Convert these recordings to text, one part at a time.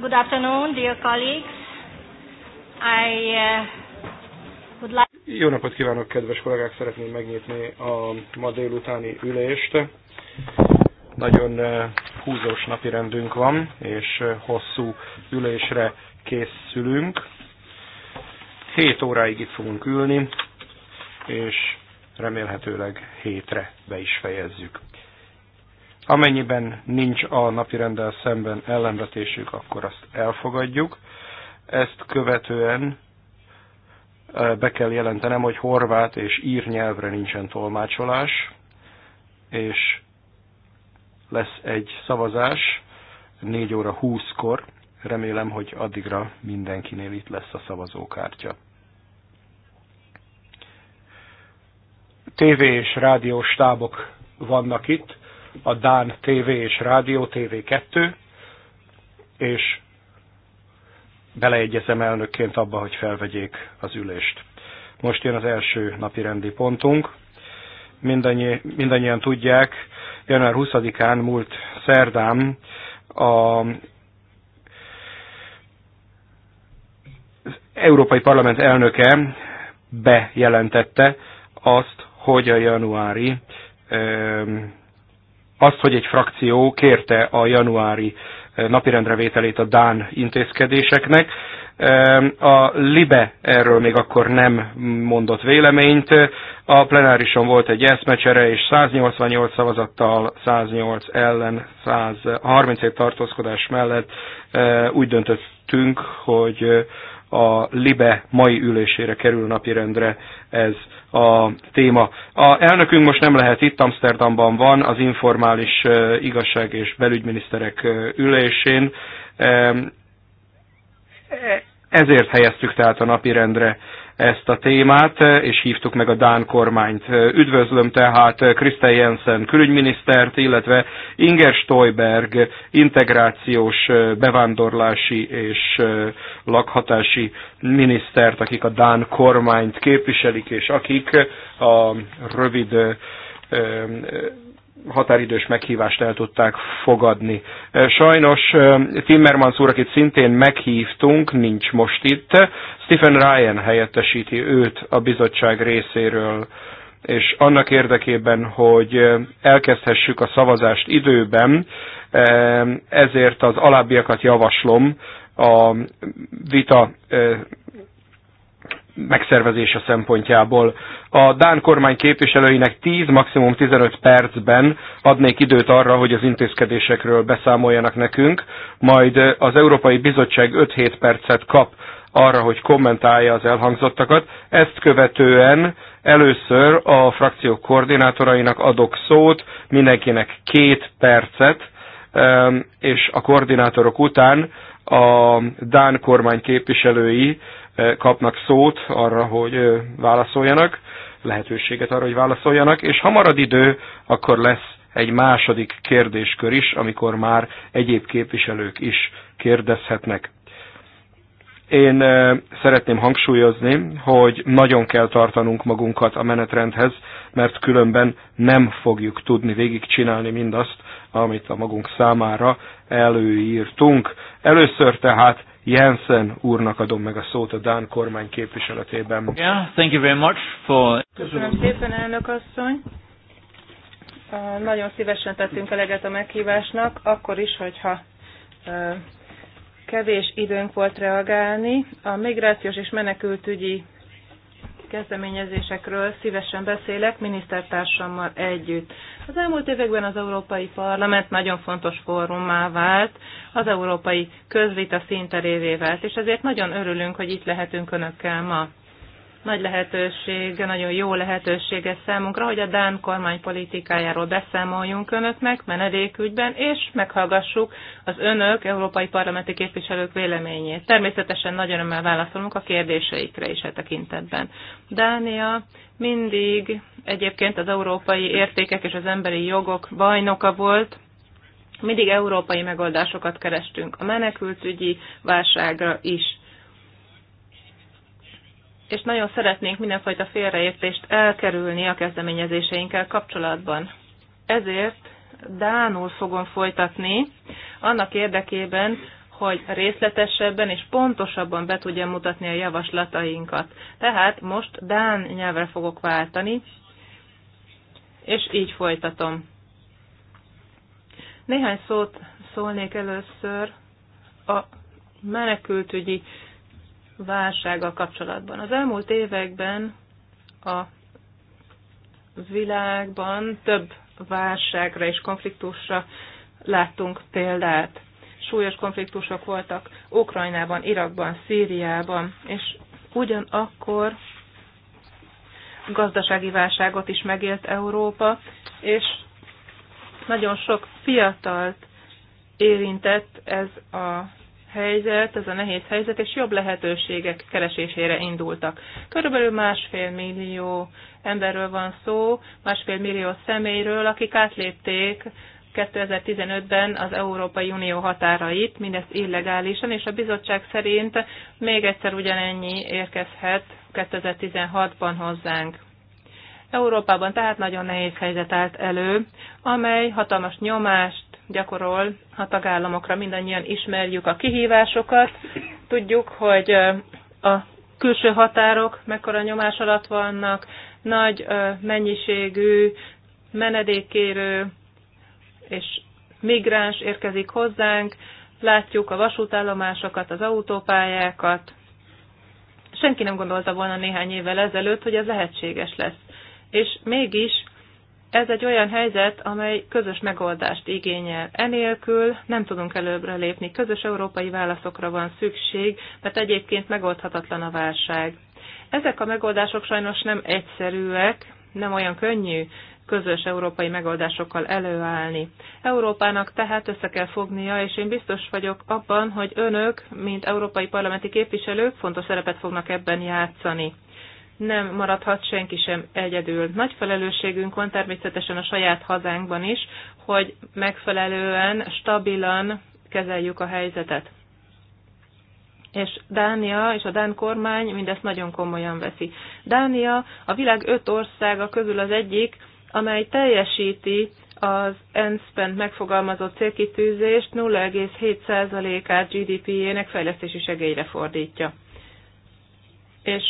Good afternoon, dear colleagues. I uh, would like... Jó napot kívánok, kedves kollégák! Szeretném megnyitni a ma délutáni ülést. Nagyon uh, húzós rendünk van, és uh, hosszú ülésre készülünk. Hét óráig itt fogunk ülni, és remélhetőleg hétre be is fejezzük. Amennyiben nincs a rendel szemben ellenvetésük, akkor azt elfogadjuk. Ezt követően be kell jelentenem, hogy horvát és ír nyelvre nincsen tolmácsolás, és lesz egy szavazás 4 óra 20-kor. Remélem, hogy addigra mindenkinél itt lesz a szavazókártya. TV és rádió stábok vannak itt, a Dán TV és Rádió TV2, és beleegyezem elnökként abba, hogy felvegyék az ülést. Most jön az első napi rendi pontunk. Mindannyi, mindannyian tudják, január 20-án múlt szerdán a Európai Parlament elnöke bejelentette azt, hogy a januári azt, hogy egy frakció kérte a januári eh, napirendre vételét a Dán intézkedéseknek. Eh, a Libe erről még akkor nem mondott véleményt. A plenárison volt egy eszmecsere, és 188 szavazattal, 108 ellen, 137 tartózkodás mellett eh, úgy döntöttünk, hogy a Libe mai ülésére kerül napirendre ez a téma. A elnökünk most nem lehet itt, Amsterdamban van az informális igazság és belügyminiszterek ülésén. E, ezért helyeztük tehát a napirendre ezt a témát, és hívtuk meg a Dán kormányt. Üdvözlöm tehát Krisztel Jensen külügyminisztert, illetve Inger Stoiberg integrációs bevándorlási és lakhatási minisztert, akik a Dán kormányt képviselik, és akik a rövid határidős meghívást el tudták fogadni. Sajnos Timmermans úr, akit szintén meghívtunk, nincs most itt. Stephen Ryan helyettesíti őt a bizottság részéről és annak érdekében, hogy elkezdhessük a szavazást időben, ezért az alábbiakat javaslom a vita megszervezése szempontjából. A Dán kormány képviselőinek 10, maximum 15 percben adnék időt arra, hogy az intézkedésekről beszámoljanak nekünk, majd az Európai Bizottság 5-7 percet kap arra, hogy kommentálja az elhangzottakat. Ezt követően először a frakciók koordinátorainak adok szót, mindenkinek két percet, ehm, és a koordinátorok után a Dán kormány képviselői kapnak szót arra, hogy válaszoljanak, lehetőséget arra, hogy válaszoljanak, és ha marad idő, akkor lesz egy második kérdéskör is, amikor már egyéb képviselők is kérdezhetnek. Én szeretném hangsúlyozni, hogy nagyon kell tartanunk magunkat a menetrendhez, mert különben nem fogjuk tudni végigcsinálni mindazt, amit a magunk számára előírtunk. Először tehát Jensen úrnak adom meg a szót a Dán kormány képviseletében. Yeah, thank you very much for... Köszönöm szépen, elnök asszony. Nagyon szívesen tettünk eleget a meghívásnak, akkor is, hogyha kevés időnk volt reagálni. A migrációs és menekültügyi kezdeményezésekről szívesen beszélek minisztertársammal együtt. Az elmúlt években az Európai Parlament nagyon fontos fórummá vált, az európai közvita szinterévé vált, és ezért nagyon örülünk, hogy itt lehetünk Önökkel ma nagy lehetőség, nagyon jó lehetőség ez számunkra, hogy a Dán kormány politikájáról beszámoljunk önöknek menedékügyben, és meghallgassuk az önök, európai parlamenti képviselők véleményét. Természetesen nagy örömmel válaszolunk a kérdéseikre is e tekintetben. Dánia mindig egyébként az európai értékek és az emberi jogok bajnoka volt, mindig európai megoldásokat kerestünk a menekültügyi válságra is és nagyon szeretnénk mindenfajta félreértést elkerülni a kezdeményezéseinkkel kapcsolatban. Ezért Dánul fogom folytatni, annak érdekében, hogy részletesebben és pontosabban be tudjam mutatni a javaslatainkat. Tehát most Dán nyelvre fogok váltani, és így folytatom. Néhány szót szólnék először a menekültügyi válsággal kapcsolatban. Az elmúlt években a világban több válságra és konfliktusra láttunk példát. Súlyos konfliktusok voltak Ukrajnában, Irakban, Szíriában, és ugyanakkor gazdasági válságot is megélt Európa, és nagyon sok fiatalt érintett ez a helyzet, ez a nehéz helyzet, és jobb lehetőségek keresésére indultak. Körülbelül másfél millió emberről van szó, másfél millió személyről, akik átlépték 2015-ben az Európai Unió határait, mindezt illegálisan, és a bizottság szerint még egyszer ugyanennyi érkezhet 2016-ban hozzánk. Európában tehát nagyon nehéz helyzet állt elő, amely hatalmas nyomást gyakorol a tagállamokra. Mindannyian ismerjük a kihívásokat, tudjuk, hogy a külső határok mekkora nyomás alatt vannak, nagy mennyiségű menedékkérő és migráns érkezik hozzánk, látjuk a vasútállomásokat, az autópályákat. Senki nem gondolta volna néhány évvel ezelőtt, hogy ez lehetséges lesz. És mégis ez egy olyan helyzet, amely közös megoldást igényel. Enélkül nem tudunk előbbre lépni. Közös európai válaszokra van szükség, mert egyébként megoldhatatlan a válság. Ezek a megoldások sajnos nem egyszerűek, nem olyan könnyű közös európai megoldásokkal előállni. Európának tehát össze kell fognia, és én biztos vagyok abban, hogy önök, mint európai parlamenti képviselők fontos szerepet fognak ebben játszani nem maradhat senki sem egyedül. Nagy felelősségünk van természetesen a saját hazánkban is, hogy megfelelően, stabilan kezeljük a helyzetet. És Dánia és a Dán kormány mindezt nagyon komolyan veszi. Dánia a világ öt országa közül az egyik, amely teljesíti az ENSZ-ben megfogalmazott célkitűzést 0,7%-át GDP-jének fejlesztési segélyre fordítja. És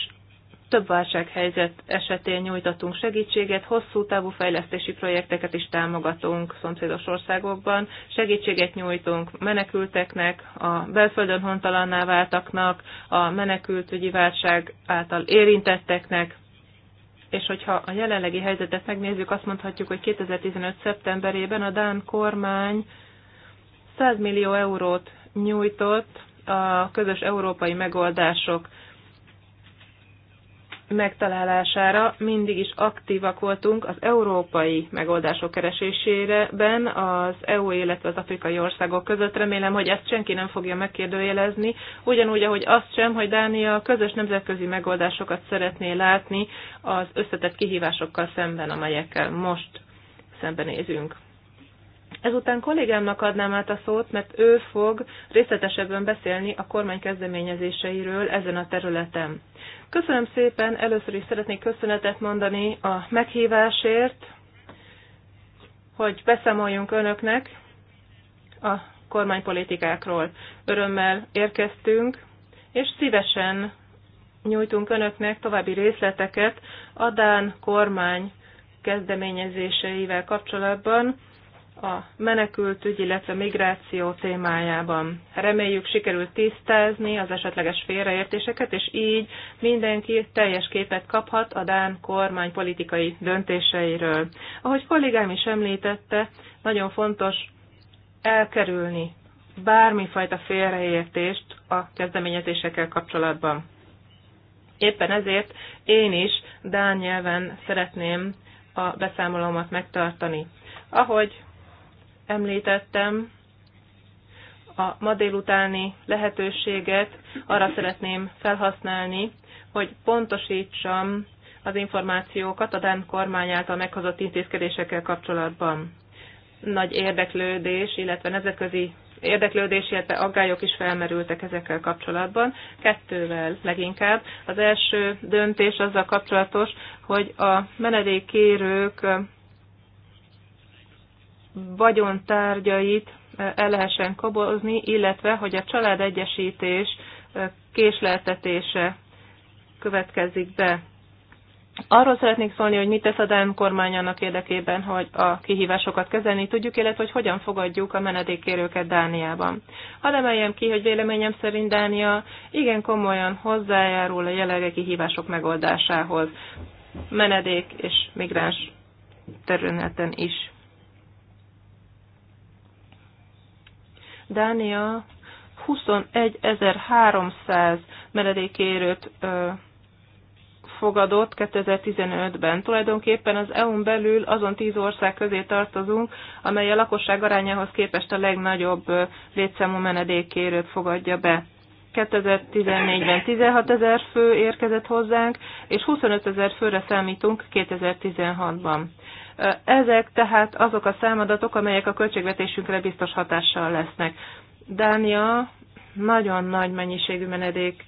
több válsághelyzet esetén nyújtatunk segítséget, hosszú távú fejlesztési projekteket is támogatunk szomszédos országokban, segítséget nyújtunk menekülteknek, a belföldön hontalanná váltaknak, a menekültügyi válság által érintetteknek, és hogyha a jelenlegi helyzetet megnézzük, azt mondhatjuk, hogy 2015. szeptemberében a Dán kormány 100 millió eurót nyújtott a közös európai megoldások megtalálására mindig is aktívak voltunk az európai megoldások keresésében az EU, illetve az afrikai országok között. Remélem, hogy ezt senki nem fogja megkérdőjelezni, ugyanúgy, ahogy azt sem, hogy Dánia közös nemzetközi megoldásokat szeretné látni az összetett kihívásokkal szemben, amelyekkel most szembenézünk. Ezután kollégámnak adnám át a szót, mert ő fog részletesebben beszélni a kormány kezdeményezéseiről ezen a területen. Köszönöm szépen, először is szeretnék köszönetet mondani a meghívásért, hogy beszámoljunk önöknek a kormánypolitikákról. Örömmel érkeztünk, és szívesen nyújtunk önöknek további részleteket a Dán kormány kezdeményezéseivel kapcsolatban, a menekült ügy, illetve migráció témájában. Reméljük sikerült tisztázni az esetleges félreértéseket, és így mindenki teljes képet kaphat a Dán kormány politikai döntéseiről. Ahogy kollégám is említette, nagyon fontos elkerülni bármifajta félreértést a kezdeményezésekkel kapcsolatban. Éppen ezért én is Dán nyelven szeretném a beszámolómat megtartani. Ahogy említettem, a ma délutáni lehetőséget arra szeretném felhasználni, hogy pontosítsam az információkat a Dán kormány által meghozott intézkedésekkel kapcsolatban. Nagy érdeklődés, illetve nemzetközi érdeklődés, illetve aggályok is felmerültek ezekkel kapcsolatban, kettővel leginkább. Az első döntés azzal kapcsolatos, hogy a menedékkérők vagyontárgyait el lehessen kobozni, illetve hogy a családegyesítés késleltetése következik be. Arról szeretnék szólni, hogy mit tesz a Dán kormány annak érdekében, hogy a kihívásokat kezelni tudjuk, illetve hogy hogyan fogadjuk a menedékkérőket Dániában. Hadd emeljem ki, hogy véleményem szerint Dánia igen komolyan hozzájárul a jelenlegi kihívások megoldásához, menedék és migráns területen is. Dánia 21.300 menedékérőt fogadott 2015-ben. Tulajdonképpen az EU-n belül azon tíz ország közé tartozunk, amely a lakosság arányához képest a legnagyobb létszámú menedékérőt fogadja be. 2014-ben 16 ezer fő érkezett hozzánk, és 25 ezer főre számítunk 2016-ban. Ezek tehát azok a számadatok, amelyek a költségvetésünkre biztos hatással lesznek. Dánia nagyon nagy mennyiségű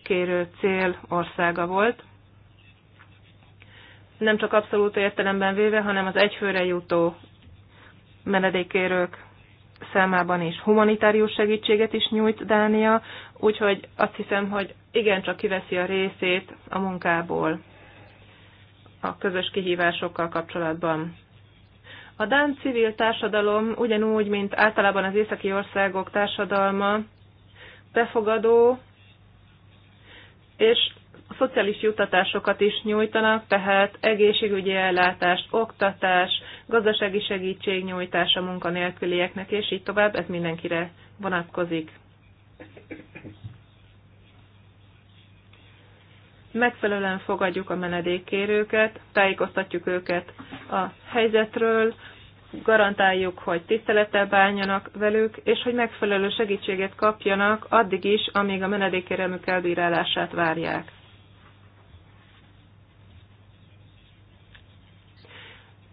kérő cél országa volt, nem csak abszolút értelemben véve, hanem az egyfőre jutó menedékérők számában is humanitárius segítséget is nyújt Dánia, Úgyhogy azt hiszem, hogy igencsak kiveszi a részét a munkából a közös kihívásokkal kapcsolatban. A Dán civil társadalom ugyanúgy, mint általában az északi országok társadalma, befogadó és szociális juttatásokat is nyújtanak, tehát egészségügyi ellátást, oktatás, gazdasági segítség a munkanélkülieknek, és így tovább, ez mindenkire vonatkozik. megfelelően fogadjuk a menedékkérőket, tájékoztatjuk őket a helyzetről, garantáljuk, hogy tisztelettel bánjanak velük, és hogy megfelelő segítséget kapjanak addig is, amíg a menedékkérelmük elbírálását várják.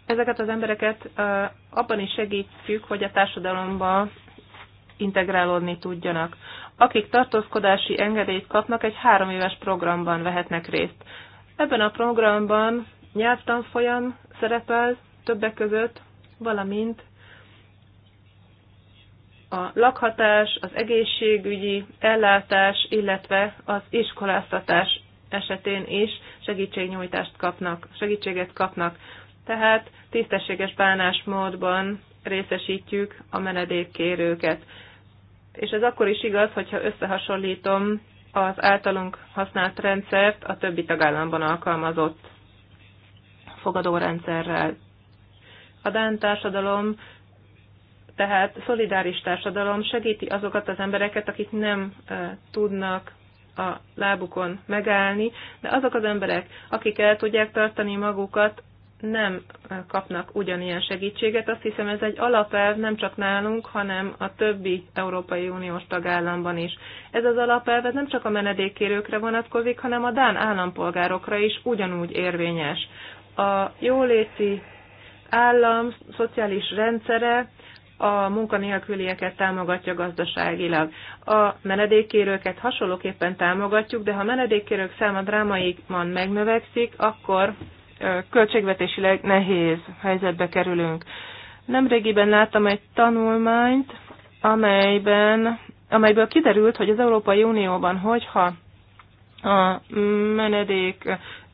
Ezeket az embereket abban is segítjük, hogy a társadalomban integrálódni tudjanak. Akik tartózkodási engedélyt kapnak, egy három éves programban vehetnek részt. Ebben a programban nyelvtanfolyam szerepel többek között, valamint a lakhatás, az egészségügyi ellátás, illetve az iskoláztatás esetén is segítségnyújtást kapnak, segítséget kapnak. Tehát tisztességes bánásmódban részesítjük a menedékkérőket és ez akkor is igaz, hogyha összehasonlítom az általunk használt rendszert a többi tagállamban alkalmazott fogadórendszerrel. A Dán társadalom tehát szolidáris társadalom segíti azokat az embereket, akik nem tudnak a lábukon megállni, de azok az emberek, akik el tudják tartani magukat, nem kapnak ugyanilyen segítséget. Azt hiszem ez egy alapelv nem csak nálunk, hanem a többi Európai Uniós tagállamban is. Ez az alapelv ez nem csak a menedékkérőkre vonatkozik, hanem a Dán állampolgárokra is ugyanúgy érvényes. A jóléti állam szociális rendszere a munkanélkülieket támogatja gazdaságilag. A menedékkérőket hasonlóképpen támogatjuk, de ha menedékkérők száma drámaiban megnövekszik, akkor költségvetésileg nehéz helyzetbe kerülünk. Nemrégiben láttam egy tanulmányt, amelyben, amelyből kiderült, hogy az Európai Unióban, hogyha a menedék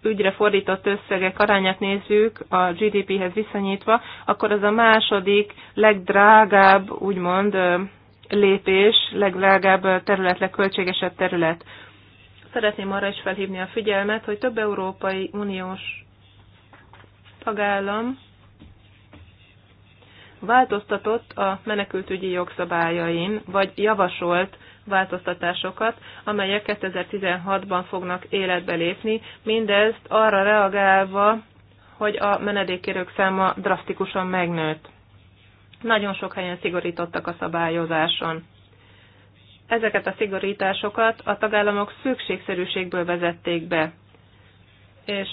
ügyre fordított összegek arányát nézzük a GDP-hez viszonyítva, akkor az a második legdrágább, úgymond lépés, legdrágább terület, legköltségesebb terület. Szeretném arra is felhívni a figyelmet, hogy több Európai Uniós tagállam változtatott a menekültügyi jogszabályain, vagy javasolt változtatásokat, amelyek 2016-ban fognak életbe lépni, mindezt arra reagálva, hogy a menedékkérők száma drasztikusan megnőtt. Nagyon sok helyen szigorítottak a szabályozáson. Ezeket a szigorításokat a tagállamok szükségszerűségből vezették be, és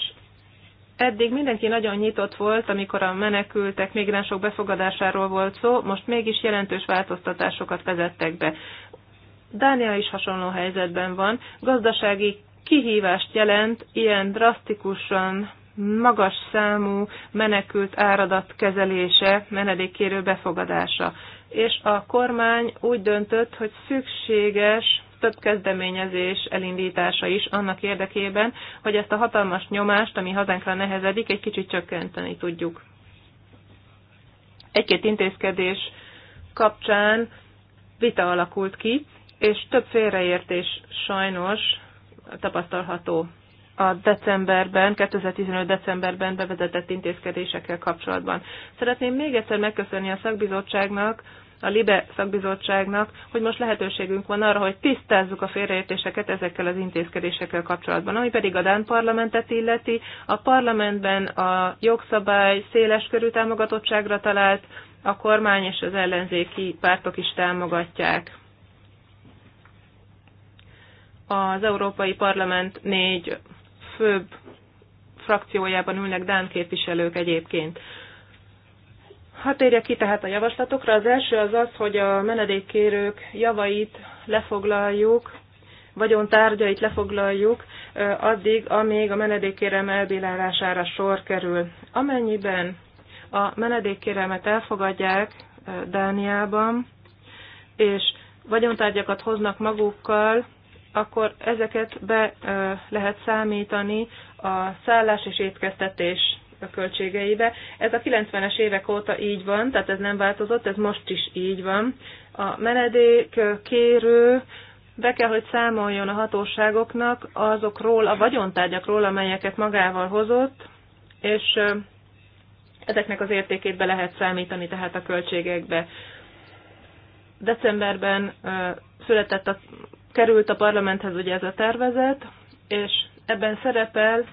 Eddig mindenki nagyon nyitott volt, amikor a menekültek, migránsok befogadásáról volt szó, most mégis jelentős változtatásokat vezettek be. Dánia is hasonló helyzetben van. Gazdasági kihívást jelent ilyen drasztikusan magas számú menekült áradat kezelése, menedékkérő befogadása. És a kormány úgy döntött, hogy szükséges több kezdeményezés elindítása is annak érdekében, hogy ezt a hatalmas nyomást, ami hazánkra nehezedik, egy kicsit csökkenteni tudjuk. Egy-két intézkedés kapcsán vita alakult ki, és több félreértés sajnos tapasztalható a decemberben, 2015 decemberben bevezetett intézkedésekkel kapcsolatban. Szeretném még egyszer megköszönni a szakbizottságnak, a LIBE szakbizottságnak, hogy most lehetőségünk van arra, hogy tisztázzuk a félreértéseket ezekkel az intézkedésekkel kapcsolatban. Ami pedig a Dán parlamentet illeti, a parlamentben a jogszabály széles körű támogatottságra talált, a kormány és az ellenzéki pártok is támogatják az Európai Parlament négy főbb frakciójában ülnek Dán képviselők egyébként. Hát térjek ki tehát a javaslatokra. Az első az az, hogy a menedékkérők javait lefoglaljuk, vagyon tárgyait lefoglaljuk addig, amíg a menedékkérem elbírálására sor kerül. Amennyiben a menedékkéremet elfogadják Dániában, és vagyontárgyakat hoznak magukkal, akkor ezeket be lehet számítani a szállás és étkeztetés a költségeibe. Ez a 90-es évek óta így van, tehát ez nem változott, ez most is így van. A menedék kérő be kell, hogy számoljon a hatóságoknak azokról a vagyontárgyakról, amelyeket magával hozott, és ezeknek az értékét be lehet számítani tehát a költségekbe. Decemberben született a, került a parlamenthez ugye ez a tervezet, és ebben szerepel,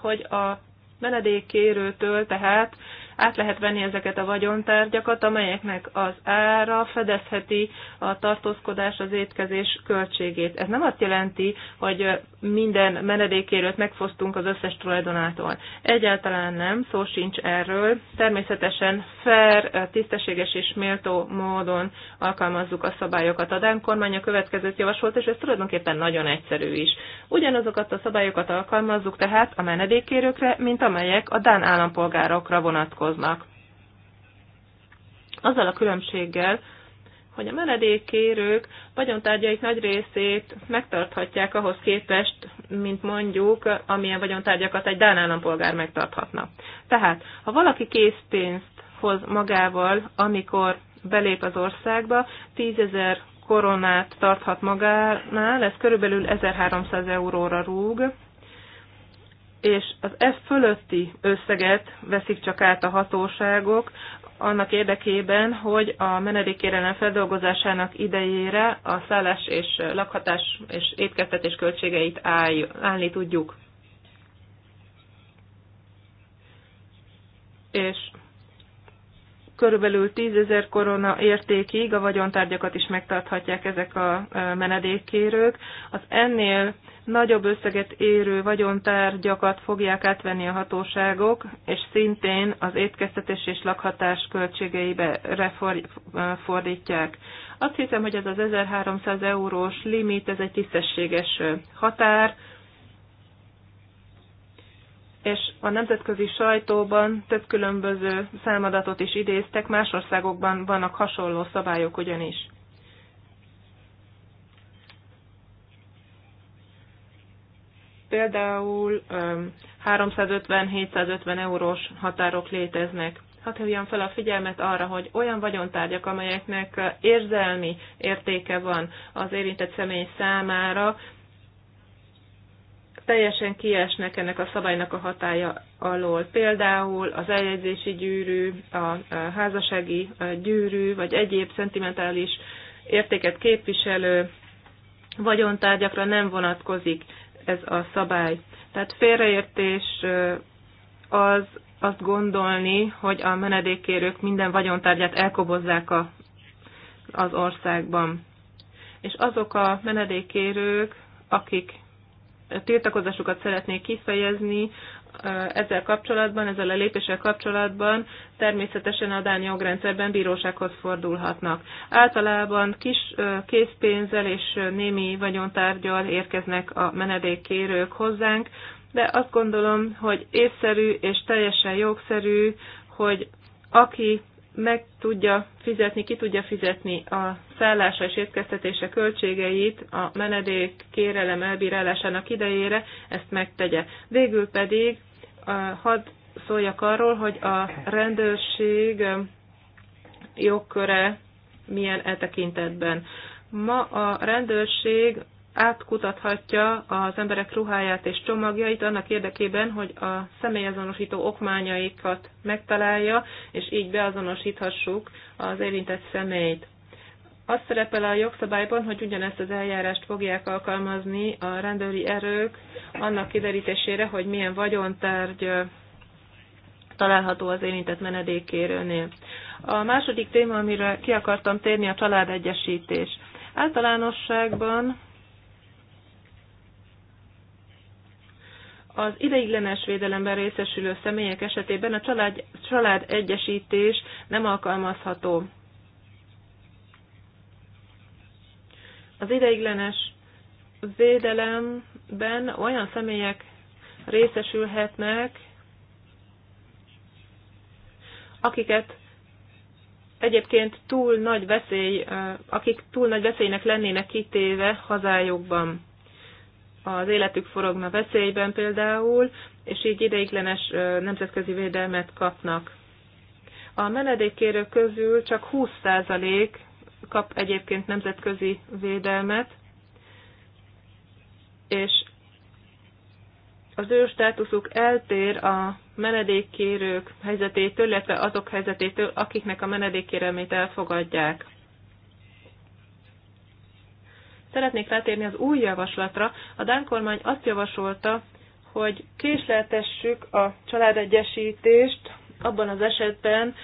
hogy a menedékkérőtől tehát át lehet venni ezeket a vagyontárgyakat, amelyeknek az ára fedezheti a tartózkodás az étkezés költségét. Ez nem azt jelenti, hogy minden menedékérőt megfosztunk az összes tulajdonától. Egyáltalán nem, szó sincs erről. Természetesen fair, tisztességes és méltó módon alkalmazzuk a szabályokat. A Dán kormány a következőt javasolt, és ez tulajdonképpen nagyon egyszerű is. Ugyanazokat a szabályokat alkalmazzuk tehát a menedékérőkre, mint amelyek a Dán állampolgárokra vonatkoznak foglalkoznak. Azzal a különbséggel, hogy a menedékkérők vagyontárgyaik nagy részét megtarthatják ahhoz képest, mint mondjuk, amilyen vagyontárgyakat egy Dán állampolgár megtarthatna. Tehát, ha valaki készpénzt hoz magával, amikor belép az országba, 10 ezer koronát tarthat magánál, ez körülbelül 1300 euróra rúg, és az ez fölötti összeget veszik csak át a hatóságok, annak érdekében, hogy a menedékérelem feldolgozásának idejére a szállás és lakhatás és étkeztetés költségeit állj, állni tudjuk. És körülbelül 10 ezer korona értékig a vagyontárgyakat is megtarthatják ezek a e, menedékkérők. Az ennél nagyobb összeget érő vagyontárgyakat fogják átvenni a hatóságok, és szintén az étkeztetés és lakhatás költségeibe e, fordítják. Azt hiszem, hogy ez az 1300 eurós limit, ez egy tisztességes e, határ, és a nemzetközi sajtóban több különböző számadatot is idéztek, más országokban vannak hasonló szabályok ugyanis. Például 350-750 eurós határok léteznek. Hadd hívjam fel a figyelmet arra, hogy olyan vagyontárgyak, amelyeknek érzelmi értéke van az érintett személy számára, teljesen kiesnek ennek a szabálynak a hatája alól. Például az eljegyzési gyűrű, a házassági gyűrű, vagy egyéb szentimentális értéket képviselő vagyontárgyakra nem vonatkozik ez a szabály. Tehát félreértés az azt gondolni, hogy a menedékkérők minden vagyontárgyát elkobozzák a, az országban. És azok a menedékkérők, akik tiltakozásukat szeretnék kifejezni ezzel kapcsolatban, ezzel a lépéssel kapcsolatban természetesen a Dán jogrendszerben bírósághoz fordulhatnak. Általában kis készpénzzel és némi vagyontárgyal érkeznek a menedékkérők hozzánk, de azt gondolom, hogy észszerű és teljesen jogszerű, hogy aki meg tudja fizetni, ki tudja fizetni a szállása és étkeztetése költségeit a menedék kérelem elbírálásának idejére, ezt megtegye. Végül pedig hadd szóljak arról, hogy a rendőrség jogköre milyen e tekintetben. Ma a rendőrség átkutathatja az emberek ruháját és csomagjait annak érdekében, hogy a személyazonosító okmányaikat megtalálja, és így beazonosíthassuk az érintett személyt. Azt szerepel a jogszabályban, hogy ugyanezt az eljárást fogják alkalmazni a rendőri erők annak kiderítésére, hogy milyen vagyontárgy található az érintett menedékkérőnél. A második téma, amire ki akartam térni, a családegyesítés. Általánosságban Az ideiglenes védelemben részesülő személyek esetében a család, család egyesítés nem alkalmazható. Az ideiglenes védelemben olyan személyek részesülhetnek, akiket egyébként túl nagy veszély, akik túl nagy veszélynek lennének kitéve hazájukban az életük forogna veszélyben például, és így ideiglenes nemzetközi védelmet kapnak. A menedékkérők közül csak 20% kap egyébként nemzetközi védelmet, és az ő státuszuk eltér a menedékkérők helyzetétől, illetve azok helyzetétől, akiknek a menedékkérelmét elfogadják. Szeretnék rátérni az új javaslatra. A Dán kormány azt javasolta, hogy késleltessük a családegyesítést abban az esetben,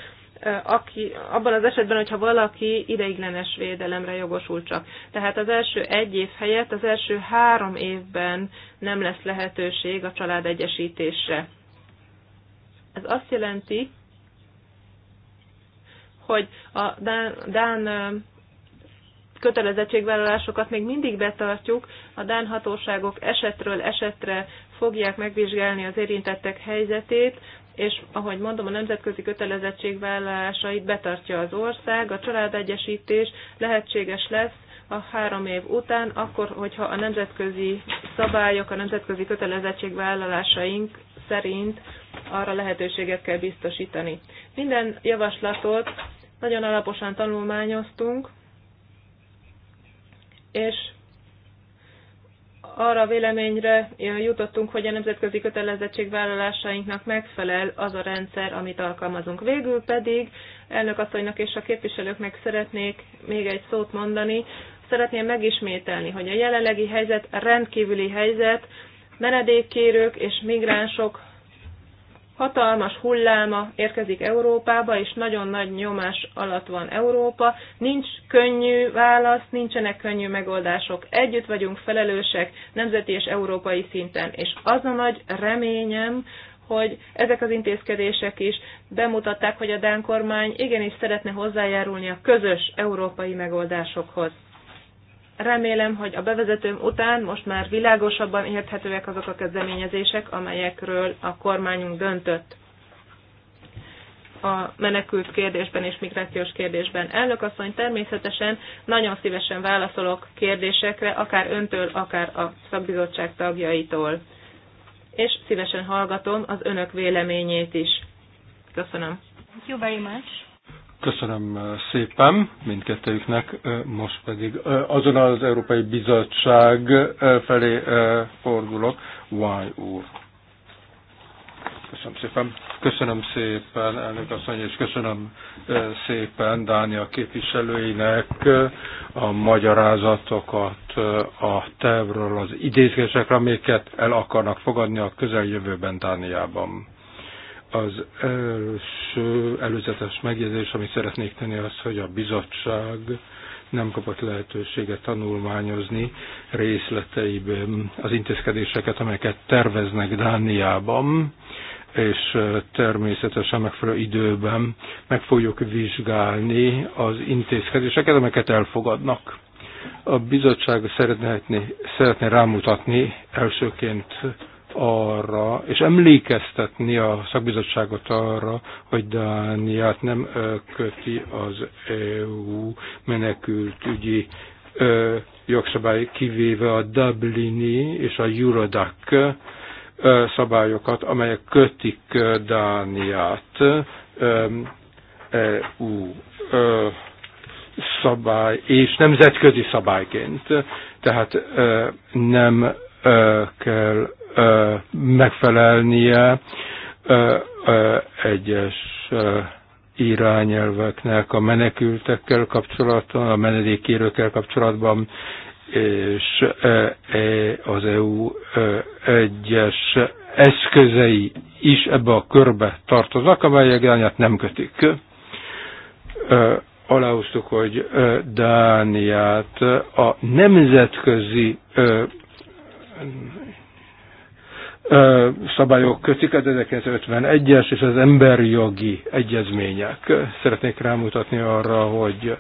aki, abban az esetben, hogyha valaki ideiglenes védelemre jogosult csak. Tehát az első egy év helyett az első három évben nem lesz lehetőség a családegyesítésre. Ez azt jelenti, hogy a Dán, Dán kötelezettségvállalásokat még mindig betartjuk, a Dán hatóságok esetről esetre fogják megvizsgálni az érintettek helyzetét, és ahogy mondom, a nemzetközi kötelezettségvállalásait betartja az ország, a családegyesítés lehetséges lesz a három év után, akkor, hogyha a nemzetközi szabályok, a nemzetközi kötelezettségvállalásaink szerint arra lehetőséget kell biztosítani. Minden javaslatot nagyon alaposan tanulmányoztunk, és arra véleményre jutottunk, hogy a nemzetközi kötelezettségvállalásainknak megfelel az a rendszer, amit alkalmazunk. Végül pedig elnök asszonynak és a képviselőknek szeretnék még egy szót mondani. Szeretném megismételni, hogy a jelenlegi helyzet rendkívüli helyzet, menedékkérők és migránsok hatalmas hulláma érkezik Európába, és nagyon nagy nyomás alatt van Európa. Nincs könnyű válasz, nincsenek könnyű megoldások. Együtt vagyunk felelősek nemzeti és európai szinten. És az a nagy reményem, hogy ezek az intézkedések is bemutatták, hogy a Dán kormány igenis szeretne hozzájárulni a közös európai megoldásokhoz. Remélem, hogy a bevezetőm után most már világosabban érthetőek azok a kezdeményezések, amelyekről a kormányunk döntött a menekült kérdésben és migrációs kérdésben. Elnök asszony, természetesen nagyon szívesen válaszolok kérdésekre, akár öntől, akár a szakbizottság tagjaitól. És szívesen hallgatom az önök véleményét is. Köszönöm. Thank you very much. Köszönöm szépen mindkettőjüknek, most pedig azon az Európai Bizottság felé fordulok. Why úr? Köszönöm szépen. Köszönöm szépen, elnök asszony, és köszönöm szépen Dánia képviselőinek a magyarázatokat a tervről, az idézésekre, amiket el akarnak fogadni a közeljövőben Dániában az első előzetes megjegyzés, amit szeretnék tenni, az, hogy a bizottság nem kapott lehetőséget tanulmányozni részleteiben az intézkedéseket, amelyeket terveznek Dániában, és természetesen megfelelő időben meg fogjuk vizsgálni az intézkedéseket, amelyeket elfogadnak. A bizottság szeretne, szeretne rámutatni elsőként arra, és emlékeztetni a szakbizottságot arra, hogy Dániát nem köti az EU menekültügyi jogszabály, kivéve a Dublini és a Eurodac szabályokat, amelyek kötik Dániát EU szabály és nemzetközi szabályként. Tehát nem kell megfelelnie egyes irányelveknek a menekültekkel kapcsolatban, a menedékkérőkkel kapcsolatban, és e, az EU egyes eszközei is ebbe a körbe tartoznak, amelyek Dániát nem kötik. Aláhoztuk, hogy Dániát a nemzetközi szabályok kötik, az 1951-es és az emberi jogi egyezmények. Szeretnék rámutatni arra, hogy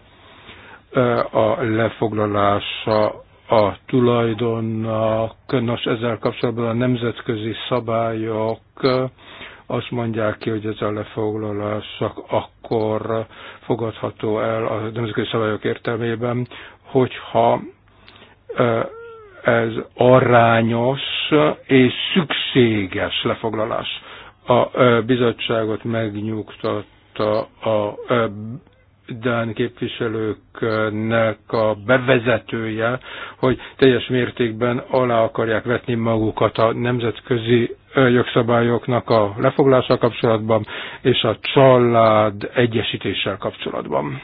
a lefoglalása a tulajdonnak, nos ezzel kapcsolatban a nemzetközi szabályok azt mondják ki, hogy ez a lefoglalás akkor fogadható el a nemzetközi szabályok értelmében, hogyha ez arányos és szükséges lefoglalás. A bizottságot megnyugtatta a Dán képviselőknek a bevezetője, hogy teljes mértékben alá akarják vetni magukat a nemzetközi jogszabályoknak a lefoglással kapcsolatban és a család egyesítéssel kapcsolatban.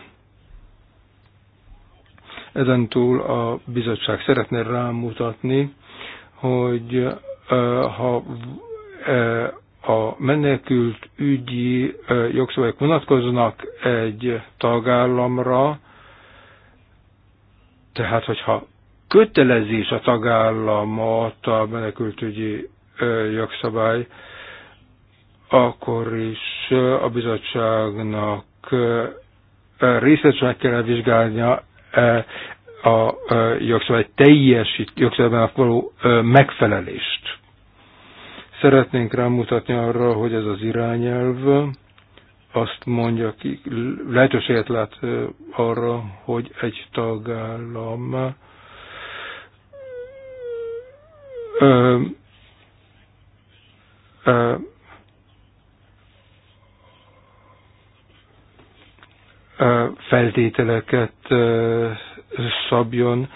Ezen túl a bizottság szeretne rámutatni, hogy ha a menekült ügyi jogszabályok vonatkoznak egy tagállamra, tehát hogyha kötelezés a tagállamot a menekültügyi jogszabály, akkor is a bizottságnak részletesen kell vizsgálnia a jogszabály teljesít, jogszabálynak való megfelelést. Szeretnénk rámutatni arra, hogy ez az irányelv azt mondja ki, lehetőséget lát arra, hogy egy tagállam ö, ö, feltételeket szabjon,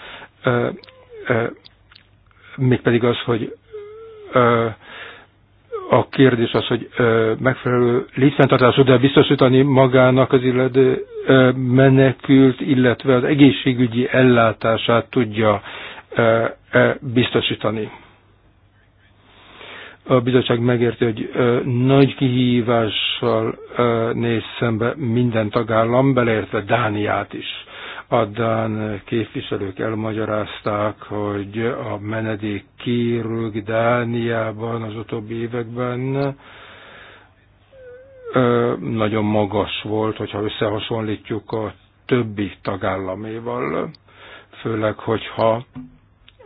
mégpedig az, hogy a kérdés az, hogy megfelelő létfenntartás de biztosítani magának az illető menekült, illetve az egészségügyi ellátását tudja biztosítani. A bizottság megérti, hogy nagy kihívással néz szembe minden tagállam, beleértve Dániát is. A Dán képviselők elmagyarázták, hogy a menedék kérők Dániában az utóbbi években nagyon magas volt, hogyha összehasonlítjuk a többi tagállaméval, főleg, hogyha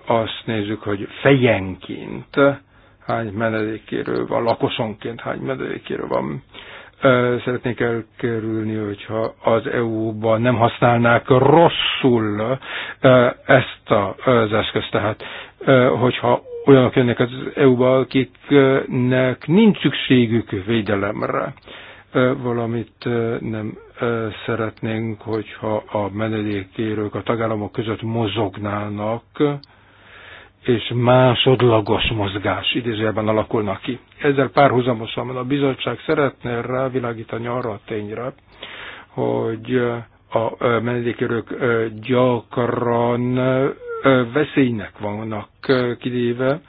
azt nézzük, hogy fejenként hány menedékéről van, lakosonként hány menedékéről van. Szeretnék elkerülni, hogyha az EU-ban nem használnák rosszul ezt az eszközt. Tehát, hogyha olyanok jönnek az EU-ba, akiknek nincs szükségük védelemre. Valamit nem szeretnénk, hogyha a menedékérők a tagállamok között mozognának, és másodlagos mozgás idézőjelben alakulnak ki. Ezzel párhuzamosan a bizottság szeretne rávilágítani arra a tényre, hogy a menedékérők gyakran veszélynek vannak kidéve,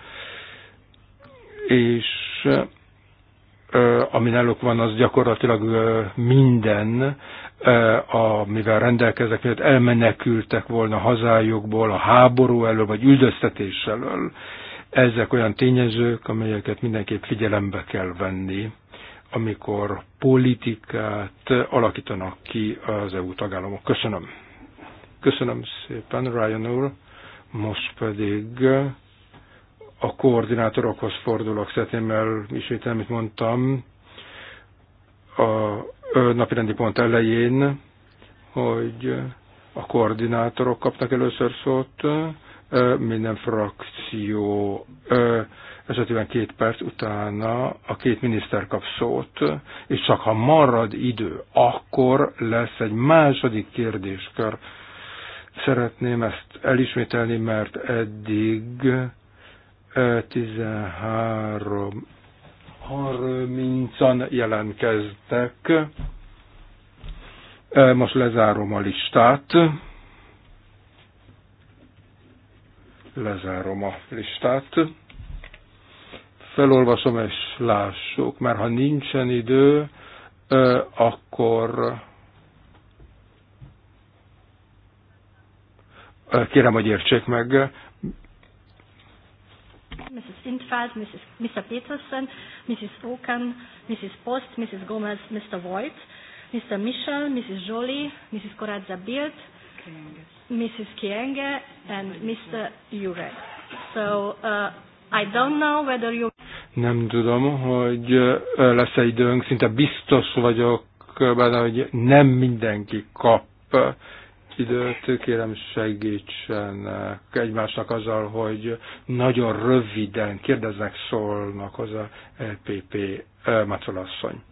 és ami náluk van, az gyakorlatilag minden E, amivel rendelkeznek, mert elmenekültek volna hazájukból a háború elől, vagy üldöztetés elől. Ezek olyan tényezők, amelyeket mindenképp figyelembe kell venni, amikor politikát alakítanak ki az EU tagállamok. Köszönöm. Köszönöm szépen, Ryan úr. Most pedig a koordinátorokhoz fordulok, szeretném el ismételni, amit mondtam a napirendi pont elején, hogy a koordinátorok kapnak először szót, minden frakció esetében két perc utána a két miniszter kap szót, és csak ha marad idő, akkor lesz egy második kérdéskör. Szeretném ezt elismételni, mert eddig 13 30-an jelentkeztek. E, most lezárom a listát. Lezárom a listát. Felolvasom és lássuk, mert ha nincsen idő, e, akkor e, kérem, hogy értsék meg, Mrs. Sintfeld, Mrs. Mr. Peterson, Mrs. Oken, Mrs. Post, Mrs. Gomez, Mr. Voigt, Mr. Michel, Mrs. Jolie, Mrs. Corazza Bild, Mrs. Kienge, and Mr. Jurek. So uh, I don't know whether you... Nem tudom, hogy uh, lesz egy időnk, szinte biztos vagyok benne, hogy nem mindenki kap uh, időt, kérem segítsenek eh, egymásnak azzal, hogy nagyon röviden kérdeznek, szólnak a LPP e eh, Macolasszony.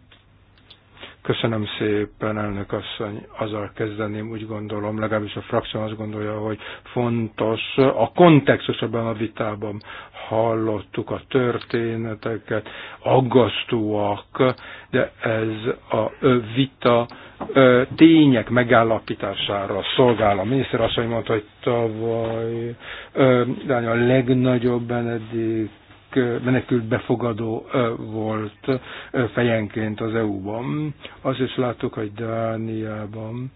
Köszönöm szépen, elnök asszony, azzal kezdeném, úgy gondolom, legalábbis a frakció azt gondolja, hogy fontos a kontextus ebben a vitában. Hallottuk a történeteket, aggasztóak, de ez a vita tények megállapítására szolgál. A miniszter azt mondta, hogy tavaly a legnagyobb Benedikt menekült befogadó volt fejenként az EU-ban. Azt is láttuk, hogy Dániában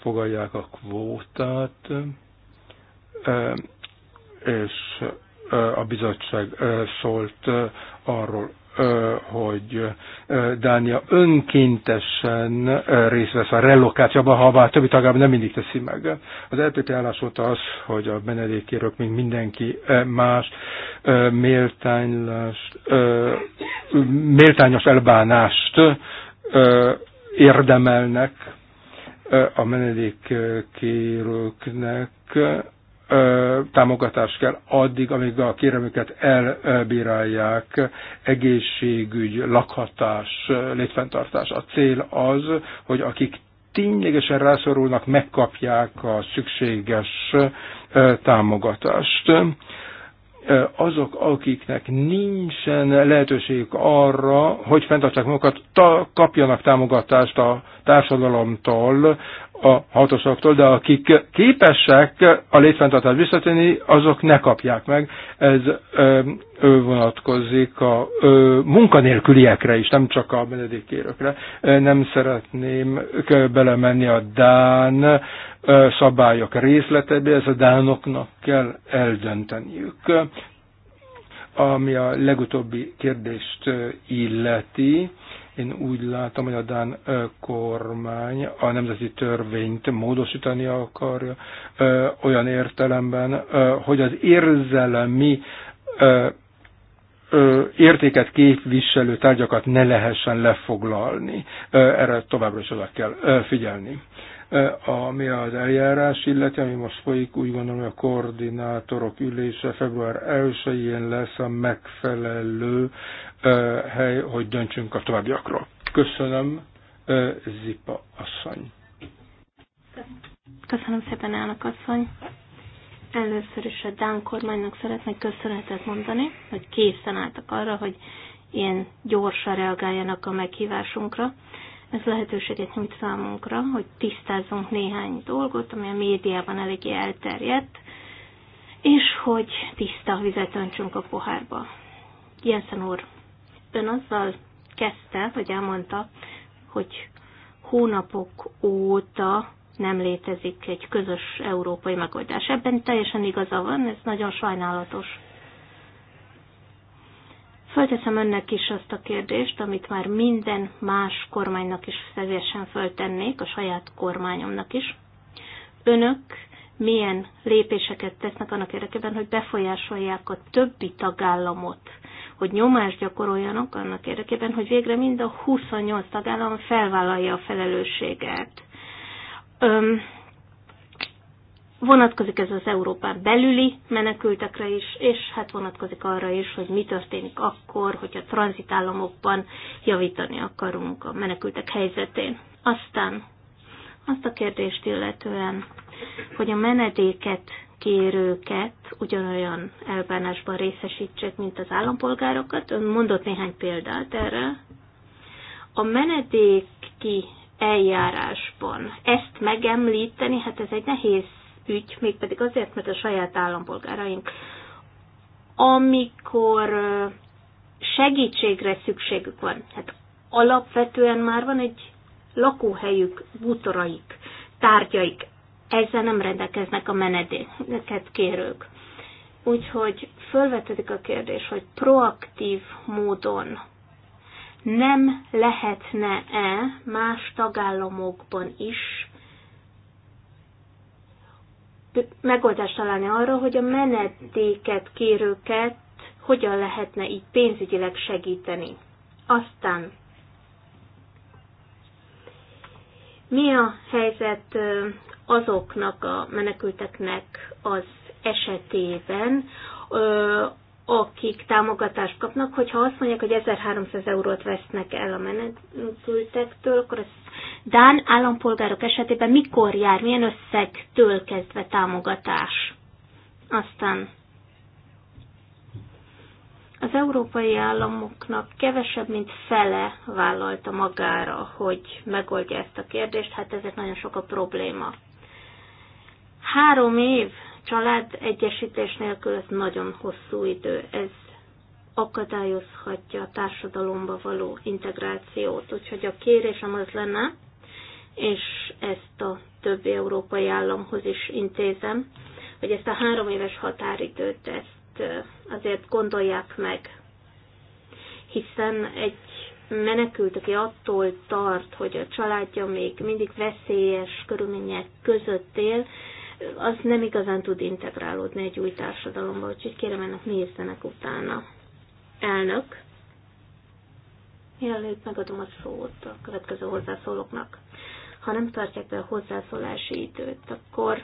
elfogadják a kvótát, és a bizottság szólt arról, hogy Dánia önkéntesen részt vesz a relokációban, ha bár többi tagában nem mindig teszi meg. Az állás volt az, hogy a benedékérők, mint mindenki más, méltányos elbánást érdemelnek a menedékkérőknek támogatás kell addig, amíg a kéremüket elbírálják, egészségügy, lakhatás, létfenntartás. A cél az, hogy akik ténylegesen rászorulnak, megkapják a szükséges támogatást. Azok, akiknek nincsen lehetőség arra, hogy fenntartsák magukat, kapjanak támogatást a társadalomtól a hatosoktól, de akik képesek a létfenntartást visszatérni, azok ne kapják meg. Ez ö, ö, vonatkozik a ö, munkanélküliekre is, nem csak a menedékkérőkre. Nem szeretném belemenni a Dán ö, szabályok részletebe, ez a Dánoknak kell eldönteniük. Ami a legutóbbi kérdést illeti, én úgy látom, hogy a Dán kormány a nemzeti törvényt módosítani akarja olyan értelemben, hogy az érzelemi értéket képviselő tárgyakat ne lehessen lefoglalni. Erre továbbra is oda kell figyelni. Ami az eljárás illeti, ami most folyik, úgy gondolom, hogy a koordinátorok ülése február 1-én lesz a megfelelő hely, hogy döntsünk a továbbiakról. Köszönöm, Zipa asszony. Köszönöm szépen, elnök asszony. Először is a Dán kormánynak szeretnék köszönetet mondani, hogy készen álltak arra, hogy ilyen gyorsan reagáljanak a meghívásunkra. Ez lehetőséget nyújt számunkra, hogy tisztázzunk néhány dolgot, ami a médiában eléggé elterjedt, és hogy tiszta vizet öntsünk a pohárba. Jensen úr, ön azzal kezdte, vagy elmondta, hogy hónapok óta nem létezik egy közös európai megoldás. Ebben teljesen igaza van, ez nagyon sajnálatos. Fölteszem önnek is azt a kérdést, amit már minden más kormánynak is szívesen föltennék, a saját kormányomnak is. Önök milyen lépéseket tesznek annak érdekében, hogy befolyásolják a többi tagállamot hogy nyomást gyakoroljanak annak érdekében, hogy végre mind a 28 tagállam felvállalja a felelősséget. Öm, vonatkozik ez az Európán belüli menekültekre is, és hát vonatkozik arra is, hogy mi történik akkor, hogyha tranzitállamokban javítani akarunk a menekültek helyzetén. Aztán azt a kérdést illetően, hogy a menedéket kérőket ugyanolyan elbánásban részesítsék, mint az állampolgárokat. Ön mondott néhány példát erre. A menedéki eljárásban ezt megemlíteni, hát ez egy nehéz ügy, mégpedig azért, mert a saját állampolgáraink, amikor segítségre szükségük van, hát alapvetően már van egy lakóhelyük, bútoraik, tárgyaik, ezzel nem rendelkeznek a menedéket kérők. Úgyhogy fölvetődik a kérdés, hogy proaktív módon nem lehetne-e más tagállamokban is megoldást találni arra, hogy a menedéket kérőket hogyan lehetne így pénzügyileg segíteni. Aztán mi a helyzet azoknak a menekülteknek az esetében, akik támogatást kapnak, hogyha azt mondják, hogy 1300 eurót vesznek el a menekültektől, akkor az Dán állampolgárok esetében mikor jár, milyen összegtől kezdve támogatás? Aztán az európai államoknak kevesebb, mint fele vállalta magára, hogy megoldja ezt a kérdést, hát ezek nagyon sok a probléma. Három év család egyesítés nélkül ez nagyon hosszú idő. Ez akadályozhatja a társadalomba való integrációt. Úgyhogy a kérésem az lenne, és ezt a többi európai államhoz is intézem, hogy ezt a három éves határidőt, ezt azért gondolják meg, hiszen egy menekült, aki attól tart, hogy a családja még mindig veszélyes körülmények között él, az nem igazán tud integrálódni egy új társadalomba, úgyhogy kérem ennek nézzenek utána. Elnök, mielőtt megadom a szót a következő hozzászólóknak, ha nem tartják be a hozzászólási időt, akkor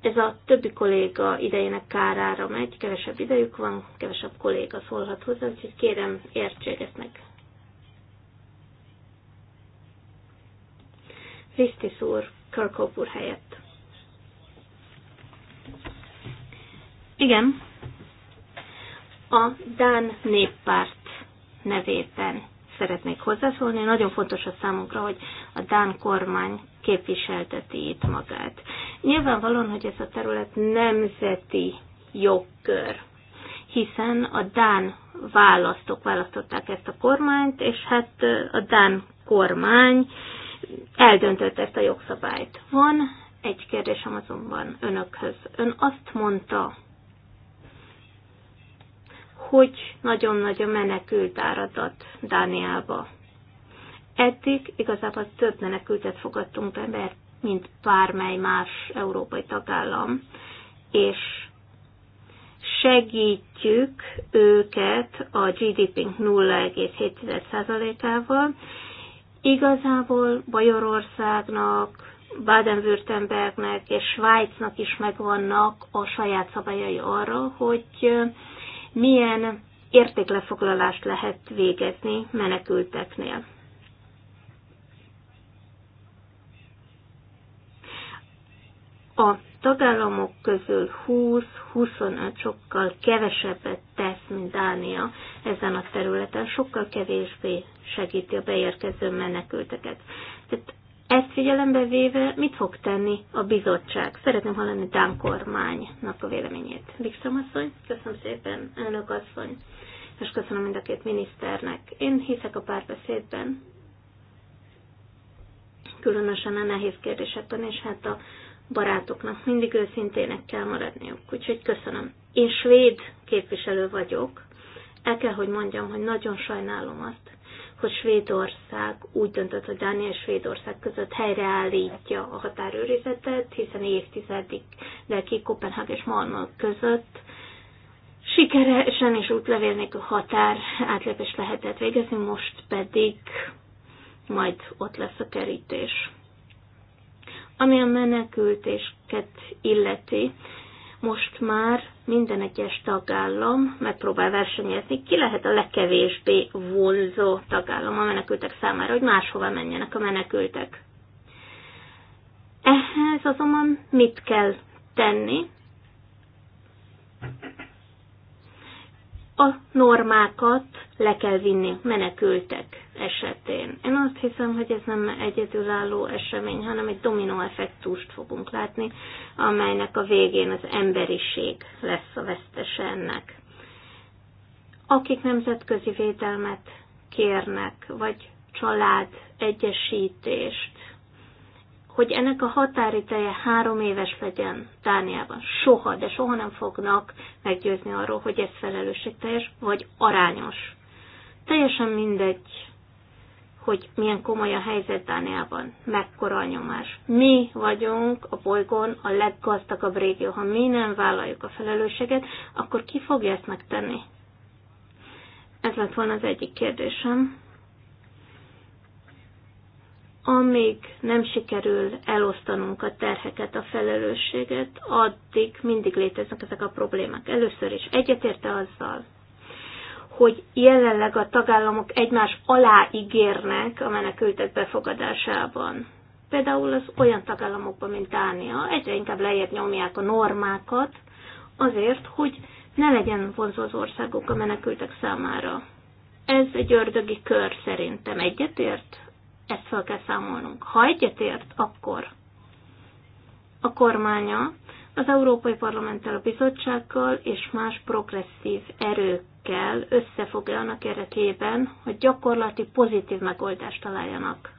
ez a többi kolléga idejének kárára megy, kevesebb idejük van, kevesebb kolléga szólhat hozzá, úgyhogy kérem értség ezt meg. Krisztis úr, Körkóp úr helyett. Igen, a Dán néppárt nevében szeretnék hozzászólni. Nagyon fontos a számunkra, hogy a Dán kormány képviselteti itt magát. Nyilvánvalóan, hogy ez a terület nemzeti jogkör, hiszen a Dán választók választották ezt a kormányt, és hát a Dán kormány eldöntött ezt a jogszabályt. Van egy kérdésem azonban önökhöz. Ön azt mondta, hogy nagyon nagy a menekült áradat Dániába. Eddig igazából több menekültet fogadtunk be, mert mint bármely más európai tagállam, és segítjük őket a GDP-nk 0,7%-ával. Igazából Bajorországnak, Baden-Württembergnek és Svájcnak is megvannak a saját szabályai arra, hogy milyen értéklefoglalást lehet végezni menekülteknél. A tagállamok közül 20-25 sokkal kevesebbet tesz, mint Dánia ezen a területen, sokkal kevésbé segíti a beérkező menekülteket. Tehát ezt figyelembe véve mit fog tenni a bizottság? Szeretném hallani Dán kormánynak a véleményét. Wikström asszony, köszönöm szépen, önök asszony, és köszönöm mind a két miniszternek. Én hiszek a párbeszédben, különösen a nehéz kérdésekben, és hát a barátoknak mindig őszintének kell maradniuk. Úgyhogy köszönöm. Én svéd képviselő vagyok. El kell, hogy mondjam, hogy nagyon sajnálom azt, hogy Svédország úgy döntött, hogy Dánia és Svédország között helyreállítja a határőrizetet, hiszen évtizedik, de ki Kopenhág és Malmö között sikeresen és útlevél nélkül határ átlépést lehetett végezni, most pedig majd ott lesz a kerítés. Ami a menekültésket illeti, most már minden egyes tagállam megpróbál versenyezni, ki lehet a legkevésbé vonzó tagállam a menekültek számára, hogy máshova menjenek a menekültek. Ehhez azonban mit kell tenni? a normákat le kell vinni menekültek esetén. Én azt hiszem, hogy ez nem egyedülálló esemény, hanem egy dominó effektust fogunk látni, amelynek a végén az emberiség lesz a vesztese ennek. Akik nemzetközi védelmet kérnek, vagy család egyesítést, hogy ennek a határideje három éves legyen Dániában. Soha, de soha nem fognak meggyőzni arról, hogy ez felelősségteljes vagy arányos. Teljesen mindegy, hogy milyen komoly a helyzet Dániában, mekkora a nyomás. Mi vagyunk a bolygón a leggazdagabb régió. Ha mi nem vállaljuk a felelősséget, akkor ki fogja ezt megtenni? Ez lett volna az egyik kérdésem amíg nem sikerül elosztanunk a terheket, a felelősséget, addig mindig léteznek ezek a problémák. Először is egyetérte azzal, hogy jelenleg a tagállamok egymás alá ígérnek a menekültek befogadásában. Például az olyan tagállamokban, mint Dánia, egyre inkább lejjebb nyomják a normákat azért, hogy ne legyen vonzó az országok a menekültek számára. Ez egy ördögi kör szerintem. Egyetért ezt fel kell számolnunk. Ha egyetért, akkor a kormánya az Európai Parlamenttel, a bizottsággal és más progresszív erőkkel összefogja annak érdekében, hogy gyakorlati pozitív megoldást találjanak.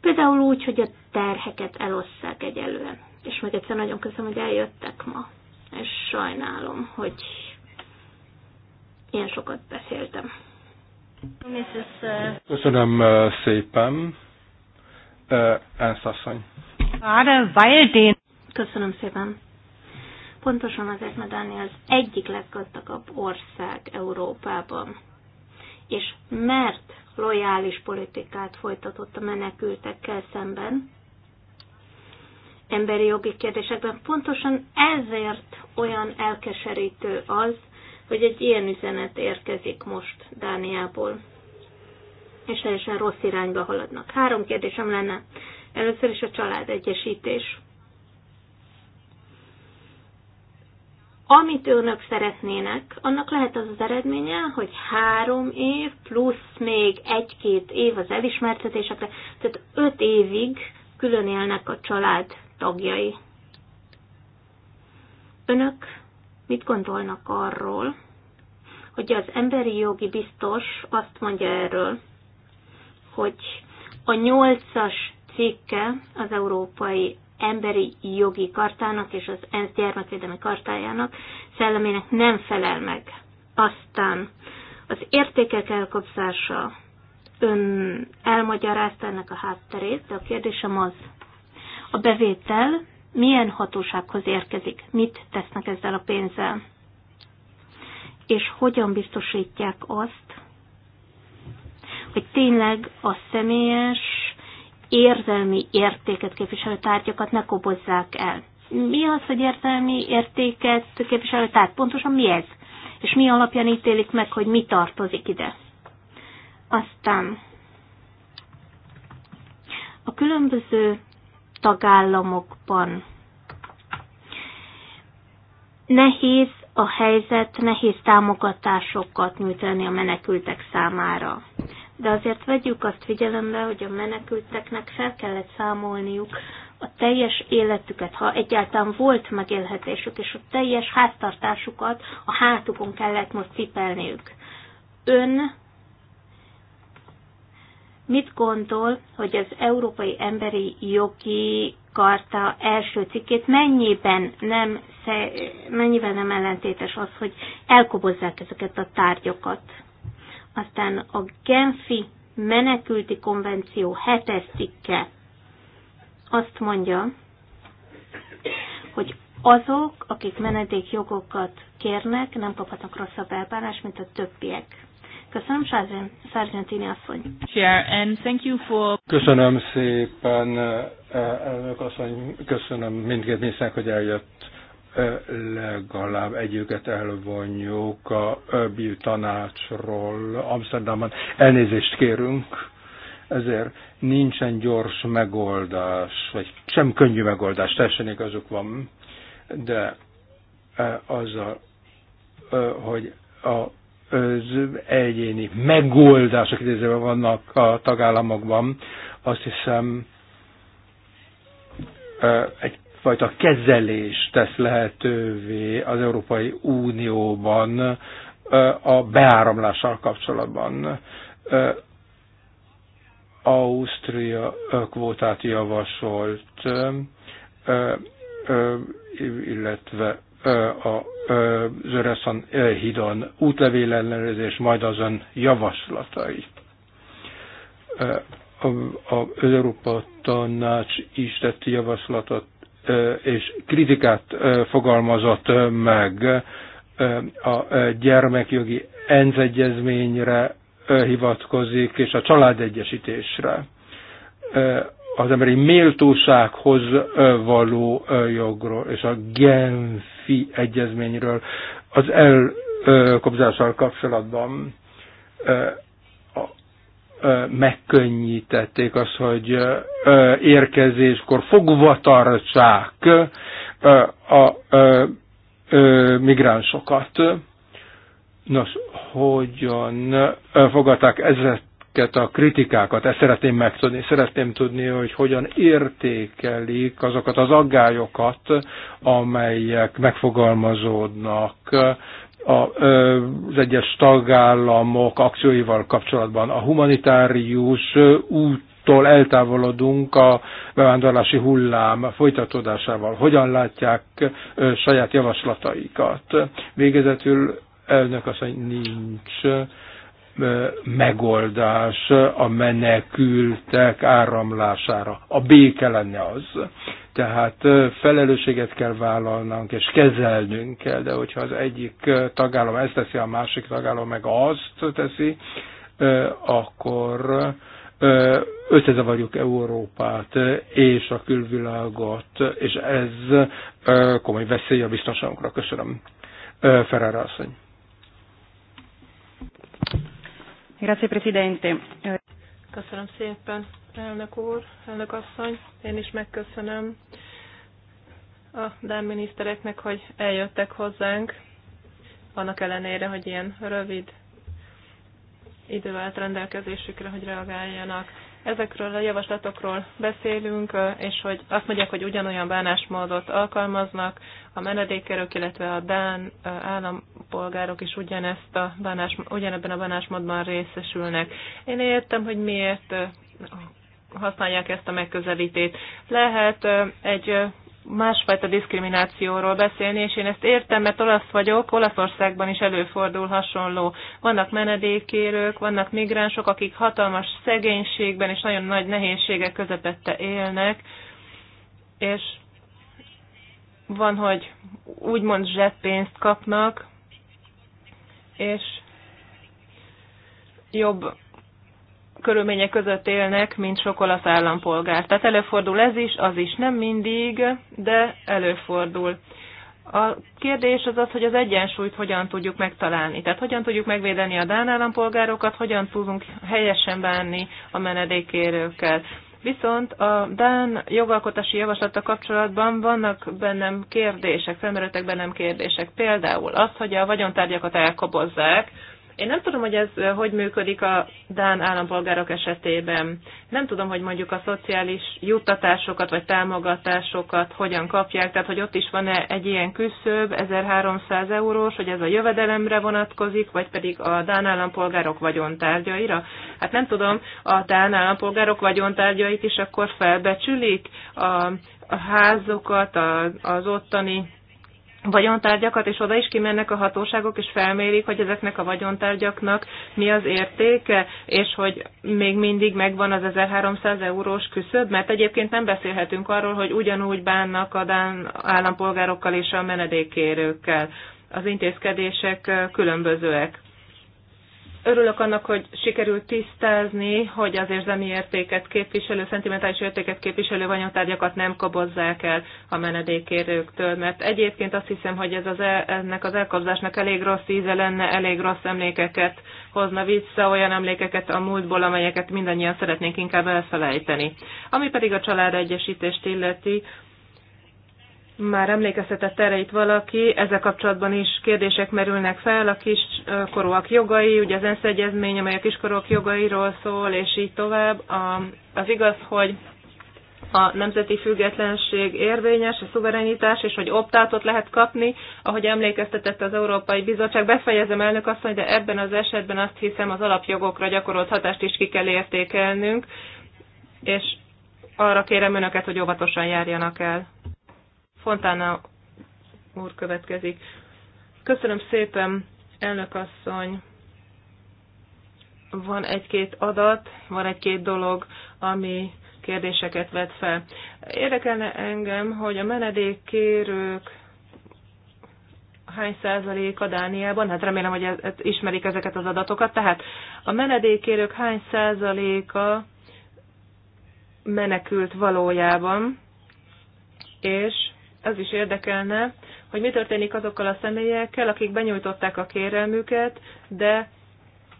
Például úgy, hogy a terheket elosszák egyelően. És meg egyszer nagyon köszönöm, hogy eljöttek ma. És sajnálom, hogy ilyen sokat beszéltem. Uh, Köszönöm uh, szépen, uh, Ernst asszony. Köszönöm szépen. Pontosan azért, mert Dánia az egyik leggazdagabb ország Európában. És mert lojális politikát folytatott a menekültekkel szemben, emberi jogi kérdésekben, pontosan ezért olyan elkeserítő az, hogy egy ilyen üzenet érkezik most Dániából, és teljesen rossz irányba haladnak. Három kérdésem lenne. Először is a család egyesítés. amit önök szeretnének, annak lehet az az eredménye, hogy három év plusz még egy-két év az elismertetésekre, tehát öt évig külön élnek a család tagjai. Önök Mit gondolnak arról, hogy az emberi jogi biztos azt mondja erről, hogy a nyolcas cikke az Európai Emberi Jogi Kartának és az ENSZ gyermekvédelmi kartájának szellemének nem felel meg. Aztán az értékek elkobzása ön elmagyarázta ennek a hátterét, de a kérdésem az, a bevétel milyen hatósághoz érkezik, mit tesznek ezzel a pénzzel, és hogyan biztosítják azt, hogy tényleg a személyes érzelmi értéket képviselő tárgyakat ne kobozzák el. Mi az, hogy értelmi értéket képviselő tárgy? Pontosan mi ez? És mi alapján ítélik meg, hogy mi tartozik ide? Aztán a különböző tagállamokban. Nehéz a helyzet, nehéz támogatásokat nyújtani a menekültek számára. De azért vegyük azt figyelembe, hogy a menekülteknek fel kellett számolniuk a teljes életüket, ha egyáltalán volt megélhetésük, és a teljes háztartásukat a hátukon kellett most cipelniük. Ön mit gondol, hogy az Európai Emberi Jogi Karta első cikkét mennyiben nem, mennyiben nem ellentétes az, hogy elkobozzák ezeket a tárgyakat. Aztán a Genfi menekülti konvenció hetes cikke azt mondja, hogy azok, akik menedékjogokat kérnek, nem kaphatnak rosszabb elbánást, mint a többiek. Köszönöm, Sargentini asszony. Chair, and thank you for... Köszönöm szépen, e, elnök asszony, köszönöm mindkét miniszternek, hogy eljött e, legalább együket elvonjuk a Öbjű e, tanácsról Amsterdamban. Elnézést kérünk, ezért nincsen gyors megoldás, vagy sem könnyű megoldás, teljesen igazuk van, de az a, hogy a az egyéni megoldások idézőben vannak a tagállamokban, azt hiszem egyfajta kezelés tesz lehetővé az Európai Unióban a beáramlással kapcsolatban. Ausztria kvótát javasolt, illetve az Öreszan hídon útlevél ellenőrzés, majd azon javaslatai. Az Európa Tanács is tett javaslatot és kritikát fogalmazott meg a gyermekjogi enzegyezményre hivatkozik, és a családegyesítésre az emberi méltósághoz való jogról, és a genf fi egyezményről az elkobzással kapcsolatban megkönnyítették azt, hogy érkezéskor fogva tartsák a migránsokat. Nos, hogyan fogadták ezret, ezeket a kritikákat. Ezt szeretném megtudni. Szeretném tudni, hogy hogyan értékelik azokat az aggályokat, amelyek megfogalmazódnak az egyes tagállamok akcióival kapcsolatban. A humanitárius út tól eltávolodunk a bevándorlási hullám folytatódásával. Hogyan látják saját javaslataikat? Végezetül elnök azt mondja, nincs megoldás a menekültek áramlására. A béke lenne az. Tehát felelősséget kell vállalnunk, és kezelnünk kell, de hogyha az egyik tagállam ezt teszi, a másik tagállam meg azt teszi, akkor összezavarjuk Európát és a külvilágot, és ez komoly veszély a biztonságunkra. Köszönöm. Ferrara asszony. Grazie, Presidente. Köszönöm szépen, elnök úr, elnök asszony. Én is megköszönöm a Dán minisztereknek, hogy eljöttek hozzánk, annak ellenére, hogy ilyen rövid idővel rendelkezésükre, hogy reagáljanak ezekről a javaslatokról beszélünk, és hogy azt mondják, hogy ugyanolyan bánásmódot alkalmaznak, a menedékkerők, illetve a Dán állampolgárok is ugyanezt a bánás, ugyanebben a bánásmódban részesülnek. Én értem, hogy miért használják ezt a megközelítést. Lehet egy másfajta diszkriminációról beszélni, és én ezt értem, mert olasz vagyok, Olaszországban is előfordul hasonló. Vannak menedékérők, vannak migránsok, akik hatalmas szegénységben és nagyon nagy nehézségek közepette élnek, és van, hogy úgymond zseppénzt kapnak, és jobb körülmények között élnek, mint sok olasz állampolgár. Tehát előfordul ez is, az is nem mindig, de előfordul. A kérdés az az, hogy az egyensúlyt hogyan tudjuk megtalálni. Tehát hogyan tudjuk megvédeni a Dán állampolgárokat, hogyan tudunk helyesen bánni a menedékérőkkel. Viszont a Dán jogalkotási javaslata kapcsolatban vannak bennem kérdések, felmerültek bennem kérdések. Például az, hogy a vagyontárgyakat elkobozzák, én nem tudom, hogy ez eh, hogy működik a Dán állampolgárok esetében. Nem tudom, hogy mondjuk a szociális juttatásokat vagy támogatásokat hogyan kapják, tehát hogy ott is van-e egy ilyen küszöb, 1300 eurós, hogy ez a jövedelemre vonatkozik, vagy pedig a Dán állampolgárok vagyontárgyaira. Hát nem tudom, a Dán állampolgárok vagyontárgyait is akkor felbecsülik a, a házokat, a, az ottani vagyontárgyakat, és oda is kimennek a hatóságok, és felmérik, hogy ezeknek a vagyontárgyaknak mi az értéke, és hogy még mindig megvan az 1300 eurós küszöb, mert egyébként nem beszélhetünk arról, hogy ugyanúgy bánnak a Dán állampolgárokkal és a menedékkérőkkel. Az intézkedések különbözőek. Örülök annak, hogy sikerült tisztázni, hogy az érzelmi értéket képviselő, szentimentális értéket képviselő vanyatárgyakat nem kobozzák el a menedékérőktől, mert egyébként azt hiszem, hogy ez az el, ennek az elkobzásnak elég rossz íze lenne, elég rossz emlékeket hozna vissza, olyan emlékeket a múltból, amelyeket mindannyian szeretnénk inkább elfelejteni. Ami pedig a család egyesítést illeti, már emlékeztetett erre itt valaki, ezzel kapcsolatban is kérdések merülnek fel, a kiskorúak jogai, ugye az ENSZ egyezmény, amely a kiskorúak jogairól szól, és így tovább. A, az igaz, hogy a nemzeti függetlenség érvényes, a szuverenitás, és hogy optátot lehet kapni, ahogy emlékeztetett az Európai Bizottság. Befejezem elnök asszony, de ebben az esetben azt hiszem az alapjogokra gyakorolt hatást is ki kell értékelnünk, és arra kérem önöket, hogy óvatosan járjanak el. Fontána úr következik. Köszönöm szépen, elnök asszony. Van egy-két adat, van egy-két dolog, ami kérdéseket vet fel. Érdekelne engem, hogy a kérők hány százaléka Dániában, hát remélem, hogy ismerik ezeket az adatokat, tehát a menedékkérők hány százaléka menekült valójában, és az is érdekelne, hogy mi történik azokkal a személyekkel, akik benyújtották a kérelmüket, de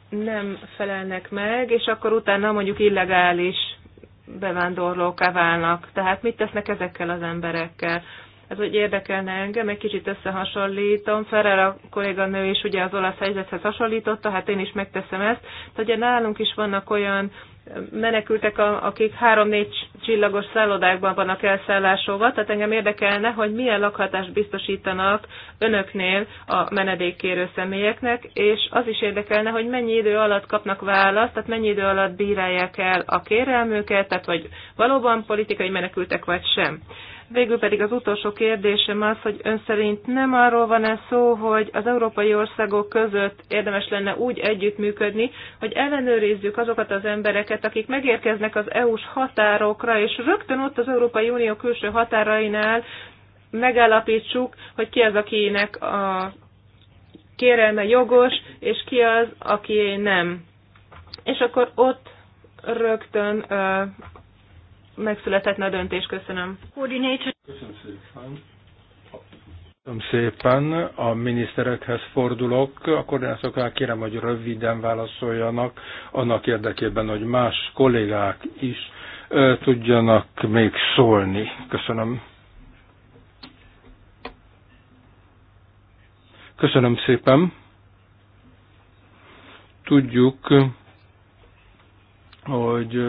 nem felelnek meg, és akkor utána mondjuk illegális bevándorlóká válnak. Tehát mit tesznek ezekkel az emberekkel? Ez hogy érdekelne engem, egy kicsit összehasonlítom. Ferrer a kolléganő is ugye az olasz helyzethez hasonlította, hát én is megteszem ezt. Tehát ugye nálunk is vannak olyan menekültek, a, akik három-négy csillagos szállodákban vannak elszállásolva, tehát engem érdekelne, hogy milyen lakhatást biztosítanak önöknél a menedékkérő személyeknek, és az is érdekelne, hogy mennyi idő alatt kapnak választ, tehát mennyi idő alatt bírálják el a kérelmüket, tehát vagy valóban politikai menekültek, vagy sem. Végül pedig az utolsó kérdésem az, hogy ön szerint nem arról van-e szó, hogy az európai országok között érdemes lenne úgy együttműködni, hogy ellenőrizzük azokat az embereket, akik megérkeznek az EU-s határokra, és rögtön ott az Európai Unió külső határainál megállapítsuk, hogy ki az, akinek a kérelme jogos, és ki az, aki nem. És akkor ott rögtön megszülethetne a döntés. Köszönöm. Köszönöm szépen. Köszönöm szépen. A miniszterekhez fordulok. A koordinátoroknál kérem, hogy röviden válaszoljanak, annak érdekében, hogy más kollégák is tudjanak még szólni. Köszönöm. Köszönöm szépen. Tudjuk, hogy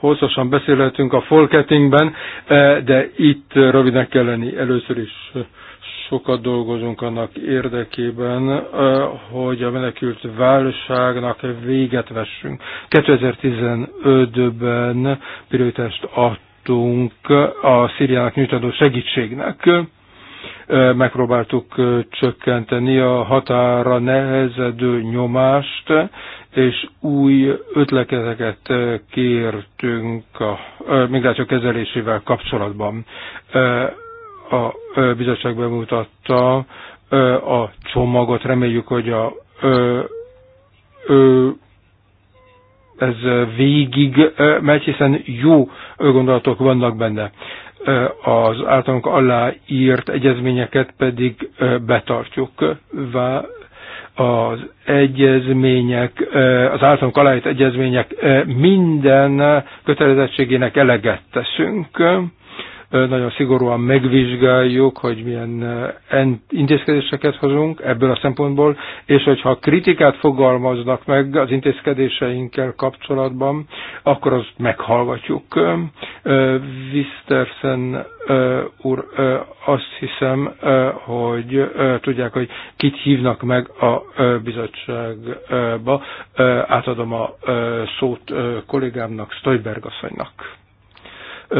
hosszasan beszélhetünk a folketingben, eh, de itt eh, rövidnek kell lenni. Először is eh, sokat dolgozunk annak érdekében, hogy a menekült válságnak véget vessünk. 2015-ben prioritást adtunk a Szíriának nyújtandó segítségnek Megpróbáltuk csökkenteni a határa nehezedő nyomást, és új ötleteket kértünk a migráció kezelésével kapcsolatban. A bizottság bemutatta a csomagot, reméljük, hogy a ez végig megy, hiszen jó gondolatok vannak benne az általunk aláírt egyezményeket pedig betartjuk. Az egyezmények, az általunk aláírt egyezmények minden kötelezettségének eleget teszünk nagyon szigorúan megvizsgáljuk, hogy milyen intézkedéseket hozunk ebből a szempontból, és hogyha kritikát fogalmaznak meg az intézkedéseinkkel kapcsolatban, akkor azt meghallgatjuk. Wistersen úr, azt hiszem, hogy tudják, hogy kit hívnak meg a bizottságba. Átadom a szót kollégámnak, Stoiberg asszonynak.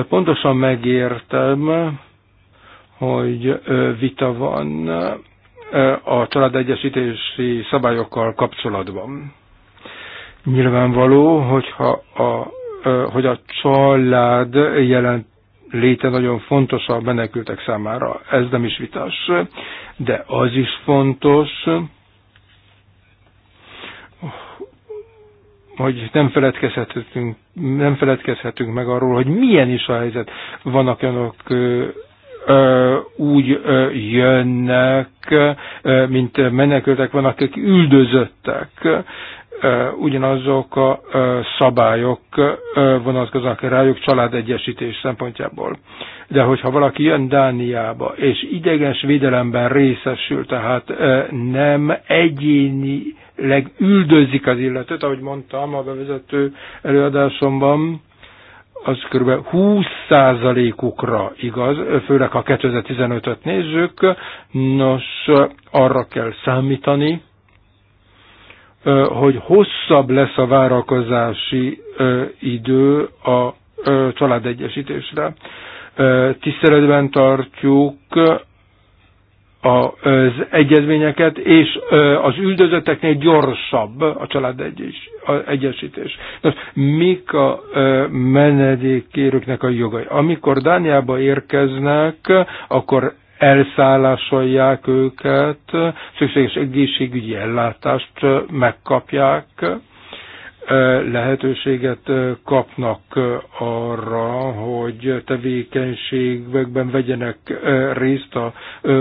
Pontosan megértem, hogy vita van a családegyesítési szabályokkal kapcsolatban. Nyilvánvaló, hogyha a, hogy a család jelent léte nagyon fontos a menekültek számára, ez nem is vitás, de az is fontos, hogy nem feledkezhetünk, nem feledkezhetünk meg arról, hogy milyen is a helyzet. Vannak olyanok, ö, úgy ö, jönnek, ö, mint menekültek, vannak, akik üldözöttek, ugyanazok a szabályok vonatkoznak rájuk családegyesítés szempontjából. De hogyha valaki jön Dániába, és ideges védelemben részesül, tehát nem egyéni üldözik az illetőt, ahogy mondtam a bevezető előadásomban, az kb. 20%-ukra igaz, főleg ha 2015-öt nézzük, nos, arra kell számítani, hogy hosszabb lesz a várakozási idő a családegyesítésre. Tiszteletben tartjuk az egyezményeket, és az üldözötteknél gyorsabb a családegyesítés. Nos, mik a menedékkérőknek a jogai? Amikor Dániába érkeznek, akkor elszállásolják őket, szükséges egészségügyi ellátást megkapják, lehetőséget kapnak arra, hogy tevékenységekben vegyenek részt a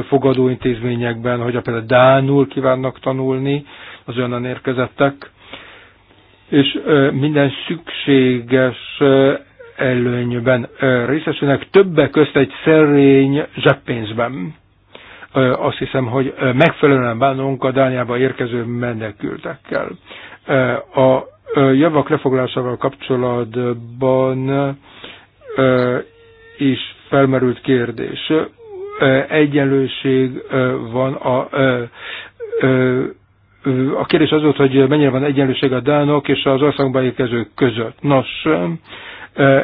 fogadóintézményekben, hogy például Dánul kívánnak tanulni az önnan érkezettek, és minden szükséges előnyben részesülnek, többek közt egy szerény zseppénzben. Azt hiszem, hogy megfelelően bánunk a Dániába érkező menekültekkel. A javak lefoglalásával kapcsolatban is felmerült kérdés. Egyenlőség van a a kérdés az volt, hogy mennyire van egyenlőség a dánok és az országban érkezők között. Nos,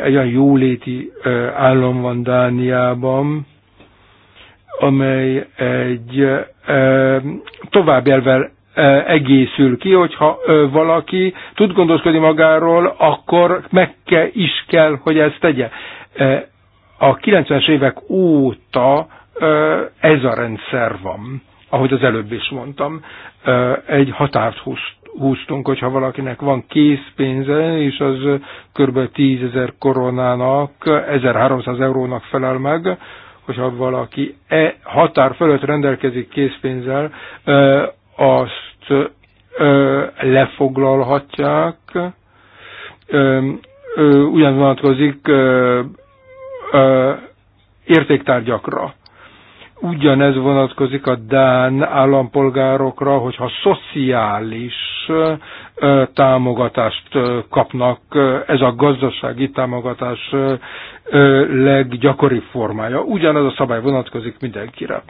egy olyan jóléti állam van Dániában, amely egy továbbjelvel egészül ki, hogyha valaki tud gondoskodni magáról, akkor meg kell, is kell, hogy ezt tegye. A 90-es évek óta ez a rendszer van, ahogy az előbb is mondtam, egy határt húz, húztunk, hogyha valakinek van készpénze, és az kb. 10 ezer koronának, 1300 eurónak felel meg, hogyha valaki e határ fölött rendelkezik készpénzzel, azt lefoglalhatják, ugyan vonatkozik értéktárgyakra Ugyanez vonatkozik a Dán állampolgárokra, hogyha szociális támogatást kapnak, ez a gazdasági támogatás leggyakoribb formája. Ugyanez a szabály vonatkozik mindenkire.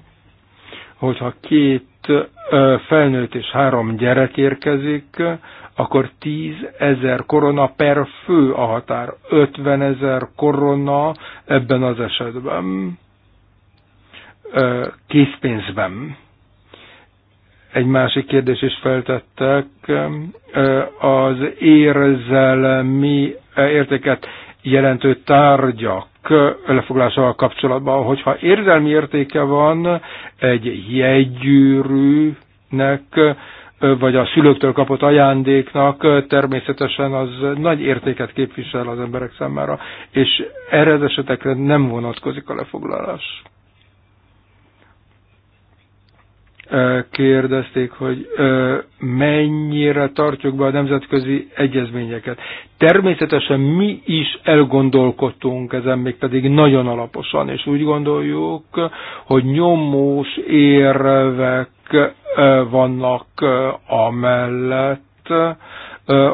Hogyha két felnőtt és három gyerek érkezik, akkor 10 ezer korona per fő a határ, 50 ezer korona ebben az esetben készpénzben. Egy másik kérdés is feltettek, az érzelmi értéket jelentő tárgyak lefoglásával kapcsolatban, hogyha érzelmi értéke van egy jegygyűrűnek, vagy a szülőktől kapott ajándéknak természetesen az nagy értéket képvisel az emberek számára, és erre az esetekre nem vonatkozik a lefoglalás. kérdezték, hogy mennyire tartjuk be a nemzetközi egyezményeket. Természetesen mi is elgondolkodtunk ezen, még pedig nagyon alaposan, és úgy gondoljuk, hogy nyomós érvek vannak amellett,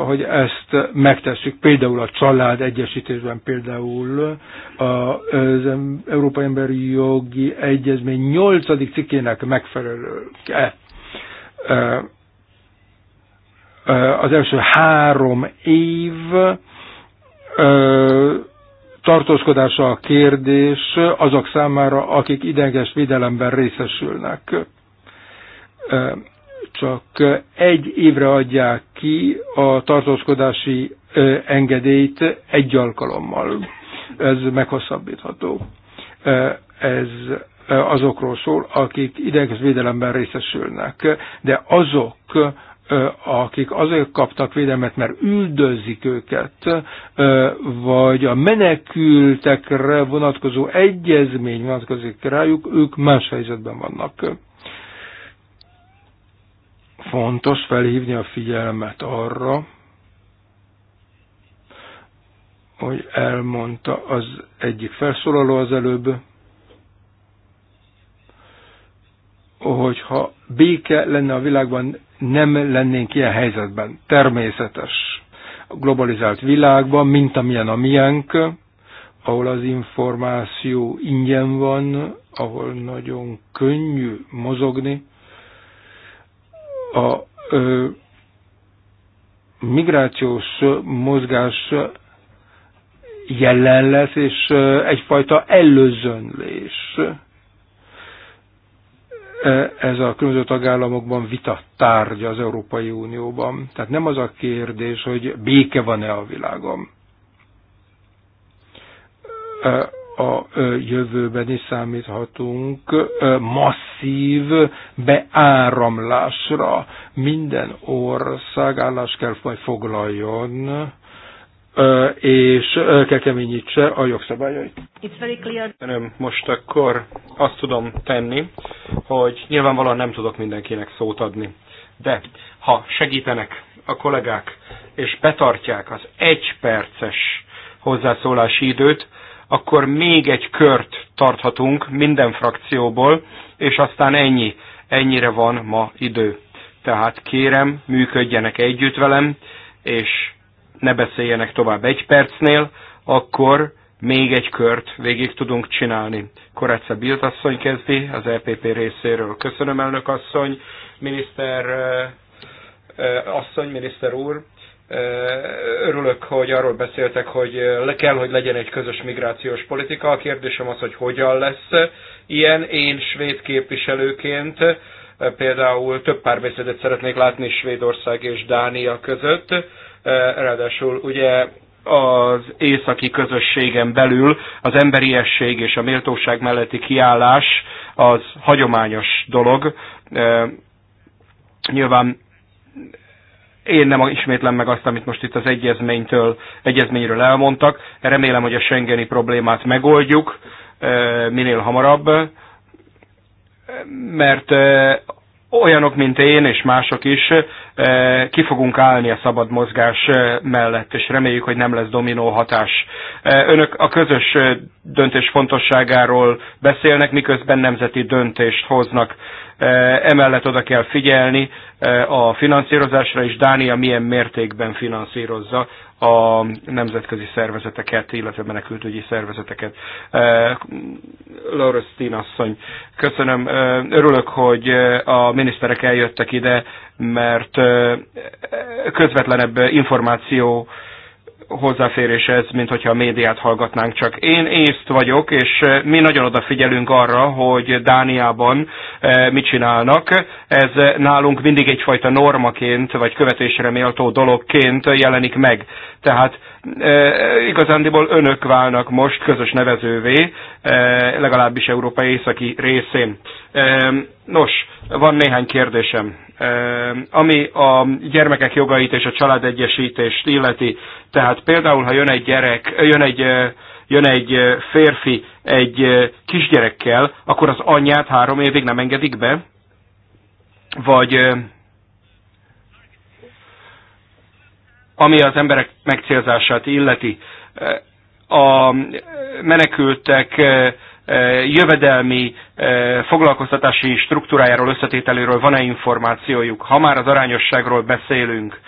hogy ezt megtesszük, például a család egyesítésben, például az Európai Emberi Jogi Egyezmény 8. cikkének megfelelő -e az első három év tartózkodása a kérdés azok számára, akik ideges védelemben részesülnek csak egy évre adják ki a tartózkodási engedélyt egy alkalommal. Ez meghosszabbítható. Ez azokról szól, akik idegvédelemben részesülnek, de azok, akik azért kaptak védelmet, mert üldözik őket, vagy a menekültekre vonatkozó egyezmény vonatkozik rájuk, ők más helyzetben vannak. Fontos felhívni a figyelmet arra, hogy elmondta az egyik felszólaló az előbb, hogyha béke lenne a világban, nem lennénk ilyen helyzetben. Természetes. A globalizált világban, mint amilyen a miénk, ahol az információ ingyen van, ahol nagyon könnyű mozogni, a ö, migrációs mozgás jelen lesz, és egyfajta előzönlés. Ez a különböző tagállamokban vita tárgya az Európai Unióban. Tehát nem az a kérdés, hogy béke van-e a világon a jövőben is számíthatunk masszív beáramlásra. Minden ország állást kell majd foglaljon, és kekeményítse a jogszabályait. It's very clear. Most akkor azt tudom tenni, hogy nyilvánvalóan nem tudok mindenkinek szót adni. De ha segítenek a kollégák, és betartják az egyperces hozzászólási időt, akkor még egy kört tarthatunk minden frakcióból, és aztán ennyi. Ennyire van ma idő. Tehát kérem, működjenek együtt velem, és ne beszéljenek tovább egy percnél, akkor még egy kört végig tudunk csinálni. Koretsze Bilt asszony kezdi az EPP részéről. Köszönöm, elnök asszony, miniszter eh, eh, asszony, miniszter úr. Örülök, hogy arról beszéltek, hogy le kell, hogy legyen egy közös migrációs politika. A kérdésem az, hogy hogyan lesz ilyen. Én svéd képviselőként például több párbeszédet szeretnék látni Svédország és Dánia között. Ráadásul ugye az északi közösségen belül az emberiesség és a méltóság melletti kiállás az hagyományos dolog. Nyilván én nem ismétlem meg azt, amit most itt az egyezménytől, egyezményről elmondtak. Remélem, hogy a Schengeni problémát megoldjuk eh, minél hamarabb, eh, mert eh, olyanok, mint én és mások is eh, ki fogunk állni a szabad mozgás eh, mellett, és reméljük, hogy nem lesz dominó hatás. Eh, önök a közös döntés fontosságáról beszélnek, miközben nemzeti döntést hoznak. Emellett oda kell figyelni a finanszírozásra, és Dánia milyen mértékben finanszírozza a nemzetközi szervezeteket, illetve menekültügyi szervezeteket. E, Laura Steen asszony, köszönöm. E, örülök, hogy e, a miniszterek eljöttek ide, mert közvetlenebb információ hozzáféréshez, mint hogyha a médiát hallgatnánk csak. Én észt vagyok, és eh, mi nagyon odafigyelünk arra, hogy Dániában eh, mit csinálnak. Ez eh, nálunk mindig egyfajta normaként, vagy követésre méltó dologként jelenik meg. Tehát igazándiból önök válnak most közös nevezővé, legalábbis Európai északi részén. Nos, van néhány kérdésem Ehm, ami a gyermekek jogait és a családegyesítést illeti, tehát például, ha jön egy gyerek, jön egy, eh, jön egy eh, férfi egy eh, kisgyerekkel, akkor az anyját három évig nem engedik be, vagy ami az emberek megcélzását illeti. A menekültek jövedelmi foglalkoztatási struktúrájáról, összetételéről van-e információjuk. Ha már az arányosságról beszélünk,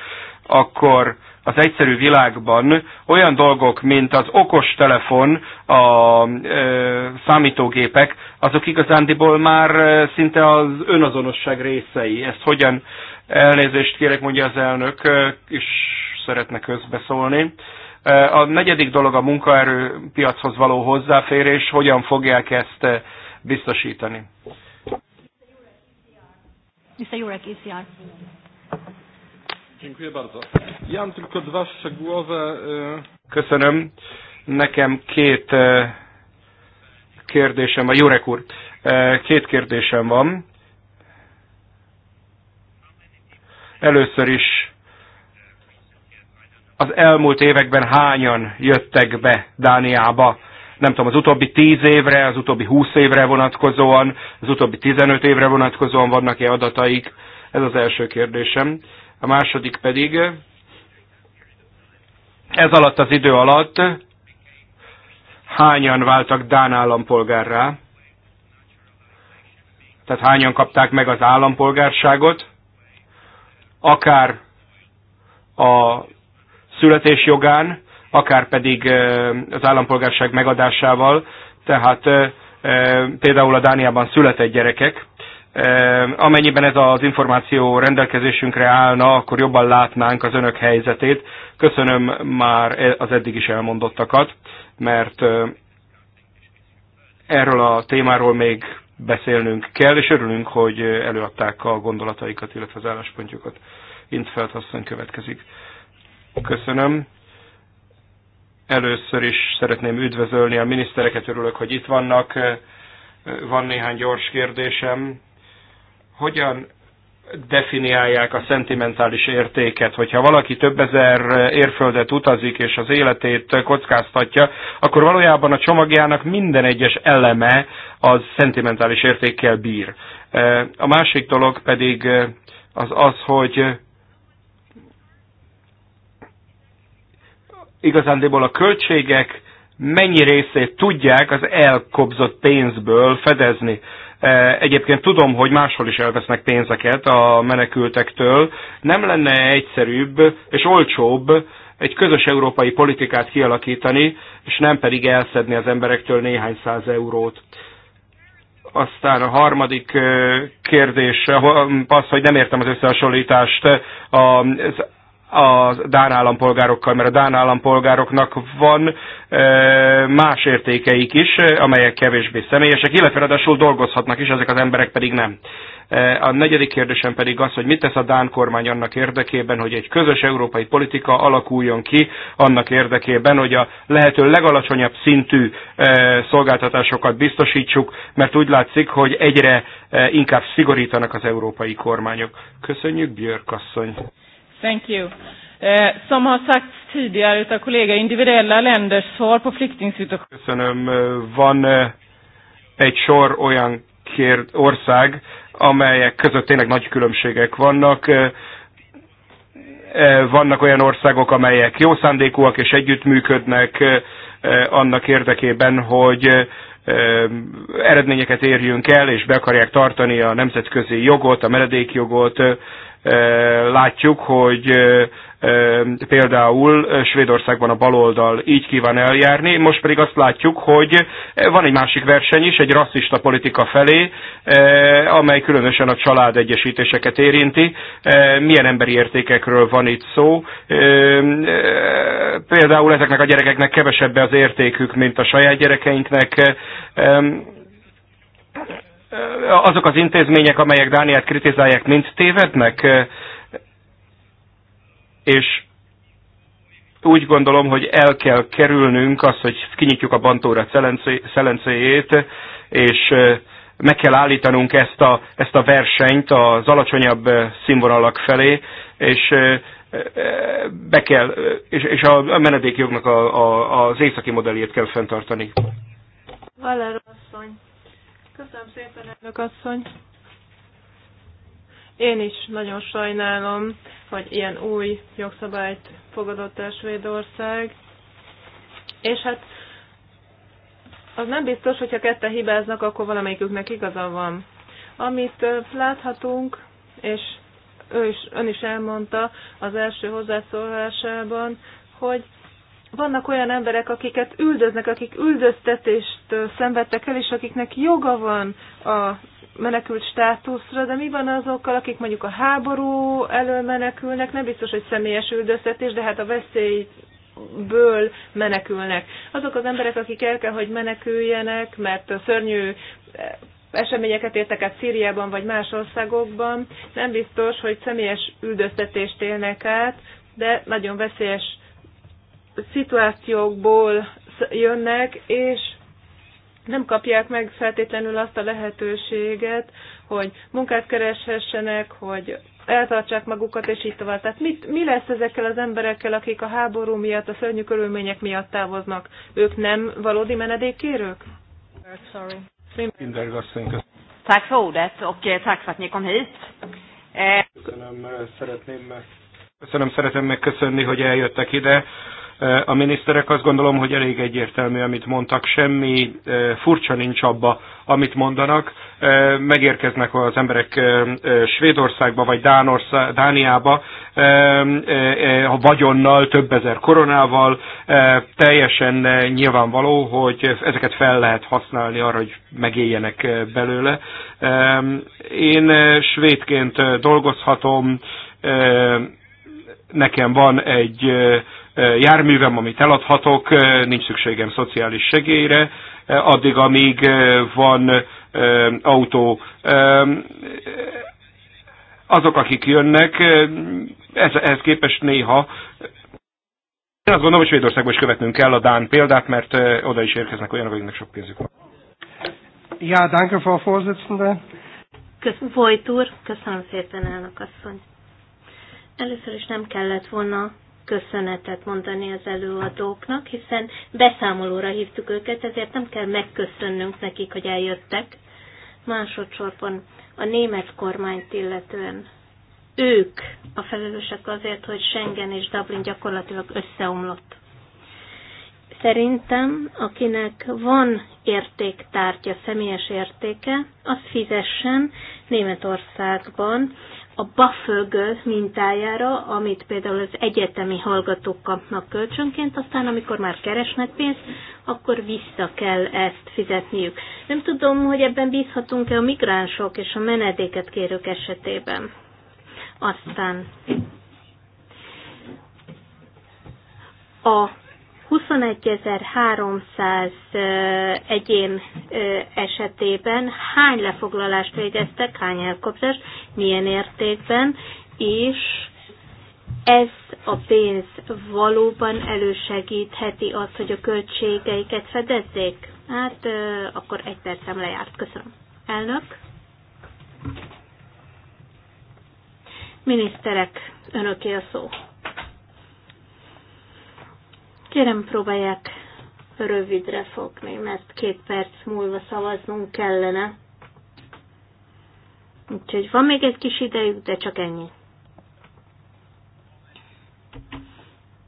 akkor az egyszerű világban olyan dolgok, mint az okos telefon, a számítógépek, azok igazándiból már szinte az önazonosság részei. Ezt hogyan elnézést kérek, mondja az elnök, és szeretne közbeszólni. A negyedik dolog a munkaerőpiachoz való hozzáférés, hogyan fogják ezt eh, biztosítani. Mr. Jurek, ECR. Dziękuję bardzo. Ja mam tylko dwa szczegółowe... E, Köszönöm. Nekem két eh, kérdésem van. Jurek úr, eh, két kérdésem van. Először is az elmúlt években hányan jöttek be Dániába, nem tudom, az utóbbi tíz évre, az utóbbi húsz évre vonatkozóan, az utóbbi tizenöt évre vonatkozóan vannak-e adataik? Ez az első kérdésem. A második pedig, ez alatt az idő alatt hányan váltak Dán állampolgárrá? Tehát hányan kapták meg az állampolgárságot? Akár a születésjogán, akár pedig az állampolgárság megadásával, tehát például a Dániában született gyerekek, Amennyiben ez az információ rendelkezésünkre állna, akkor jobban látnánk az önök helyzetét. Köszönöm már az eddig is elmondottakat, mert erről a témáról még beszélnünk kell, és örülünk, hogy előadták a gondolataikat, illetve az álláspontjukat. Intfeld asszony következik. Köszönöm. Először is szeretném üdvözölni a minisztereket, örülök, hogy itt vannak. Van néhány gyors kérdésem. Hogyan definiálják a szentimentális értéket. Hogyha valaki több ezer érföldet utazik, és az életét kockáztatja, akkor valójában a csomagjának minden egyes eleme az szentimentális értékkel bír. A másik dolog pedig az az, hogy igazándiból a költségek mennyi részét tudják az elkobzott pénzből fedezni. E, egyébként tudom, hogy máshol is elvesznek pénzeket a menekültektől. Nem lenne egyszerűbb és olcsóbb egy közös európai politikát kialakítani, és nem pedig elszedni az emberektől néhány száz eurót. Aztán a harmadik e, kérdés az, hogy nem értem az összehasonlítást az a Dán állampolgárokkal, mert a Dán állampolgároknak van e, más értékeik is, e, amelyek kevésbé személyesek, illetve ráadásul dolgozhatnak is, ezek az emberek pedig nem. E, a negyedik kérdésem pedig az, hogy mit tesz a Dán kormány annak érdekében, hogy egy közös európai politika alakuljon ki annak érdekében, hogy a lehető legalacsonyabb szintű szolgáltatásokat biztosítsuk, mert úgy látszik, hogy egyre inkább szigorítanak az európai kormányok. Köszönjük, Björk asszony! Thank you. Eh, som har sagts tidigare utav kollegor, individuella länders svar på flyktingsituationen. Köszönöm. Eh, van eh, egy sor olyan kér, ország, amelyek között tényleg nagy különbségek vannak. Eh, vannak olyan országok, amelyek jó szándékúak és együttműködnek annak érdekében, hogy eredményeket érjünk el, és be akarják tartani a nemzetközi jogot, a meredékjogot látjuk, hogy például Svédországban a baloldal így kíván eljárni, most pedig azt látjuk, hogy van egy másik verseny is, egy rasszista politika felé, amely különösen a család egyesítéseket érinti. Milyen emberi értékekről van itt szó? Például ezeknek a gyerekeknek kevesebb az értékük, mint a saját gyerekeinknek azok az intézmények, amelyek Dániát kritizálják, mind tévednek, és úgy gondolom, hogy el kell kerülnünk azt, hogy kinyitjuk a bantóra szelencéjét, és meg kell állítanunk ezt a, ezt a versenyt az alacsonyabb színvonalak felé, és be kell, és, és a menedékjognak a, a, az északi modelljét kell fenntartani. Valer asszony. Köszönöm szépen, elnök asszony. Én is nagyon sajnálom, hogy ilyen új jogszabályt fogadott el Svédország. És hát az nem biztos, hogyha ketten hibáznak, akkor valamelyiküknek igaza van. Amit láthatunk, és ő is, ön is elmondta az első hozzászólásában, hogy vannak olyan emberek, akiket üldöznek, akik üldöztetést szenvedtek el, és akiknek joga van a menekült státuszra, de mi van azokkal, akik mondjuk a háború elől menekülnek, nem biztos, hogy személyes üldöztetés, de hát a veszély ből menekülnek. Azok az emberek, akik el kell, hogy meneküljenek, mert szörnyű eseményeket értek át Szíriában vagy más országokban, nem biztos, hogy személyes üldöztetést élnek át, de nagyon veszélyes szituációkból jönnek, és nem kapják meg feltétlenül azt a lehetőséget, hogy munkát kereshessenek, hogy eltartsák magukat, és így tovább. Tehát mit, mi lesz ezekkel az emberekkel, akik a háború miatt, a szörnyű körülmények miatt távoznak? Ők nem valódi menedékkérők? Sorry. Köszönöm, eh, eh, eh, szeretném meg, köszönöm, szeretném megköszönni, hogy eljöttek ide. A miniszterek azt gondolom, hogy elég egyértelmű, amit mondtak, semmi furcsa nincs abba, amit mondanak. Megérkeznek az emberek Svédországba vagy Dánország, Dániába a vagyonnal, több ezer koronával. Teljesen nyilvánvaló, hogy ezeket fel lehet használni arra, hogy megéljenek belőle. Én svédként dolgozhatom, nekem van egy járművem, amit eladhatok, nincs szükségem szociális segélyre, addig, amíg van autó. Azok, akik jönnek, ez, ehhez képest néha én azt gondolom, hogy Svédországban is követnünk kell a Dán példát, mert oda is érkeznek olyanok, akiknek sok pénzük van. Ja, danke, Frau Vorsitzende. Köszönöm, Vojt köszönöm szépen, elnök asszony. Először is nem kellett volna köszönetet mondani az előadóknak, hiszen beszámolóra hívtuk őket, ezért nem kell megköszönnünk nekik, hogy eljöttek. Másodszorban a német kormányt illetően ők a felelősek azért, hogy Schengen és Dublin gyakorlatilag összeomlott. Szerintem, akinek van értéktárgya, személyes értéke, az fizessen Németországban a Buffögöl mintájára, amit például az egyetemi hallgatók kapnak kölcsönként, aztán amikor már keresnek pénzt, akkor vissza kell ezt fizetniük. Nem tudom, hogy ebben bízhatunk-e a migránsok és a menedéket kérők esetében. Aztán a 21.300 egyén esetében hány lefoglalást végeztek, hány elkobzást, milyen értékben, és ez a pénz valóban elősegítheti azt, hogy a költségeiket fedezzék? Hát akkor egy percem lejárt. Köszönöm. Elnök? Miniszterek, önöké a szó. Kérem, próbálják rövidre fogni, mert két perc múlva szavaznunk kellene. Úgyhogy van még egy kis idejük, de csak ennyi.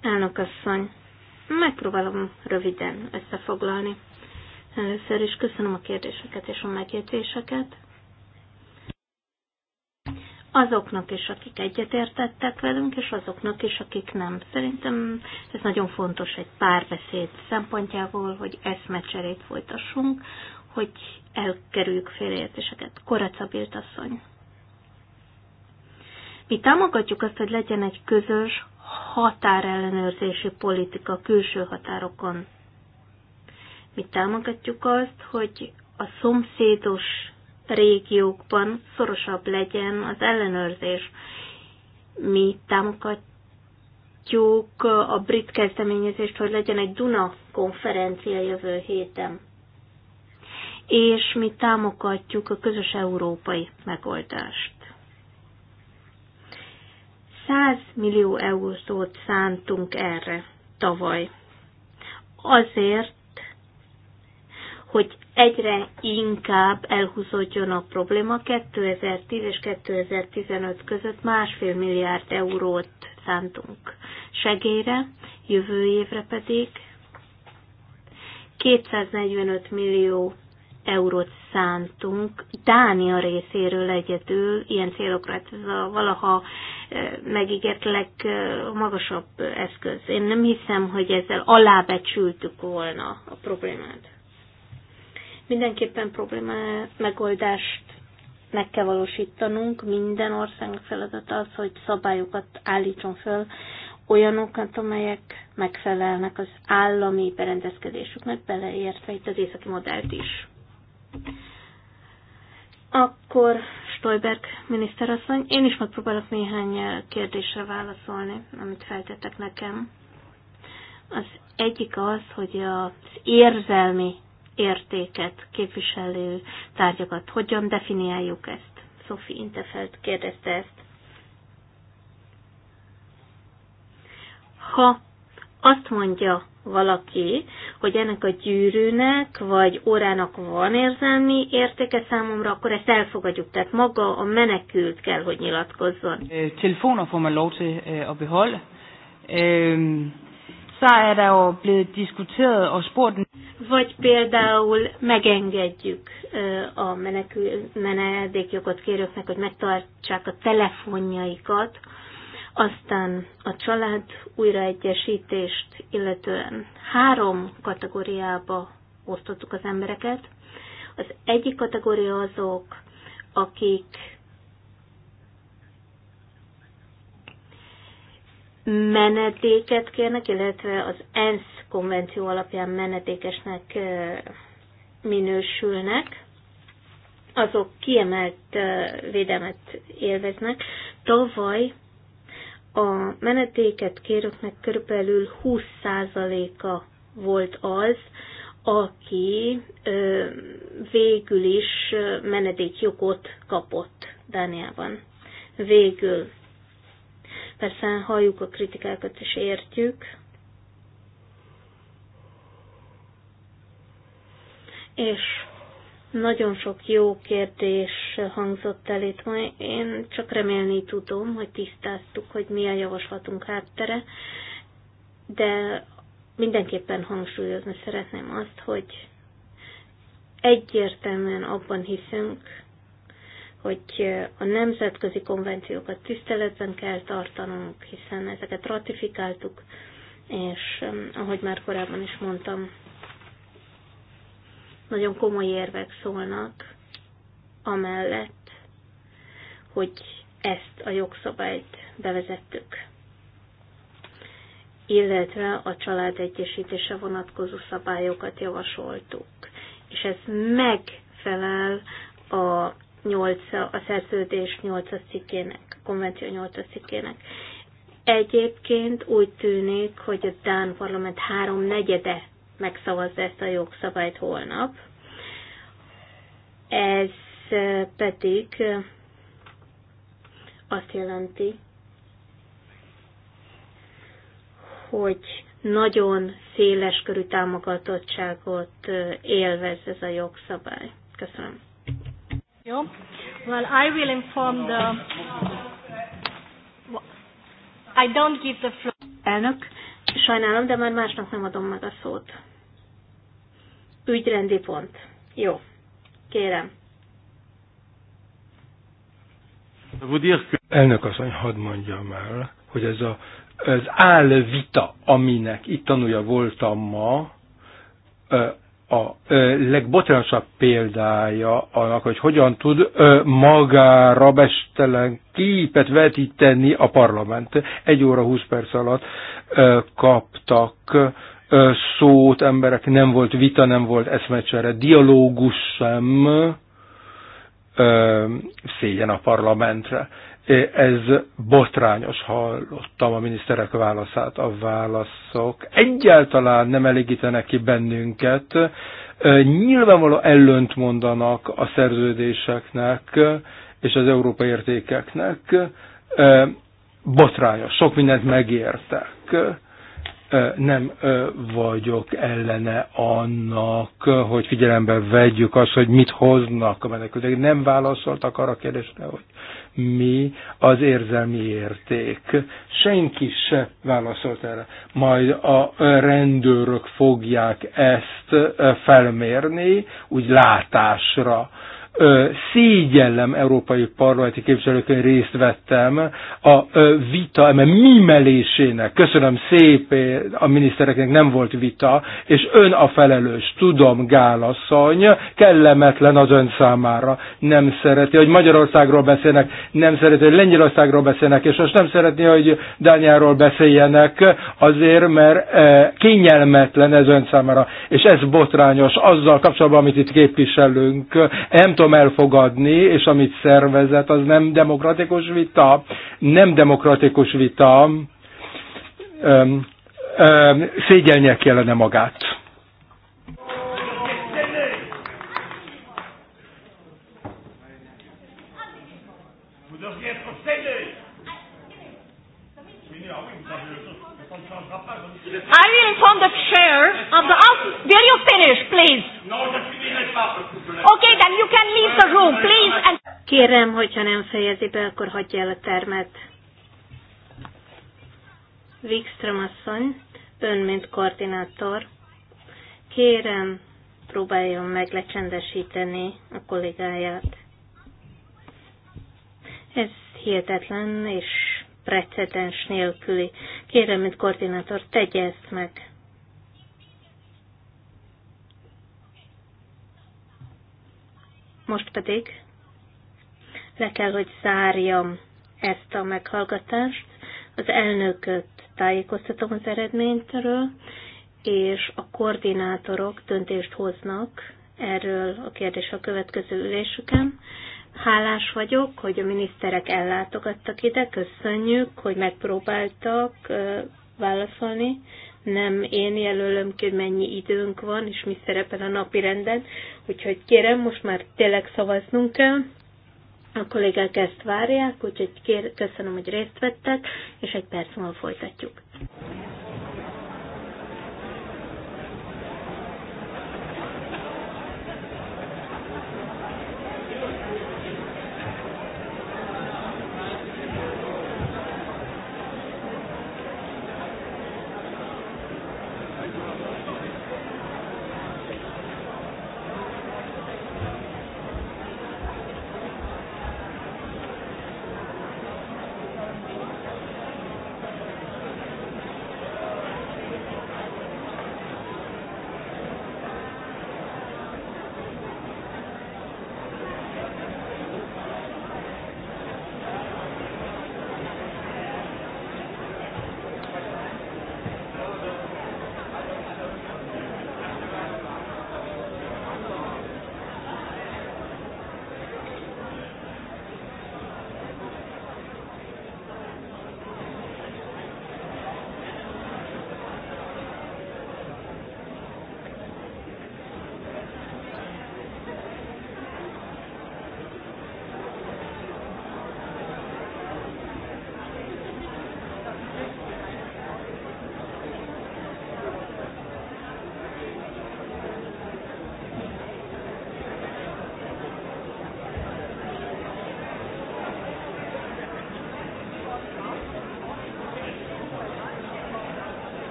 Elnökasszony, megpróbálom röviden összefoglalni. Először is köszönöm a kérdéseket és a megjegyzéseket azoknak is, akik egyetértettek velünk, és azoknak is, akik nem. Szerintem ez nagyon fontos egy párbeszéd szempontjából, hogy eszmecserét folytassunk, hogy elkerüljük félértéseket. Koracabilt asszony. Mi támogatjuk azt, hogy legyen egy közös határellenőrzési politika külső határokon. Mi támogatjuk azt, hogy a szomszédos régiókban szorosabb legyen az ellenőrzés. Mi támogatjuk a brit kezdeményezést, hogy legyen egy Duna konferencia jövő héten. És mi támogatjuk a közös európai megoldást. 100 millió eurót szántunk erre tavaly. Azért, hogy egyre inkább elhúzódjon a probléma. 2010 és 2015 között másfél milliárd eurót szántunk segélyre, jövő évre pedig 245 millió eurót szántunk Dánia részéről egyedül ilyen célokra. Hát ez a valaha eh, megígért legmagasabb eszköz. Én nem hiszem, hogy ezzel alábecsültük volna a problémát. Mindenképpen probléma megoldást meg kell valósítanunk. Minden ország feladata az, hogy szabályokat állítson föl, olyanokat, amelyek megfelelnek az állami berendezkedésüknek, beleértve itt az északi modellt is. Akkor Stolberg miniszterasszony, én is megpróbálok néhány kérdésre válaszolni, amit feltettek nekem. Az egyik az, hogy az érzelmi értéket képviselő tárgyakat. Hogyan definiáljuk ezt? Sophie Intefeld kérdezte ezt. Ha azt mondja valaki, hogy ennek a gyűrűnek vagy órának van érzelmi értéke számomra, akkor ezt elfogadjuk. Tehát maga a menekült kell, hogy nyilatkozzon. Øh, Telefonon får man lov til øh, at beholde. Øh, så er der jo blevet diskuteret og spurgt. Vagy például megengedjük a menedékjogot kérőknek, hogy megtartsák a telefonjaikat, aztán a család újraegyesítést, illetően három kategóriába osztottuk az embereket. Az egyik kategória azok, akik menedéket kérnek, illetve az ENSZ konvenció alapján menedékesnek minősülnek, azok kiemelt védelmet élveznek. Tavaly a menedéket kérőknek körülbelül 20%-a volt az, aki végül is menedékjogot kapott Dániában. Végül Persze halljuk a kritikákat és értjük. És nagyon sok jó kérdés hangzott el itt ma. Én csak remélni tudom, hogy tisztáztuk, hogy mi a javaslatunk háttere, de mindenképpen hangsúlyozni szeretném azt, hogy egyértelműen abban hiszünk, hogy a nemzetközi konvenciókat tiszteletben kell tartanunk, hiszen ezeket ratifikáltuk, és ahogy már korábban is mondtam, nagyon komoly érvek szólnak amellett, hogy ezt a jogszabályt bevezettük, illetve a család egyesítése vonatkozó szabályokat javasoltuk, és ez megfelel a 8 a szerződés 8 a cikkének, a konvenció 8 a cikkének. Egyébként úgy tűnik, hogy a Dán parlament negyede megszavazza ezt a jogszabályt holnap. Ez pedig azt jelenti, hogy nagyon széles körű támogatottságot élvez ez a jogszabály. Köszönöm. Jó. Well, I will inform the... I don't give the floor. Elnök, sajnálom, de már másnak nem adom meg a szót. Ügyrendi pont. Jó. Kérem. Elnök asszony, hadd mondjam el, hogy ez a, az állvita, aminek itt tanulja voltam ma, a legbotránsabb példája annak, hogy hogyan tud magára bestelen képet vetíteni a parlament. Egy óra húsz perc alatt kaptak szót emberek, nem volt vita, nem volt eszmecsere, dialógus sem szégyen a parlamentre. Ez botrányos, hallottam a miniszterek válaszát. A válaszok egyáltalán nem elégítenek ki bennünket. Nyilvánvaló ellönt mondanak a szerződéseknek és az európai értékeknek. Botrányos, sok mindent megértek nem vagyok ellene annak, hogy figyelembe vegyük azt, hogy mit hoznak a menekültek. Nem válaszoltak arra a kérdésre, hogy mi az érzelmi érték. Senki se válaszolt erre. Majd a rendőrök fogják ezt eh, felmérni, úgy látásra szégyellem európai parlamenti képviselőként részt vettem a vita, mert mimelésének, köszönöm szépen, a minisztereknek nem volt vita, és ön a felelős, tudom, Gálasszony, kellemetlen az ön számára. Nem szereti, hogy Magyarországról beszélnek, nem szereti, hogy Lengyelországról beszélnek, és most nem szeretné, hogy Dániáról beszéljenek, azért, mert kényelmetlen ez ön számára, és ez botrányos azzal kapcsolatban, amit itt képviselünk. Nem tudom, tudom elfogadni, és amit szervezett, az nem demokratikus vita. Nem demokratikus vita. Öm, öm, szégyelnie kellene magát. I will inform chair of the office. Will you finish, please? Okay, then you can leave the room, please. And Kérem, hogyha nem fejezi be, akkor hagyja el a termet. Wikström asszony, ön, mint koordinátor, kérem, próbáljon meg lecsendesíteni a kollégáját. Ez hihetetlen és precedens nélküli. Kérem, mint koordinátor, tegye ezt meg. Most pedig le kell, hogy zárjam ezt a meghallgatást. Az elnököt tájékoztatom az eredményről, és a koordinátorok döntést hoznak erről a kérdés a következő ülésüken. Hálás vagyok, hogy a miniszterek ellátogattak ide, köszönjük, hogy megpróbáltak válaszolni, nem én jelölöm ki, hogy mennyi időnk van, és mi szerepel a napi renden. Úgyhogy kérem, most már tényleg szavaznunk kell. A kollégák ezt várják, úgyhogy kér, köszönöm, hogy részt vettek, és egy perc múlva folytatjuk.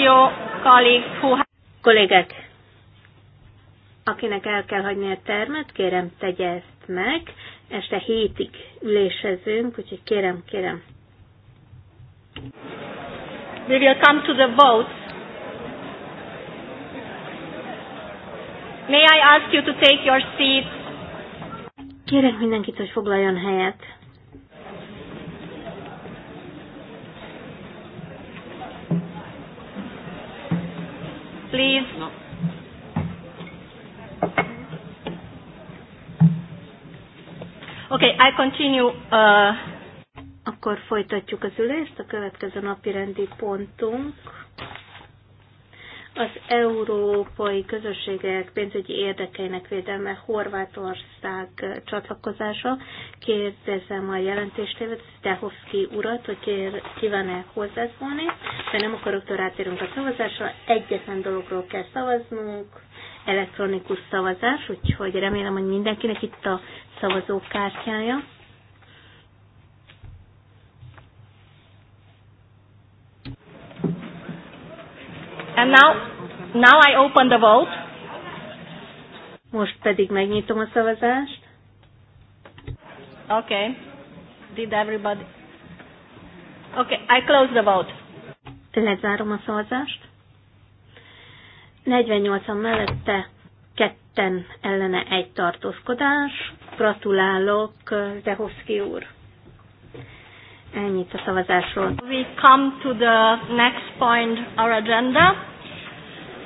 your colleagues who Kollégek, akinek el kell hagyni a termet, kérem tegye ezt meg. Este hétig ülésezünk, úgyhogy kérem, kérem. We will come to the vote. May I ask you to take your seat? Kérek mindenkit, hogy foglaljon helyet. please? No. Okay, I continue. Uh, akkor folytatjuk az ülést. A következő napi rendi pontunk az európai közösségek pénzügyi érdekeinek védelme Horvátország csatlakozása. Kérdezem a jelentéstévet, Stehovski urat, hogy kér, kíván-e hozzászólni, de nem akarok, hogy rátérünk a szavazásra. Egyetlen dologról kell szavaznunk, elektronikus szavazás, úgyhogy remélem, hogy mindenkinek itt a szavazókártyája. And now, now I open the vote. Most pedig megnyitom a szavazást. Okay. Did everybody? Okay, I close the vote. Lezárom a szavazást. 48-an mellette, ketten ellene egy tartózkodás. Gratulálok, Dehovszki úr! Ennyit a szavazásról. We come to the next point our agenda,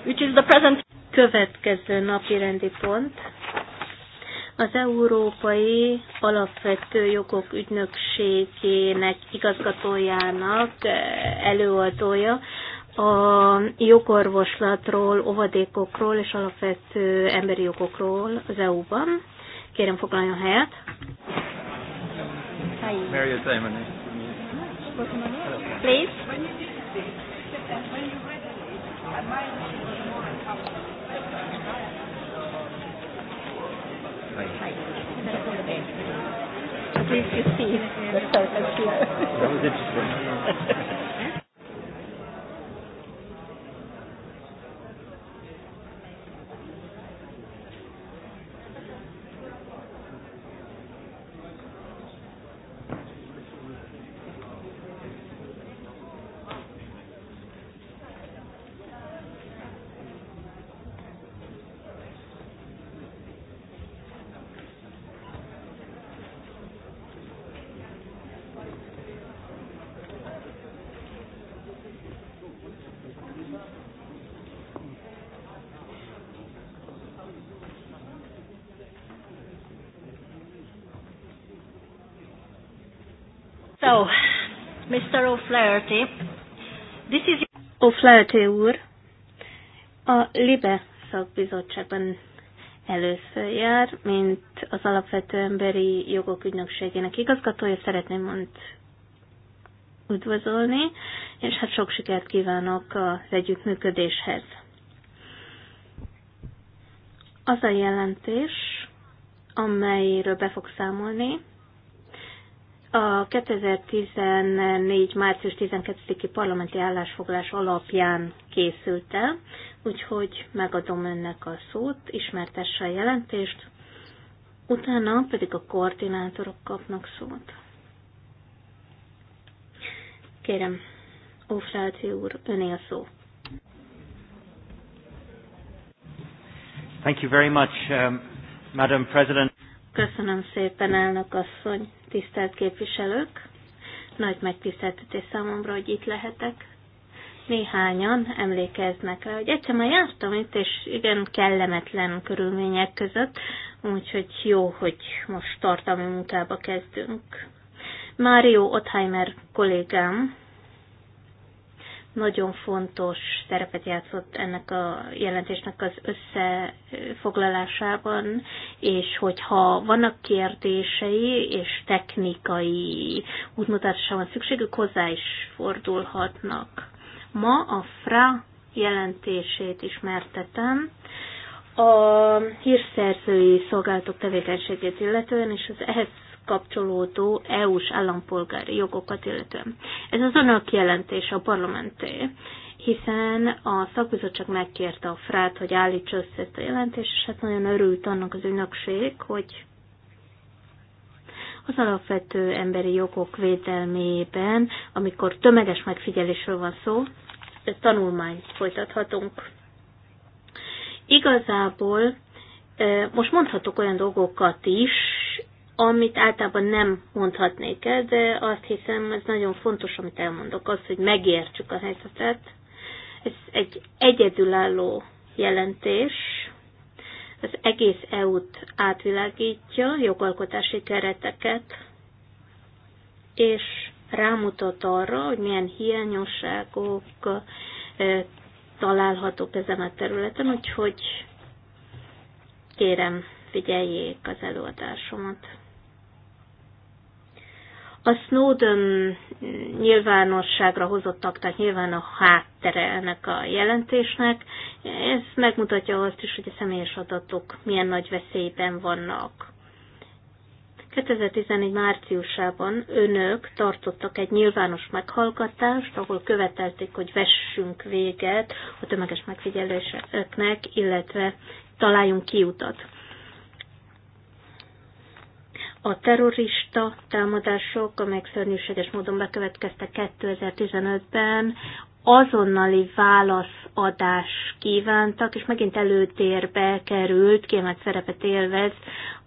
which is the present... Következő napi rendi pont az Európai Alapvető Jogok Ügynökségének igazgatójának eh, előadója a jogorvoslatról, óvadékokról és alapvető emberi jogokról az EU-ban. Kérem foglaljon helyet. Hi. Mary Please. At Please you see the purpose here. That was interesting. Mr. O'Flaherty. This is... O'Flaherty úr, a LIBE szakbizottságban először jár, mint az Alapvető Emberi Jogok Ügynökségének igazgatója. Szeretném önt üdvözölni, és hát sok sikert kívánok az együttműködéshez. Az a jelentés, amelyről be fog számolni, a 2014. március 12-i parlamenti állásfoglás alapján készült el, úgyhogy megadom önnek a szót, ismertesse a jelentést, utána pedig a koordinátorok kapnak szót. Kérem, Ófráci úr, öné a szó. Thank you very much, um, Madam President. Köszönöm szépen, elnök asszony tisztelt képviselők! Nagy megtiszteltetés számomra, hogy itt lehetek. Néhányan emlékeznek rá, hogy egyszer már jártam itt, és igen, kellemetlen körülmények között, úgyhogy jó, hogy most tartalmi munkába kezdünk. Mário Ottheimer kollégám nagyon fontos szerepet játszott ennek a jelentésnek az összefoglalásában, és hogyha vannak kérdései és technikai útmutatásra van szükségük, hozzá is fordulhatnak. Ma a FRA jelentését ismertetem a hírszerzői szolgálatok tevékenységét illetően, és az ehhez kapcsolódó EU-s állampolgári jogokat illetően. Ez az önök jelentés a parlamenté, hiszen a szakbizottság megkérte a frát, hogy állítsa össze ezt a jelentést, és hát nagyon örült annak az ügynökség, hogy az alapvető emberi jogok védelmében, amikor tömeges megfigyelésről van szó, tanulmányt folytathatunk. Igazából eh, most mondhatok olyan dolgokat is, amit általában nem mondhatnék el, de azt hiszem, ez nagyon fontos, amit elmondok, az, hogy megértsük a helyzetet. Ez egy egyedülálló jelentés, az egész EU-t átvilágítja, jogalkotási kereteket, és rámutat arra, hogy milyen hiányosságok találhatók ezen a területen, úgyhogy kérem, figyeljék az előadásomat. A Snowden nyilvánosságra hozottak, tehát nyilván a háttere ennek a jelentésnek. Ez megmutatja azt is, hogy a személyes adatok milyen nagy veszélyben vannak. 2014. márciusában önök tartottak egy nyilvános meghallgatást, ahol követelték, hogy vessünk véget a tömeges megfigyeléseknek, illetve találjunk kiutat a terrorista támadások, amelyek szörnyűséges módon bekövetkeztek 2015-ben, azonnali válaszadás kívántak, és megint előtérbe került, kiemelt szerepet élvez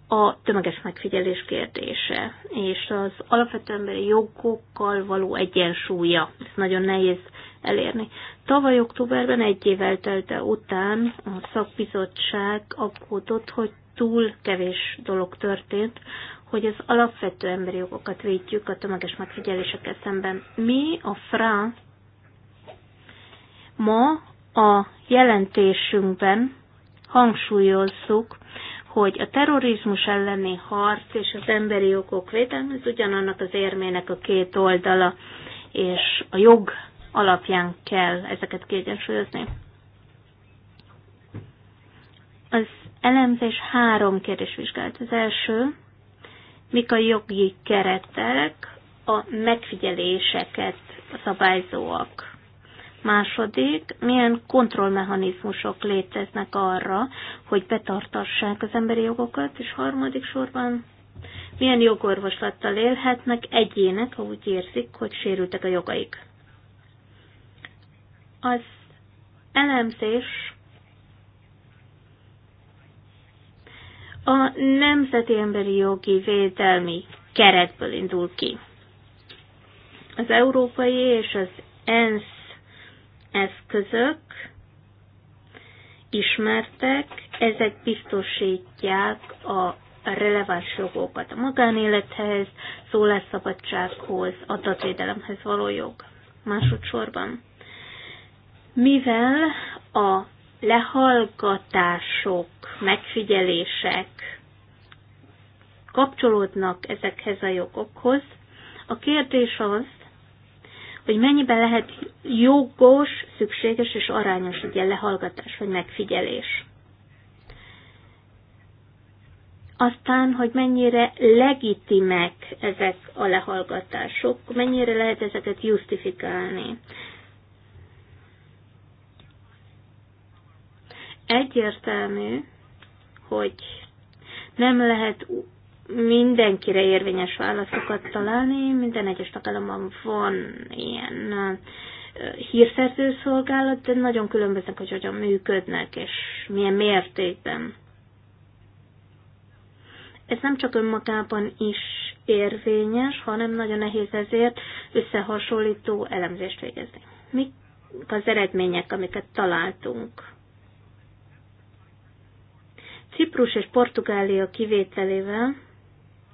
a tömeges megfigyelés kérdése, és az alapvető emberi jogokkal való egyensúlya. Ez nagyon nehéz elérni. Tavaly októberben egy év eltelte után a szakbizottság aggódott, hogy túl kevés dolog történt hogy az alapvető emberi jogokat védjük a tömeges megfigyelésekkel szemben. Mi a FRA ma a jelentésünkben hangsúlyozzuk, hogy a terrorizmus elleni harc és az emberi jogok védelme, az ugyanannak az érmének a két oldala, és a jog alapján kell ezeket kiegyensúlyozni. Az elemzés három kérdés vizsgált. Az első, mik a jogi keretek, a megfigyeléseket szabályzóak. Második, milyen kontrollmechanizmusok léteznek arra, hogy betartassák az emberi jogokat, és harmadik sorban, milyen jogorvoslattal élhetnek egyének, ha úgy érzik, hogy sérültek a jogaik. Az elemzés a nemzeti emberi jogi védelmi keretből indul ki. Az európai és az ENSZ eszközök ismertek, ezek biztosítják a releváns jogokat a magánélethez, szólásszabadsághoz, adatvédelemhez való jog. Másodszorban, mivel a lehallgatások, megfigyelések kapcsolódnak ezekhez a jogokhoz. A kérdés az, hogy mennyiben lehet jogos, szükséges és arányos egy ilyen lehallgatás vagy megfigyelés. Aztán, hogy mennyire legitimek ezek a lehallgatások, mennyire lehet ezeket justifikálni. Egyértelmű, hogy nem lehet mindenkire érvényes válaszokat találni, minden egyes tagállamban van ilyen szolgálat, de nagyon különböznek, hogy hogyan működnek, és milyen mértékben. Ez nem csak önmagában is érvényes, hanem nagyon nehéz ezért összehasonlító elemzést végezni. Mik az eredmények, amiket találtunk? Ciprus és Portugália kivételével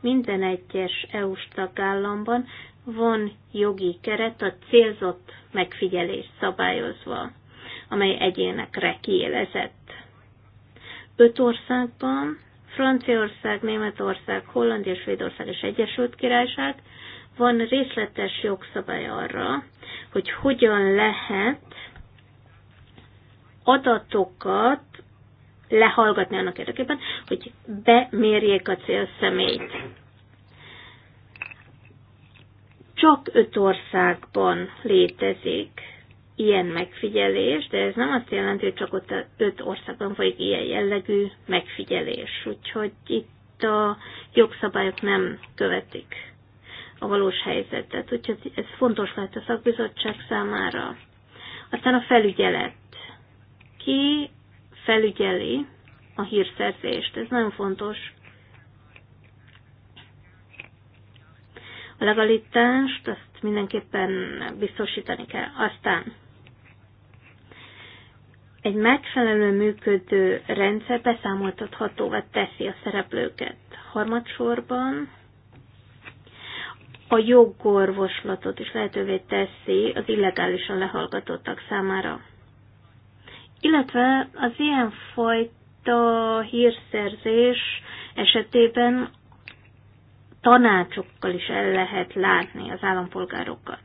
minden egyes EU-s tagállamban van jogi keret a célzott megfigyelés szabályozva, amely egyénekre kiélezett. Öt országban, Franciaország, Németország, Hollandia, Svédország és Egyesült Királyság van részletes jogszabály arra, hogy hogyan lehet adatokat lehallgatni annak érdekében, hogy bemérjék a célszemélyt. Csak öt országban létezik ilyen megfigyelés, de ez nem azt jelenti, hogy csak ott a öt országban folyik ilyen jellegű megfigyelés. Úgyhogy itt a jogszabályok nem követik a valós helyzetet. Úgyhogy ez fontos lehet a szakbizottság számára. Aztán a felügyelet. Ki felügyeli a hírszerzést. Ez nagyon fontos. A legalitást azt mindenképpen biztosítani kell. Aztán egy megfelelő működő rendszer beszámoltathatóvá teszi a szereplőket. Harmadsorban a jogorvoslatot is lehetővé teszi az illegálisan lehallgatottak számára. Illetve az ilyen fajta hírszerzés esetében tanácsokkal is el lehet látni az állampolgárokat.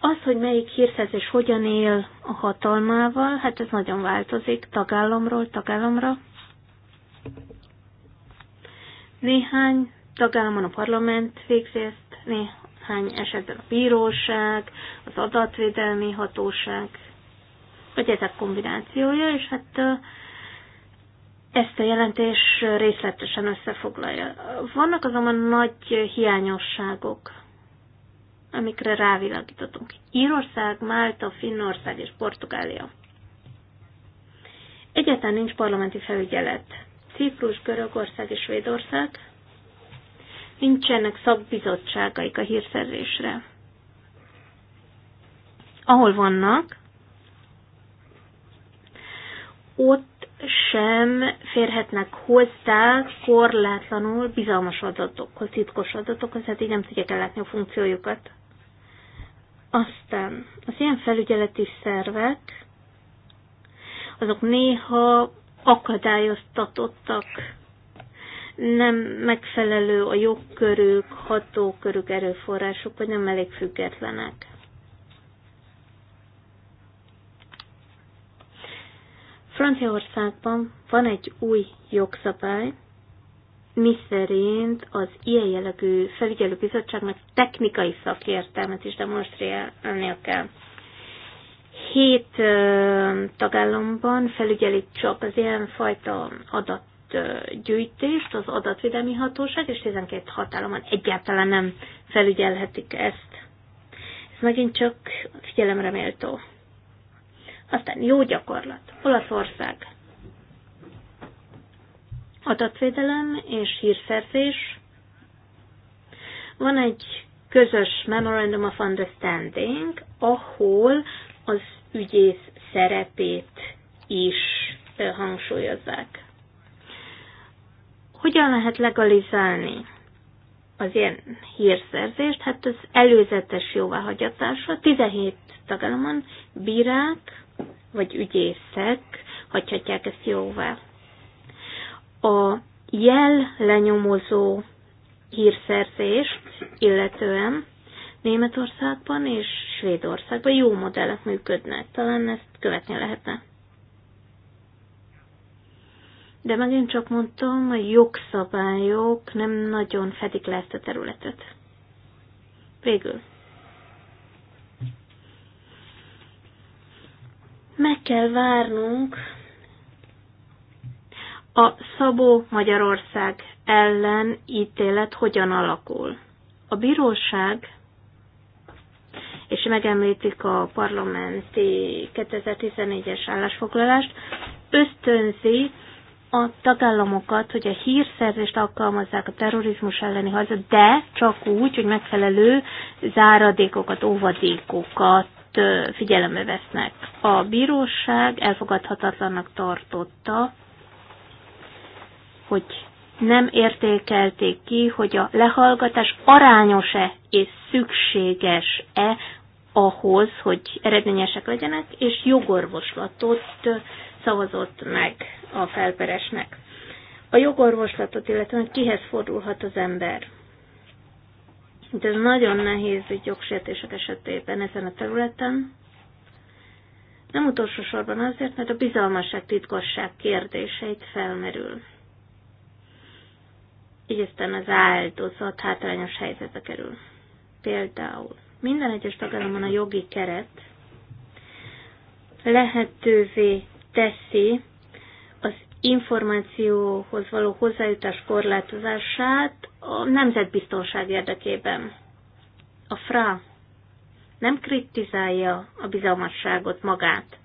Az, hogy melyik hírszerzés hogyan él a hatalmával, hát ez nagyon változik tagállamról tagállamra. Néhány tagállamon a parlament végzi ezt, néhány esetben a bíróság, az adatvédelmi hatóság vagy ezek kombinációja, és hát ezt a jelentés részletesen összefoglalja. Vannak azonban nagy hiányosságok, amikre rávilágítottunk. Írország, Málta, Finnország és Portugália. Egyáltalán nincs parlamenti felügyelet. Ciprus, Görögország és Svédország. Nincsenek szakbizottságaik a hírszerzésre. Ahol vannak, ott sem férhetnek hozzá korlátlanul bizalmas adatokhoz, titkos adatokhoz, tehát így nem tudják ellátni a funkciójukat. Aztán az ilyen felügyeleti szervek, azok néha akadályoztatottak, nem megfelelő a jogkörük, hatókörük, erőforrásuk, vagy nem elég függetlenek. Franciaországban van egy új jogszabály, miszerint az ilyen jellegű felügyelőbizottságnak technikai szakértelmet is demonstrálnia kell. Hét tagállamban felügyelik csak az ilyenfajta adatgyűjtést az adatvédelmi hatóság, és 12 hatállamon egyáltalán nem felügyelhetik ezt. Ez megint csak figyelemre méltó. Aztán jó gyakorlat. Olaszország. Adatvédelem és hírszerzés. Van egy közös Memorandum of Understanding, ahol az ügyész szerepét is hangsúlyozzák. Hogyan lehet legalizálni az ilyen hírszerzést, hát az előzetes jóváhagyatása 17 tagállamon bírák vagy ügyészek hagyhatják ezt jóvá. A jel lenyomozó hírszerzést illetően Németországban és Svédországban jó modellek működnek. Talán ezt követni lehetne de megint csak mondtam, a jogszabályok nem nagyon fedik le ezt a területet. Végül. Meg kell várnunk a Szabó Magyarország ellen ítélet hogyan alakul. A bíróság és megemlítik a parlamenti 2014-es állásfoglalást, ösztönzi a tagállamokat, hogy a hírszerzést alkalmazzák a terrorizmus elleni harcra, de csak úgy, hogy megfelelő záradékokat, óvadékokat figyelembe vesznek. A bíróság elfogadhatatlannak tartotta, hogy nem értékelték ki, hogy a lehallgatás arányos-e és szükséges-e ahhoz, hogy eredményesek legyenek, és jogorvoslatot szavazott meg a felperesnek. A jogorvoslatot, illetve kihez fordulhat az ember. De ez nagyon nehéz egy jogsértések esetében ezen a területen. Nem utolsó sorban azért, mert a bizalmasság titkosság kérdéseit felmerül. Így aztán az áldozat hátrányos helyzetbe kerül. Például minden egyes tagállamon a jogi keret lehetővé teszi az információhoz való hozzájutás korlátozását a nemzetbiztonság érdekében. A FRA nem kritizálja a bizalmasságot magát,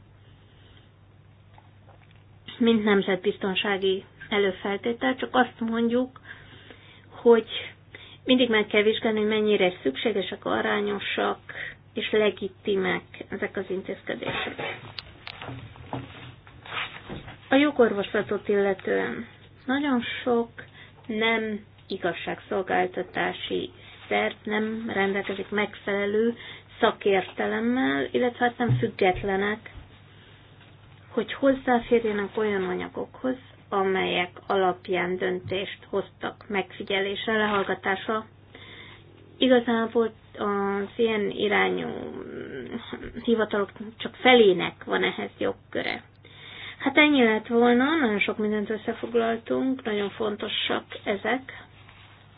mint nemzetbiztonsági előfeltétel, csak azt mondjuk, hogy mindig meg kell vizsgálni, hogy mennyire szükségesek, arányosak és legitimek ezek az intézkedések. A jogorvoslatot illetően nagyon sok nem igazságszolgáltatási szerv nem rendelkezik megfelelő szakértelemmel, illetve hát nem függetlenek, hogy hozzáférjenek olyan anyagokhoz, amelyek alapján döntést hoztak megfigyelésre, lehallgatásra. Igazából az ilyen irányú hivatalok csak felének van ehhez jogköre. Hát ennyi lett volna, nagyon sok mindent összefoglaltunk, nagyon fontosak ezek.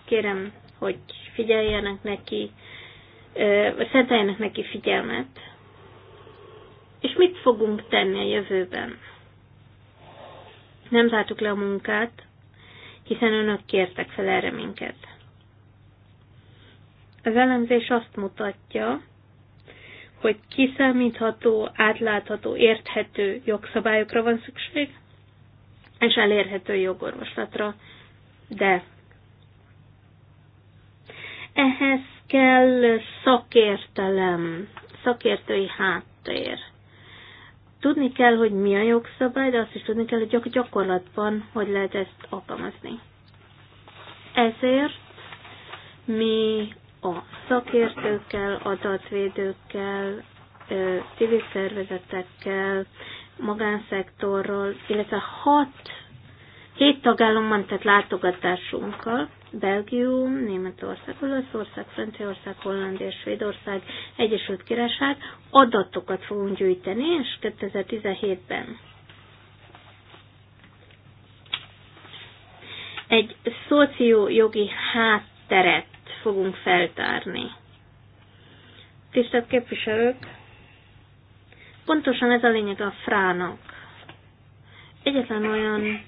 Kérem, hogy figyeljenek neki, szenteljenek neki figyelmet. És mit fogunk tenni a jövőben? Nem zártuk le a munkát, hiszen önök kértek fel erre minket. Az elemzés azt mutatja, hogy kiszámítható, átlátható, érthető jogszabályokra van szükség, és elérhető jogorvoslatra, de ehhez kell szakértelem, szakértői háttér. Tudni kell, hogy mi a jogszabály, de azt is tudni kell, hogy a gyakorlatban hogy lehet ezt alkalmazni. Ezért mi a szakértőkkel, adatvédőkkel, civil szervezetekkel, magánszektorról, illetve hat, hét tagállamban tett látogatásunkkal, Belgium, Németország, Olaszország, Franciaország, Holland és Svédország, Egyesült Királyság adatokat fogunk gyűjteni, és 2017-ben egy szociójogi hátteret fogunk feltárni. Tisztelt képviselők, pontosan ez a lényeg a frának. Egyetlen olyan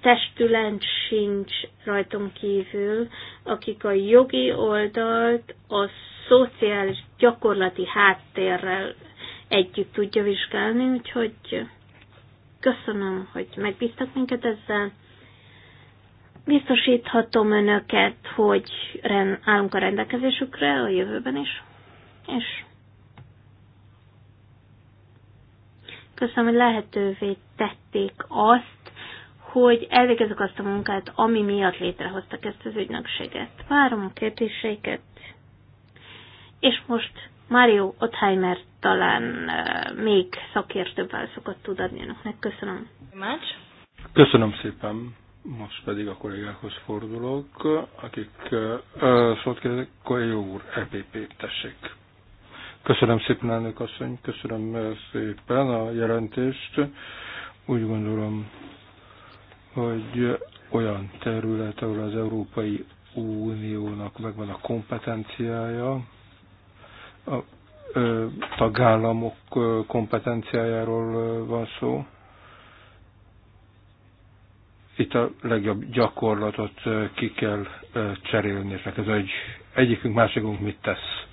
testület sincs rajtunk kívül, akik a jogi oldalt a szociális gyakorlati háttérrel együtt tudja vizsgálni, úgyhogy köszönöm, hogy megbíztak minket ezzel. Biztosíthatom önöket, hogy állunk a rendelkezésükre a jövőben is, és köszönöm, hogy lehetővé tették azt, hogy elvégezzük azt a munkát, ami miatt létrehoztak ezt az ügynökséget. Várom a kérdéseiket. És most Mário Ottheimer talán eh, még szakértőbb válaszokat tud adni önöknek. Köszönöm. Köszönöm szépen. Most pedig a kollégákhoz fordulok, akik uh, szót kérdezik. Kolyó úr, EPP, tessék. Köszönöm szépen, elnök asszony, köszönöm szépen a jelentést. Úgy gondolom, hogy olyan terület, ahol az Európai Uniónak megvan a kompetenciája, a tagállamok kompetenciájáról van szó, itt a legjobb gyakorlatot ki kell cserélni, és hát ez egy egyikünk, másikunk mit tesz.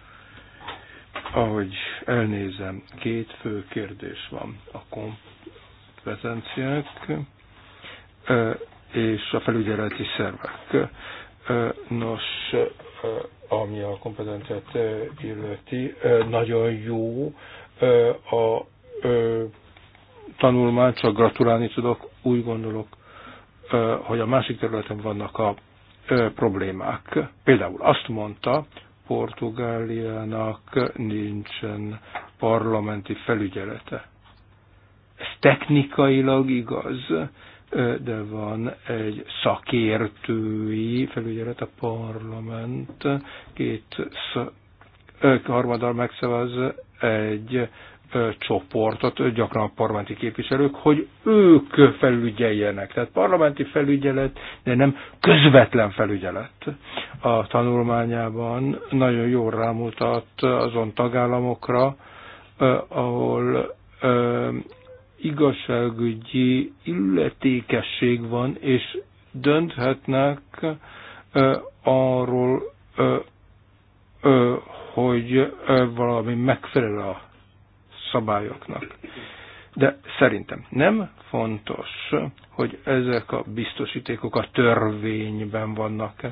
Ahogy elnézem, két fő kérdés van a kompetenciák és a felügyeleti szervek. Nos, ami a kompetenciát illeti, nagyon jó a tanulmány, csak gratulálni tudok, úgy gondolok, hogy a másik területen vannak a problémák. Például azt mondta, Portugáliának nincsen parlamenti felügyelete. Ez technikailag igaz, de van egy szakértői felügyelet, a parlament két harmadal megszavaz egy csoportot, gyakran a parlamenti képviselők, hogy ők felügyeljenek. Tehát parlamenti felügyelet, de nem közvetlen felügyelet. A tanulmányában nagyon jól rámutat azon tagállamokra, ahol igazságügyi illetékesség van, és dönthetnek arról, hogy valami megfelel a szabályoknak. De szerintem nem fontos, hogy ezek a biztosítékok a törvényben vannak, eh,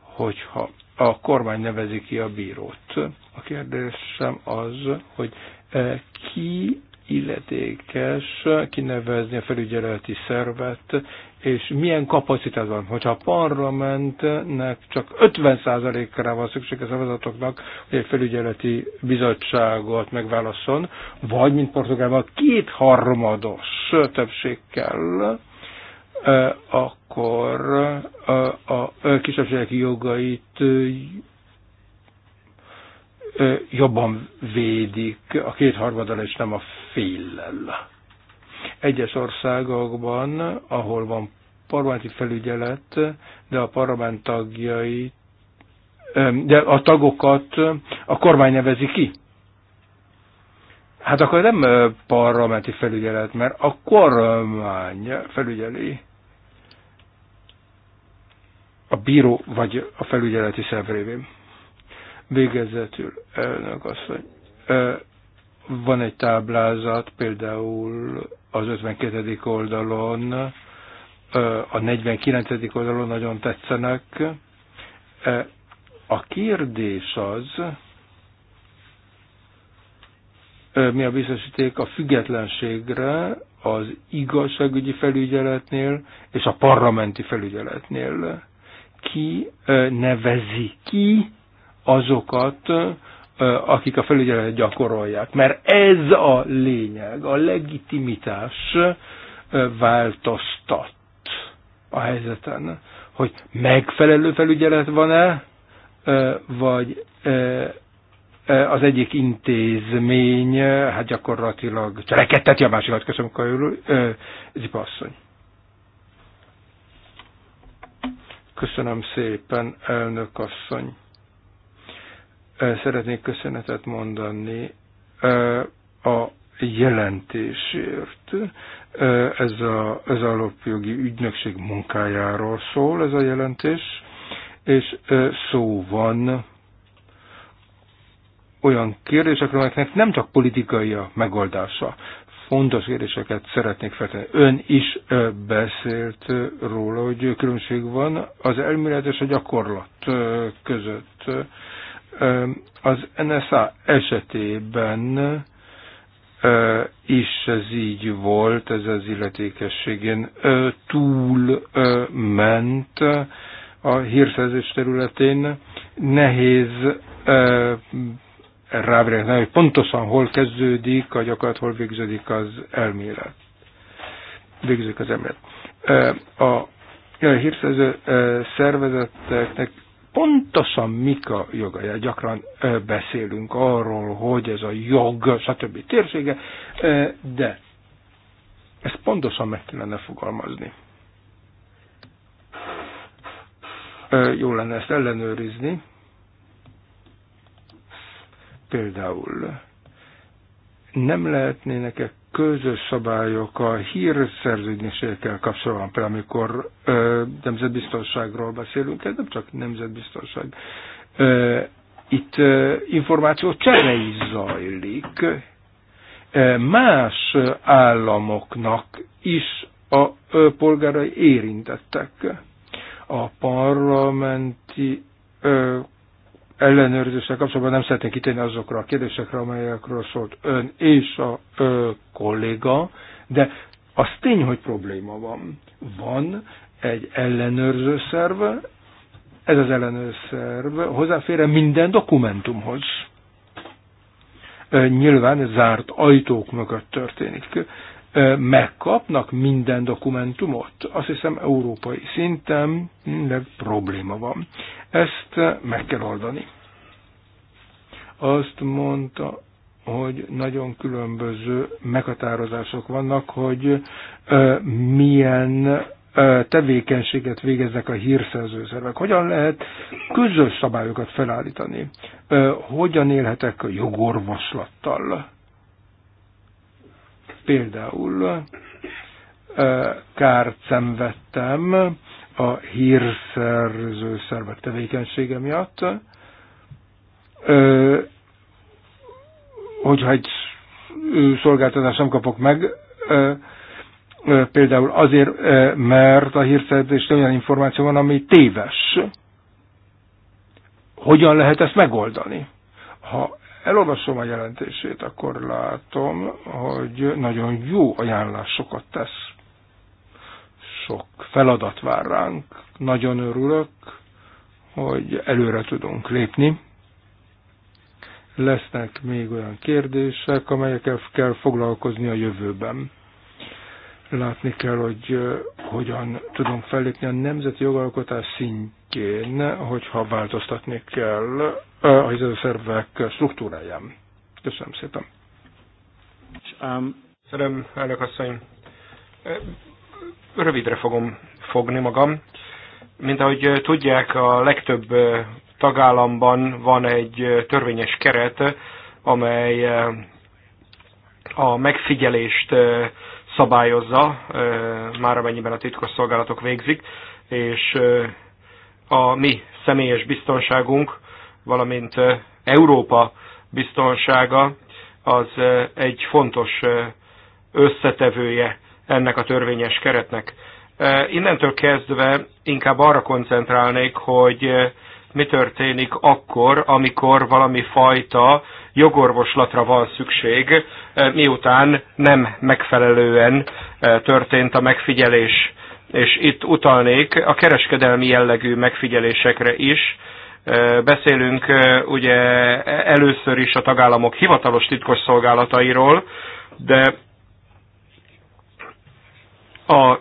hogyha a kormány nevezi ki a bírót. A kérdésem az, hogy eh, ki illetékes kinevezni a felügyeleti szervet, és milyen kapacitás van. Hogyha a parlamentnek csak 50%-ra van szükség a szavazatoknak, hogy egy felügyeleti bizottságot megválaszol, vagy, mint Portugálban, kétharmados többség kell, akkor a kisebbségek jogait jobban védik a kétharmadal és nem a féllel. Egyes országokban, ahol van parlamenti felügyelet, de a parlament tagjai, de a tagokat a kormány nevezi ki. Hát akkor nem parlamenti felügyelet, mert a kormány felügyeli a bíró vagy a felügyeleti szerv Végezetül elnök asszony. Van egy táblázat, például az 52. oldalon a 49. oldalon nagyon tetszenek. A kérdés az, mi a biztosíték a függetlenségre az igazságügyi felügyeletnél és a parlamenti felügyeletnél. Ki nevezi ki azokat, akik a felügyeletet gyakorolják. Mert ez a lényeg, a legitimitás változtat a helyzeten, hogy megfelelő felügyelet van-e, vagy az egyik intézmény, hát gyakorlatilag cselekedteti a másikat, köszönöm, Kajul, Zipa asszony. Köszönöm szépen, elnök asszony. Szeretnék köszönetet mondani a jelentésért. Ez, a, ez a alapjogi ügynökség munkájáról szól ez a jelentés, és szó van olyan kérdésekről, amelyeknek nem csak politikai a megoldása. Fontos kérdéseket szeretnék feltenni. Ön is beszélt róla, hogy különbség van az elmélet és a gyakorlat között. Az NSA esetében és ez így volt, ez az illetékességén túl ment a hírszerzés területén. Nehéz rábrezni, hogy pontosan hol kezdődik a gyakorlat, hol végződik az elmélet. Végződik az elmélet. A hírszerző szervezeteknek pontosan mik a jogai. Gyakran beszélünk arról, hogy ez a jog, stb. térsége, de ezt pontosan meg kellene fogalmazni. Jó lenne ezt ellenőrizni. Például nem lehetnének-e közös szabályok a hírszerződésekkel kapcsolatban, például amikor ö, nemzetbiztonságról beszélünk, ez nem csak nemzetbiztonság. Ö, itt ö, információ csere is zajlik. Ö, más államoknak is a ö, polgárai érintettek. A parlamenti ö, ellenőrzéssel kapcsolatban nem szeretnék kitérni azokra a kérdésekre, amelyekről szólt ön és a ö, kolléga, de az tény, hogy probléma van. Van egy ellenőrző szerv, ez az ellenőrző szerv hozzáfér minden dokumentumhoz. Nyilván zárt ajtók mögött történik megkapnak minden dokumentumot. Azt hiszem, európai szinten minden probléma van. Ezt meg kell oldani. Azt mondta, hogy nagyon különböző meghatározások vannak, hogy ö, milyen ö, tevékenységet végeznek a hírszerzőszervek. szervek. Hogyan lehet közös szabályokat felállítani? Ö, hogyan élhetek a jogorvoslattal? Például kárt szenvedtem a hírszerző szervek tevékenysége miatt, hogyha egy szolgáltatást nem kapok meg, például azért, mert a hírszerzés olyan információ van, ami téves. Hogyan lehet ezt megoldani? Ha elolvasom a jelentését, akkor látom, hogy nagyon jó ajánlásokat tesz. Sok feladat vár ránk, nagyon örülök, hogy előre tudunk lépni. Lesznek még olyan kérdések, amelyekkel kell foglalkozni a jövőben. Látni kell, hogy hogyan tudunk fellépni a nemzeti jogalkotás szintjén, hogyha változtatni kell a szervek struktúráján. Köszönöm szépen. Um, Köszönöm, elnök asszony. Rövidre fogom fogni magam. Mint ahogy tudják, a legtöbb tagállamban van egy törvényes keret, amely a megfigyelést szabályozza, már amennyiben a titkos szolgálatok végzik, és a mi személyes biztonságunk valamint Európa biztonsága az egy fontos összetevője ennek a törvényes keretnek. Innentől kezdve inkább arra koncentrálnék, hogy mi történik akkor, amikor valami fajta jogorvoslatra van szükség, miután nem megfelelően történt a megfigyelés. És itt utalnék a kereskedelmi jellegű megfigyelésekre is, Beszélünk ugye először is a tagállamok hivatalos titkos szolgálatairól, de a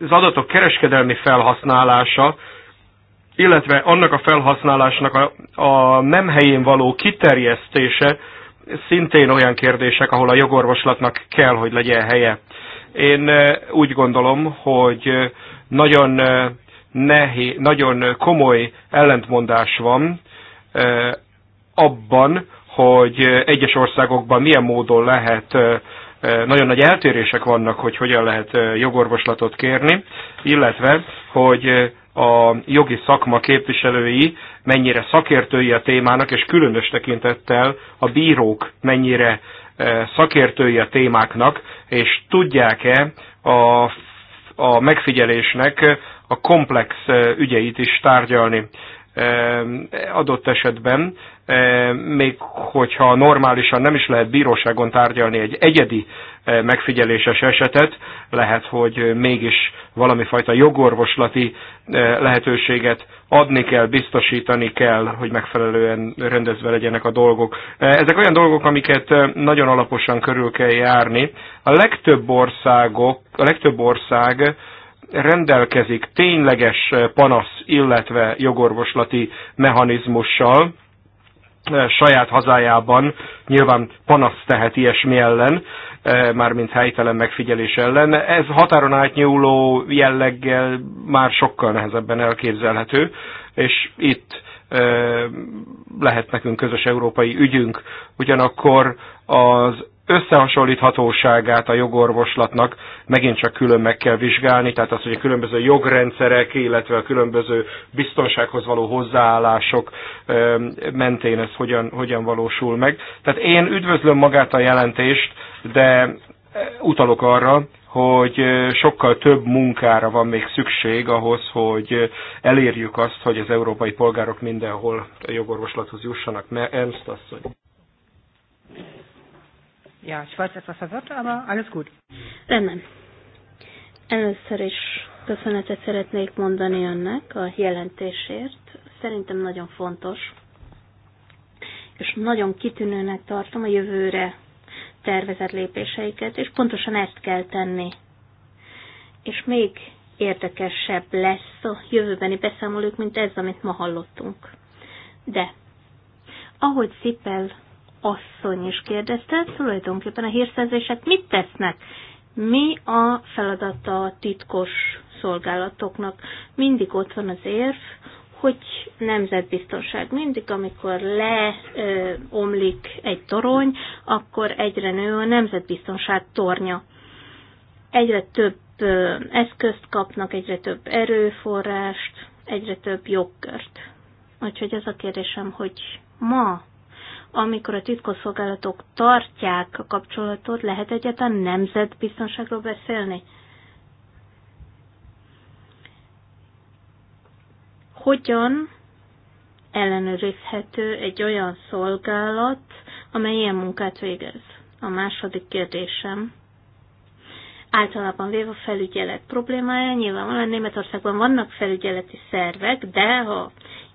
az adatok kereskedelmi felhasználása, illetve annak a felhasználásnak a, a nem helyén való kiterjesztése szintén olyan kérdések, ahol a jogorvoslatnak kell, hogy legyen helye. Én úgy gondolom, hogy nagyon nehé, nagyon komoly ellentmondás van eh, abban, hogy egyes országokban milyen módon lehet, eh, eh, nagyon nagy eltérések vannak, hogy hogyan lehet jogorvoslatot kérni, illetve, hogy a jogi szakma képviselői mennyire szakértői a témának, és különös tekintettel a bírók mennyire szakértői a témáknak, és tudják-e a, a megfigyelésnek a komplex ügyeit is tárgyalni adott esetben, még hogyha normálisan nem is lehet bíróságon tárgyalni egy egyedi megfigyeléses esetet, lehet, hogy mégis valami fajta jogorvoslati lehetőséget adni kell, biztosítani kell, hogy megfelelően rendezve legyenek a dolgok. Ezek olyan dolgok, amiket nagyon alaposan körül kell járni. A legtöbb országok, a legtöbb ország rendelkezik tényleges panasz, illetve jogorvoslati mechanizmussal, e, saját hazájában nyilván panasz tehet ilyesmi ellen, e, mármint helytelen megfigyelés ellen. Ez határon átnyúló jelleggel már sokkal nehezebben elképzelhető, és itt e, lehet nekünk közös európai ügyünk. Ugyanakkor az összehasonlíthatóságát a jogorvoslatnak megint csak külön meg kell vizsgálni, tehát az, hogy a különböző jogrendszerek, illetve a különböző biztonsághoz való hozzáállások mentén ez hogyan, hogyan valósul meg. Tehát én üdvözlöm magát a jelentést, de utalok arra, hogy sokkal több munkára van még szükség ahhoz, hogy elérjük azt, hogy az európai polgárok mindenhol jogorvoslathoz jussanak. Ernst asszony. Ja, ich war jetzt etwas verwirrt, aber alles gut. Rendben. Először is köszönetet szeretnék mondani önnek a jelentésért. Szerintem nagyon fontos, és nagyon kitűnőnek tartom a jövőre tervezett lépéseiket, és pontosan ezt kell tenni. És még érdekesebb lesz a jövőbeni beszámolók, mint ez, amit ma hallottunk. De, ahogy Szipel asszony is kérdezte, tulajdonképpen a hírszerzések mit tesznek? Mi a feladata a titkos szolgálatoknak? Mindig ott van az érv, hogy nemzetbiztonság. Mindig, amikor leomlik egy torony, akkor egyre nő a nemzetbiztonság tornya. Egyre több eszközt kapnak, egyre több erőforrást, egyre több jogkört. Úgyhogy az a kérdésem, hogy ma amikor a titkosszolgálatok tartják a kapcsolatot, lehet egyáltalán nemzetbiztonságról beszélni? Hogyan ellenőrizhető egy olyan szolgálat, amely ilyen munkát végez? A második kérdésem. Általában véve a felügyelet problémája, nyilvánvalóan Németországban vannak felügyeleti szervek, de ha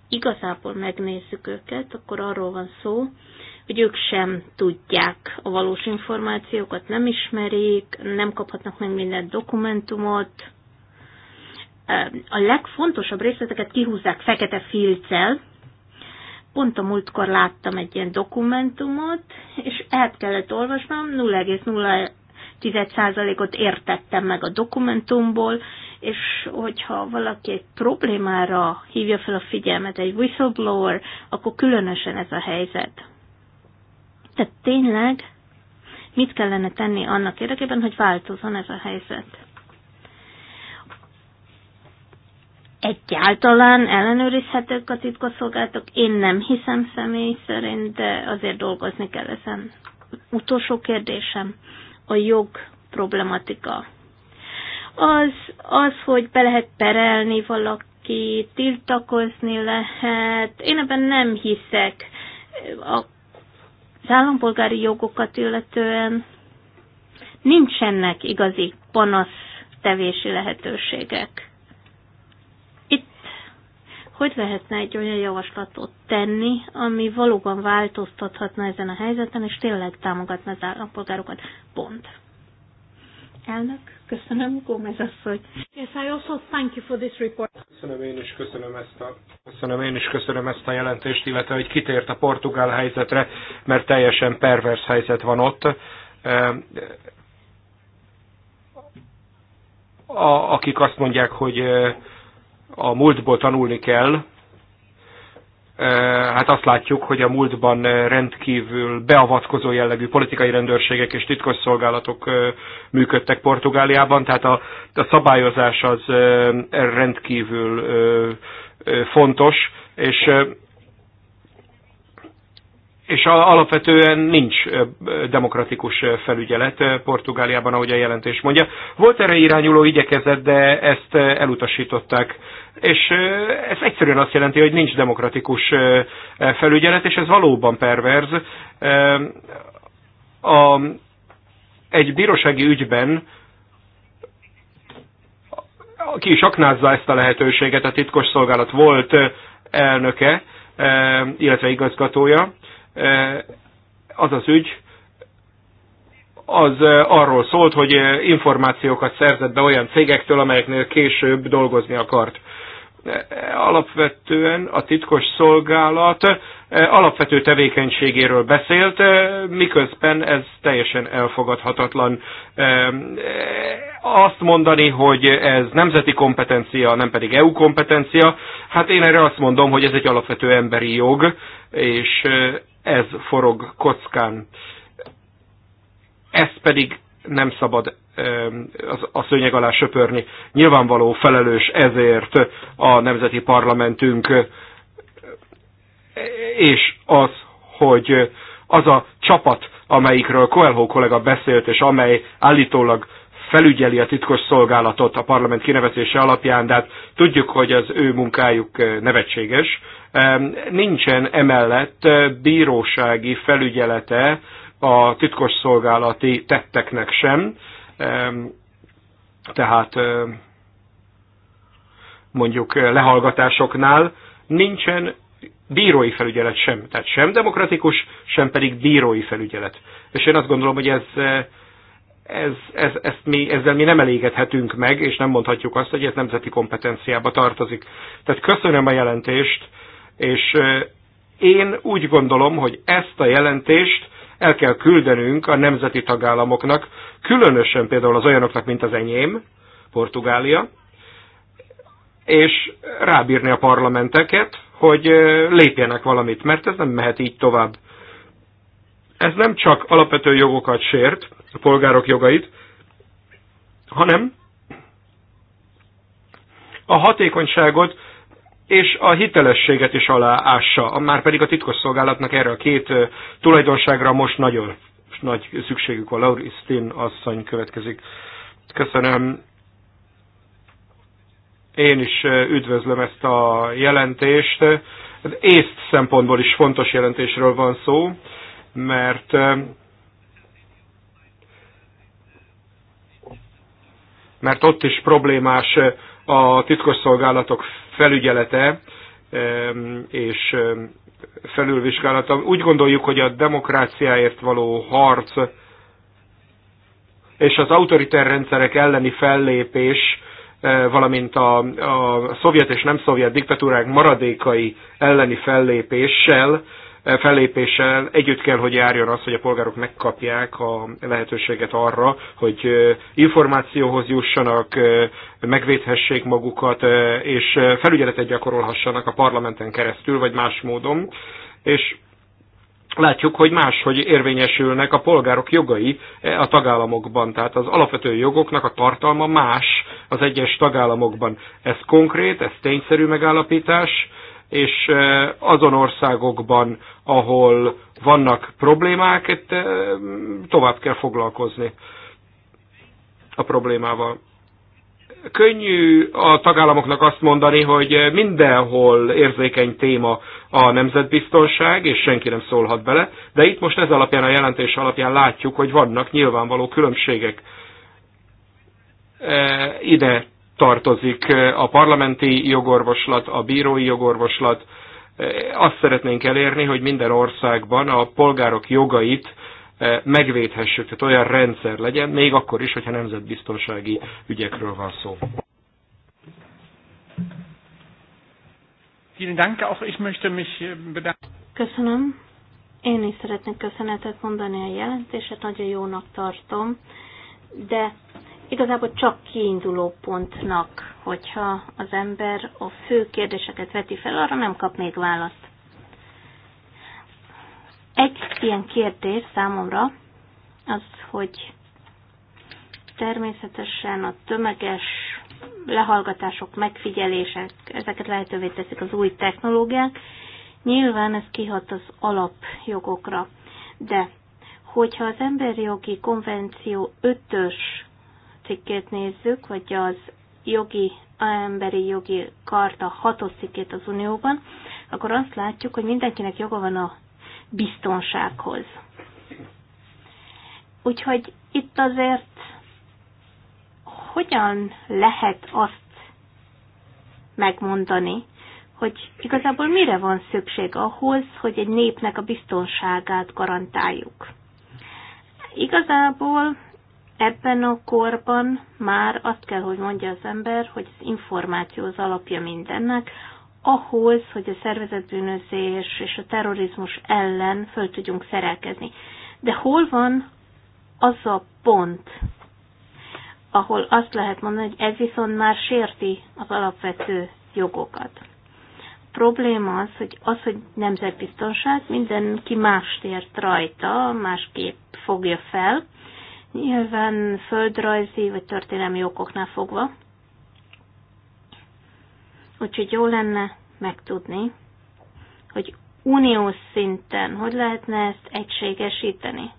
igazából megnézzük őket, akkor arról van szó, hogy ők sem tudják a valós információkat, nem ismerik, nem kaphatnak meg minden dokumentumot. A legfontosabb részleteket kihúzzák fekete filccel. Pont a múltkor láttam egy ilyen dokumentumot, és el kellett olvasnom, 001 ot értettem meg a dokumentumból, és hogyha valaki egy problémára hívja fel a figyelmet, egy whistleblower, akkor különösen ez a helyzet. Tehát tényleg mit kellene tenni annak érdekében, hogy változzon ez a helyzet? Egyáltalán ellenőrizhetők a titkosszolgálatok? Én nem hiszem személy szerint, de azért dolgozni kell ezen. Utolsó kérdésem, a jog problematika az, az, hogy be lehet perelni valaki, tiltakozni lehet. Én ebben nem hiszek. A az állampolgári jogokat illetően nincsenek igazi panasz tevési lehetőségek. Itt hogy lehetne egy olyan javaslatot tenni, ami valóban változtathatna ezen a helyzeten, és tényleg támogatna az állampolgárokat? Pont. Elnök, köszönöm, Gómez asszony. Yes, I also thank you for this report. Köszönöm én is, köszönöm ezt a, köszönöm én is, köszönöm ezt a jelentést, illetve hogy kitért a portugál helyzetre, mert teljesen pervers helyzet van ott. Ehm, a, akik azt mondják, hogy ehm, a múltból tanulni kell, hát azt látjuk, hogy a múltban rendkívül beavatkozó jellegű politikai rendőrségek és titkosszolgálatok működtek Portugáliában, tehát a, a szabályozás az rendkívül fontos, és és alapvetően nincs demokratikus felügyelet Portugáliában, ahogy a jelentés mondja. Volt erre irányuló igyekezet, de ezt elutasították és ez egyszerűen azt jelenti, hogy nincs demokratikus felügyelet, és ez valóban perverz. A, egy bírósági ügyben ki is aknázza ezt a lehetőséget, a titkos szolgálat volt elnöke, illetve igazgatója. Az az ügy, az arról szólt, hogy információkat szerzett be olyan cégektől, amelyeknél később dolgozni akart alapvetően a titkos szolgálat eh, alapvető tevékenységéről beszélt, eh, miközben ez teljesen elfogadhatatlan. Eh, azt mondani, hogy ez nemzeti kompetencia, nem pedig EU kompetencia, hát én erre azt mondom, hogy ez egy alapvető emberi jog, és ez forog kockán. Ezt pedig nem szabad a szőnyeg alá söpörni. Nyilvánvaló felelős ezért a nemzeti parlamentünk, és az, hogy az a csapat, amelyikről Coelho kollega beszélt, és amely állítólag felügyeli a titkos szolgálatot a parlament kinevezése alapján, de hát tudjuk, hogy az ő munkájuk eh, nevetséges. Nincsen emellett eh, bírósági felügyelete a titkos szolgálati tetteknek sem, tehát mondjuk eh, lehallgatásoknál nincsen bírói felügyelet sem. Tehát sem demokratikus, sem pedig bírói felügyelet. És én azt gondolom, hogy ez, eh, ez, ez, ezt mi, ezzel mi nem elégedhetünk meg, és nem mondhatjuk azt, hogy ez nemzeti kompetenciába tartozik. Tehát köszönöm a jelentést, és eh, én úgy gondolom, hogy ezt a jelentést el kell küldenünk a nemzeti tagállamoknak, különösen például az olyanoknak, mint az enyém, Portugália, és rábírni a parlamenteket, hogy lépjenek valamit, mert ez nem mehet így tovább. Ez nem csak alapvető jogokat sért, a polgárok jogait, hanem a hatékonyságot és a hitelességet is aláássa, már pedig a titkosszolgálatnak erre a két tulajdonságra most nagyon nagy szükségük van. Stin asszony következik. Köszönöm. Én is eh, üdvözlöm ezt a jelentést. Észt szempontból is fontos jelentésről van szó, mert eh, mert ott is problémás eh, a titkosszolgálatok felügyelete, és felülvizsgálata. Úgy gondoljuk, hogy a demokráciáért való harc és az autoritár rendszerek elleni fellépés, eh, valamint a, a szovjet és nem szovjet diktatúrák maradékai elleni fellépéssel E, fellépéssel együtt kell, hogy járjon az, hogy a polgárok megkapják a lehetőséget arra, hogy e, információhoz jussanak, e, megvédhessék magukat, és felügyeletet gyakorolhassanak a parlamenten keresztül, vagy más módon. És látjuk, hogy más, hogy érvényesülnek a polgárok jogai a tagállamokban. Tehát az alapvető jogoknak a tartalma más az egyes tagállamokban. Ez konkrét, ez tényszerű megállapítás, és azon országokban, ahol vannak problémák, itt tovább kell foglalkozni a problémával. Könnyű a tagállamoknak azt mondani, hogy mindenhol érzékeny téma a nemzetbiztonság, és senki nem szólhat bele, de itt most ez alapján, a jelentés alapján látjuk, hogy vannak nyilvánvaló különbségek. Ide tartozik eh, a parlamenti jogorvoslat, a bírói jogorvoslat. Eh, azt szeretnénk elérni, hogy minden országban a polgárok jogait eh, megvédhessük, tehát olyan rendszer legyen, még akkor is, hogyha nemzetbiztonsági ügyekről van szó. Äh, Köszönöm. Én is szeretnék köszönetet mondani a jelentéset, nagyon jónak tartom, de igazából csak kiinduló pontnak, hogyha az ember a fő kérdéseket veti fel, arra nem kap még választ. Egy ilyen kérdés számomra az, hogy természetesen a tömeges lehallgatások, megfigyelések, ezeket lehetővé teszik az új technológiák. Nyilván ez kihat az alapjogokra. De hogyha az emberi jogi konvenció 5-ös cikkét nézzük, vagy az jogi, emberi jogi karta hatos cikkét az Unióban, akkor azt látjuk, hogy mindenkinek joga van a biztonsághoz. Úgyhogy itt azért hogyan lehet azt megmondani, hogy igazából mire van szükség ahhoz, hogy egy népnek a biztonságát garantáljuk. Igazából Ebben a korban már azt kell, hogy mondja az ember, hogy az információ az alapja mindennek, ahhoz, hogy a szervezetbűnözés és a terrorizmus ellen föl tudjunk szerelkezni. De hol van az a pont, ahol azt lehet mondani, hogy ez viszont már sérti az alapvető jogokat. A probléma az, hogy az, hogy nemzetbiztonság, mindenki mást ért rajta, másképp fogja fel, nyilván földrajzi vagy történelmi okoknál fogva. Úgyhogy jó lenne megtudni, hogy uniós szinten hogy lehetne ezt egységesíteni.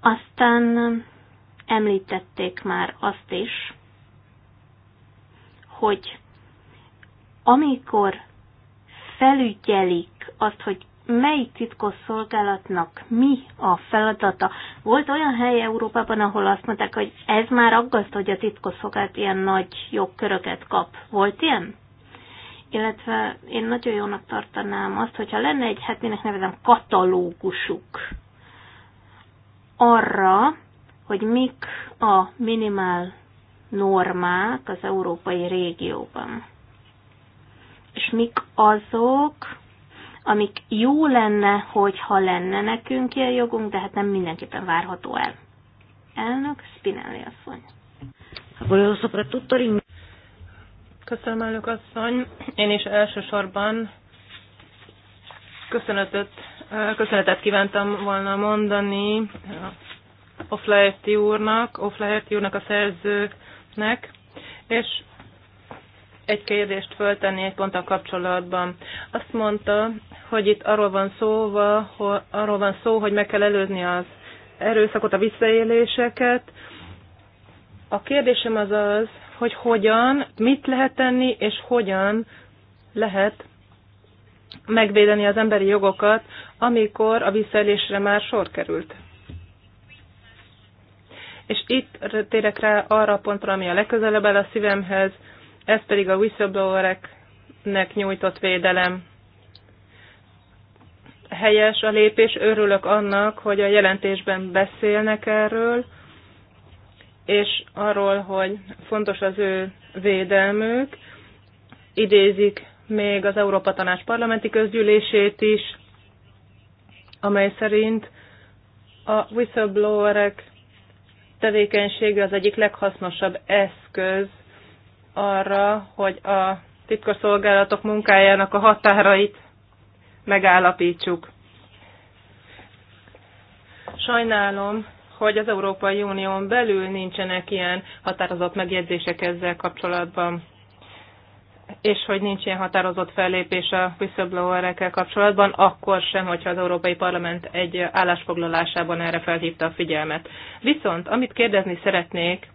Aztán um, említették már azt is, hogy amikor felügyelik azt, hogy melyik titkos szolgálatnak mi a feladata. Volt olyan hely Európában, ahol azt mondták, hogy ez már aggaszt, hogy a titkos szolgálat ilyen nagy jogköröket kap. Volt ilyen? Illetve én nagyon jónak tartanám azt, hogyha lenne egy, hát minek nevezem, katalógusuk arra, hogy mik a minimál normák az európai régióban. És mik azok, amik jó lenne, hogyha lenne nekünk ilyen jogunk, de hát nem mindenképpen várható el. Elnök Spinelli asszony. Köszönöm, elnök asszony. Én is elsősorban köszönetet, köszönetet kívántam volna mondani Offlaherty úrnak, Offlaherty úrnak a szerzőnek, és egy kérdést föltenni egy ponttal kapcsolatban. Azt mondta, hogy itt arról van, szó, hogy arról van szó, hogy meg kell előzni az erőszakot, a visszaéléseket. A kérdésem az az, hogy hogyan, mit lehet tenni, és hogyan lehet megvédeni az emberi jogokat, amikor a visszaélésre már sor került. És itt térek rá arra a pontra, ami a legközelebb el a szívemhez, ez pedig a whistleblowereknek nyújtott védelem. Helyes a lépés, örülök annak, hogy a jelentésben beszélnek erről, és arról, hogy fontos az ő védelmük, idézik még az Európa Tanács parlamenti közgyűlését is, amely szerint a whistleblowerek tevékenysége az egyik leghasznosabb eszköz arra, hogy a titkosszolgálatok munkájának a határait megállapítsuk. Sajnálom, hogy az Európai Unión belül nincsenek ilyen határozott megjegyzések ezzel kapcsolatban, és hogy nincs ilyen határozott fellépés a whistleblower-ekkel kapcsolatban, akkor sem, hogyha az Európai Parlament egy állásfoglalásában erre felhívta a figyelmet. Viszont, amit kérdezni szeretnék,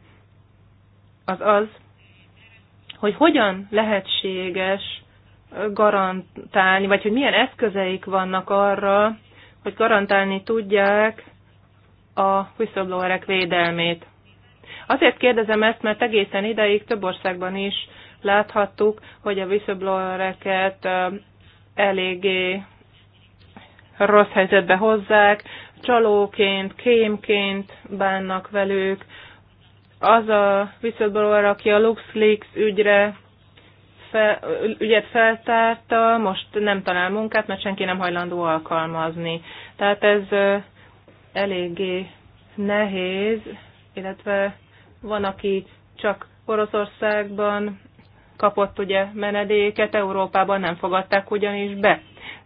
az az, hogy hogyan lehetséges garantálni, vagy hogy milyen eszközeik vannak arra, hogy garantálni tudják a whistleblowerek védelmét. Azért kérdezem ezt, mert egészen ideig több országban is láthattuk, hogy a whistleblowereket eléggé rossz helyzetbe hozzák, csalóként, kémként bánnak velük, az a whistleblower, aki a LuxLeaks ügyre fel, ügyet feltárta, most nem talál munkát, mert senki nem hajlandó alkalmazni. Tehát ez eléggé nehéz, illetve van, aki csak Oroszországban kapott ugye menedéket, Európában nem fogadták ugyanis be.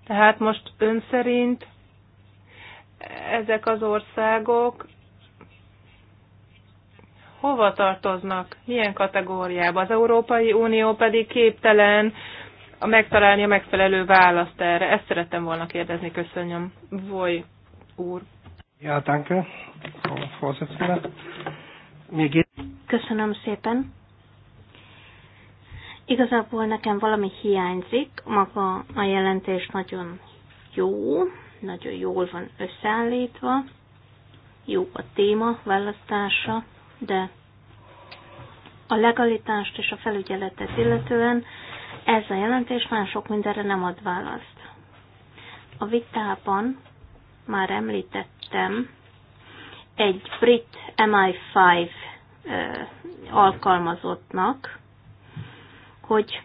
Tehát most ön szerint ezek az országok hova tartoznak, milyen kategóriába. Az Európai Unió pedig képtelen megtalálni a megfelelő választ erre. Ezt szerettem volna kérdezni, köszönöm. Voly úr. Ja, danke. Köszönöm szépen. Igazából nekem valami hiányzik, maga a jelentés nagyon jó, nagyon jól van összeállítva, jó a téma választása, de a legalitást és a felügyeletet illetően ez a jelentés már sok mindenre nem ad választ. A vitában már említettem egy brit MI5 alkalmazottnak, hogy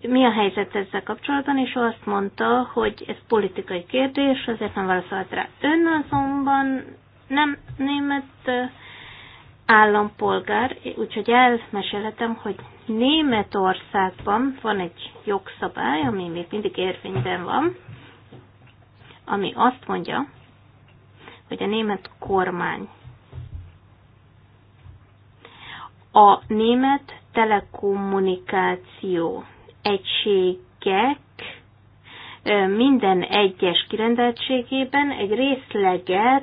mi a helyzet ezzel kapcsolatban, és ő azt mondta, hogy ez politikai kérdés, azért nem válaszolt rá. Ön azonban nem német állampolgár, úgyhogy elmesélhetem, hogy Németországban van egy jogszabály, ami még mindig érvényben van, ami azt mondja, hogy a német kormány a német telekommunikáció egységek minden egyes kirendeltségében egy részleget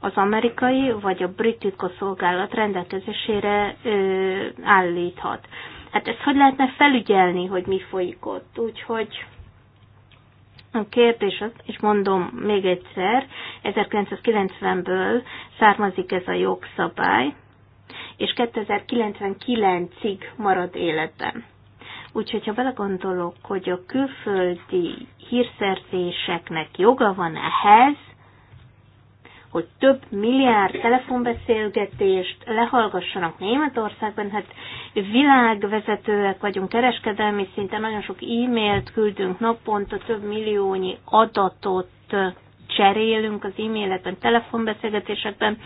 az amerikai vagy a brit titkosszolgálat rendelkezésére állíthat. Hát ezt hogy lehetne felügyelni, hogy mi folyik ott? Úgyhogy a kérdés és mondom még egyszer, 1990-ből származik ez a jogszabály, és 2099-ig marad életben. Úgyhogy, ha belegondolok, hogy a külföldi hírszerzéseknek joga van ehhez, hogy több milliárd telefonbeszélgetést lehallgassanak Németországban, hát világvezetőek vagyunk kereskedelmi szinten, nagyon sok e-mailt küldünk naponta, több milliónyi adatot cserélünk az e-mailekben, telefonbeszélgetésekben.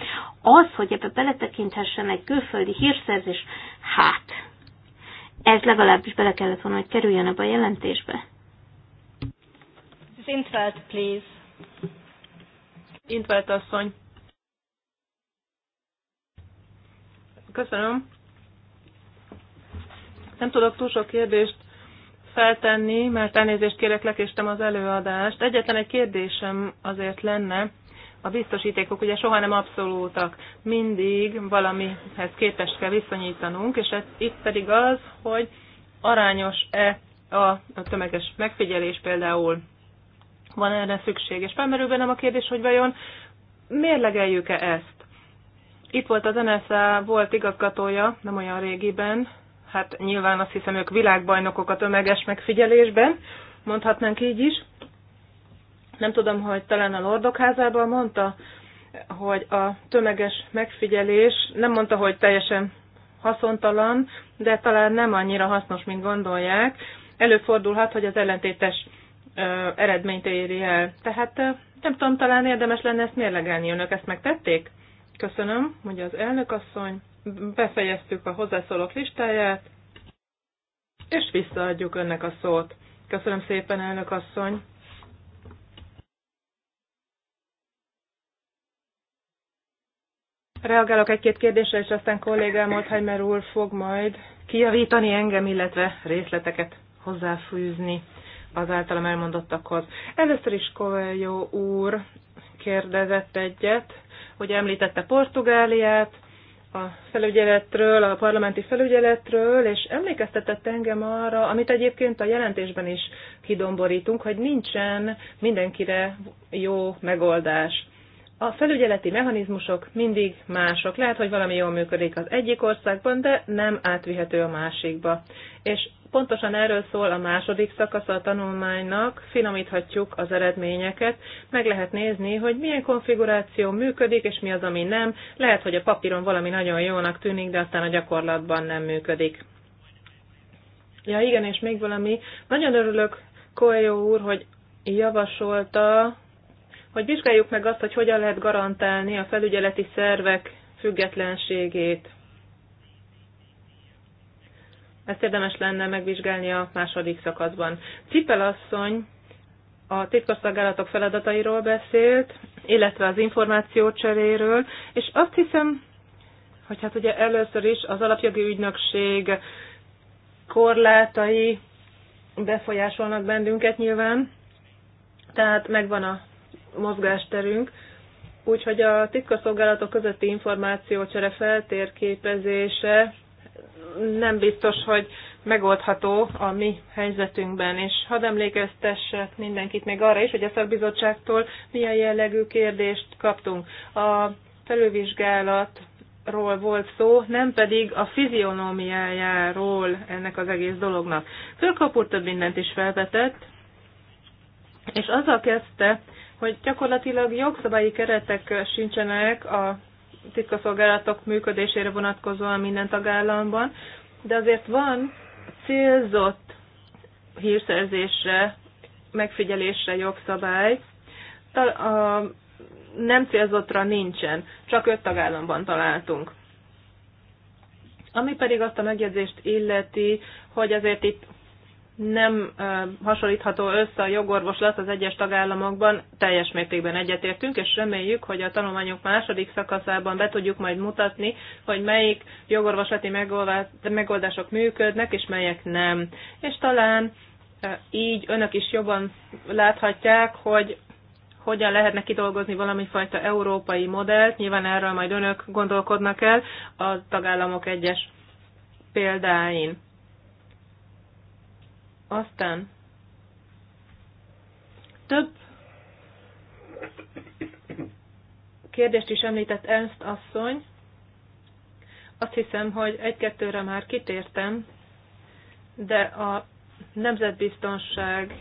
Az, hogy ebbe beletekinthessen egy külföldi hírszerzés, hát ez legalábbis bele kellett volna, hogy kerüljön ebbe a jelentésbe. Zintfeld, please. Intvelt asszony. Köszönöm. Nem tudok túl sok kérdést feltenni, mert elnézést kérek, lekéstem az előadást. Egyetlen egy kérdésem azért lenne, a biztosítékok ugye soha nem abszolútak, mindig valamihez képest kell viszonyítanunk, és ez, itt pedig az, hogy arányos-e a tömeges megfigyelés például van erre szükség. És felmerül bennem a kérdés, hogy vajon mérlegeljük-e ezt? Itt volt az NSA volt igazgatója, nem olyan régiben, hát nyilván azt hiszem ők világbajnokok a tömeges megfigyelésben, mondhatnánk így is. Nem tudom, hogy talán a Lordok házában mondta, hogy a tömeges megfigyelés, nem mondta, hogy teljesen haszontalan, de talán nem annyira hasznos, mint gondolják. Előfordulhat, hogy az ellentétes eredményt éri el. Tehát nem tudom, talán érdemes lenne ezt mérlegelni. Önök ezt megtették? Köszönöm, mondja az elnökasszony. Befejeztük a hozzászólók listáját, és visszaadjuk önnek a szót. Köszönöm szépen, elnök asszony. Reagálok egy-két kérdésre, és aztán kollégám Otheimer úr fog majd kijavítani engem, illetve részleteket hozzáfűzni az általam elmondottakhoz. Először is Coelho úr kérdezett egyet, hogy említette Portugáliát, a felügyeletről, a parlamenti felügyeletről, és emlékeztetett engem arra, amit egyébként a jelentésben is kidomborítunk, hogy nincsen mindenkire jó megoldás. A felügyeleti mechanizmusok mindig mások. Lehet, hogy valami jól működik az egyik országban, de nem átvihető a másikba. És Pontosan erről szól a második szakasza a tanulmánynak, finomíthatjuk az eredményeket, meg lehet nézni, hogy milyen konfiguráció működik, és mi az, ami nem. Lehet, hogy a papíron valami nagyon jónak tűnik, de aztán a gyakorlatban nem működik. Ja igen, és még valami. Nagyon örülök, Koljó úr, hogy javasolta, hogy vizsgáljuk meg azt, hogy hogyan lehet garantálni a felügyeleti szervek függetlenségét. Ezt érdemes lenne megvizsgálni a második szakaszban. Cipel asszony a titkosszolgálatok feladatairól beszélt, illetve az cseréről, és azt hiszem, hogy hát ugye először is az alapjogi ügynökség korlátai befolyásolnak bennünket nyilván, tehát megvan a mozgásterünk, úgyhogy a titkosszolgálatok közötti információcsere feltérképezése nem biztos, hogy megoldható a mi helyzetünkben. És hadd emlékeztessek mindenkit még arra is, hogy a szakbizottságtól milyen jellegű kérdést kaptunk. A felülvizsgálatról volt szó, nem pedig a fizionómiájáról ennek az egész dolognak. Fölkapur több mindent is felvetett, és azzal kezdte, hogy gyakorlatilag jogszabályi keretek sincsenek a titkaszolgálatok működésére vonatkozóan minden tagállamban, de azért van célzott hírszerzésre, megfigyelésre jogszabály, a nem célzottra nincsen, csak öt tagállamban találtunk. Ami pedig azt a megjegyzést illeti, hogy azért itt nem hasonlítható össze a jogorvoslat az egyes tagállamokban, teljes mértékben egyetértünk, és reméljük, hogy a tanulmányok második szakaszában be tudjuk majd mutatni, hogy melyik jogorvoslati megoldások működnek, és melyek nem. És talán így önök is jobban láthatják, hogy hogyan lehetne kidolgozni valami fajta európai modellt, nyilván erről majd önök gondolkodnak el a tagállamok egyes példáin aztán több kérdést is említett Ernst asszony. Azt hiszem, hogy egy-kettőre már kitértem, de a nemzetbiztonság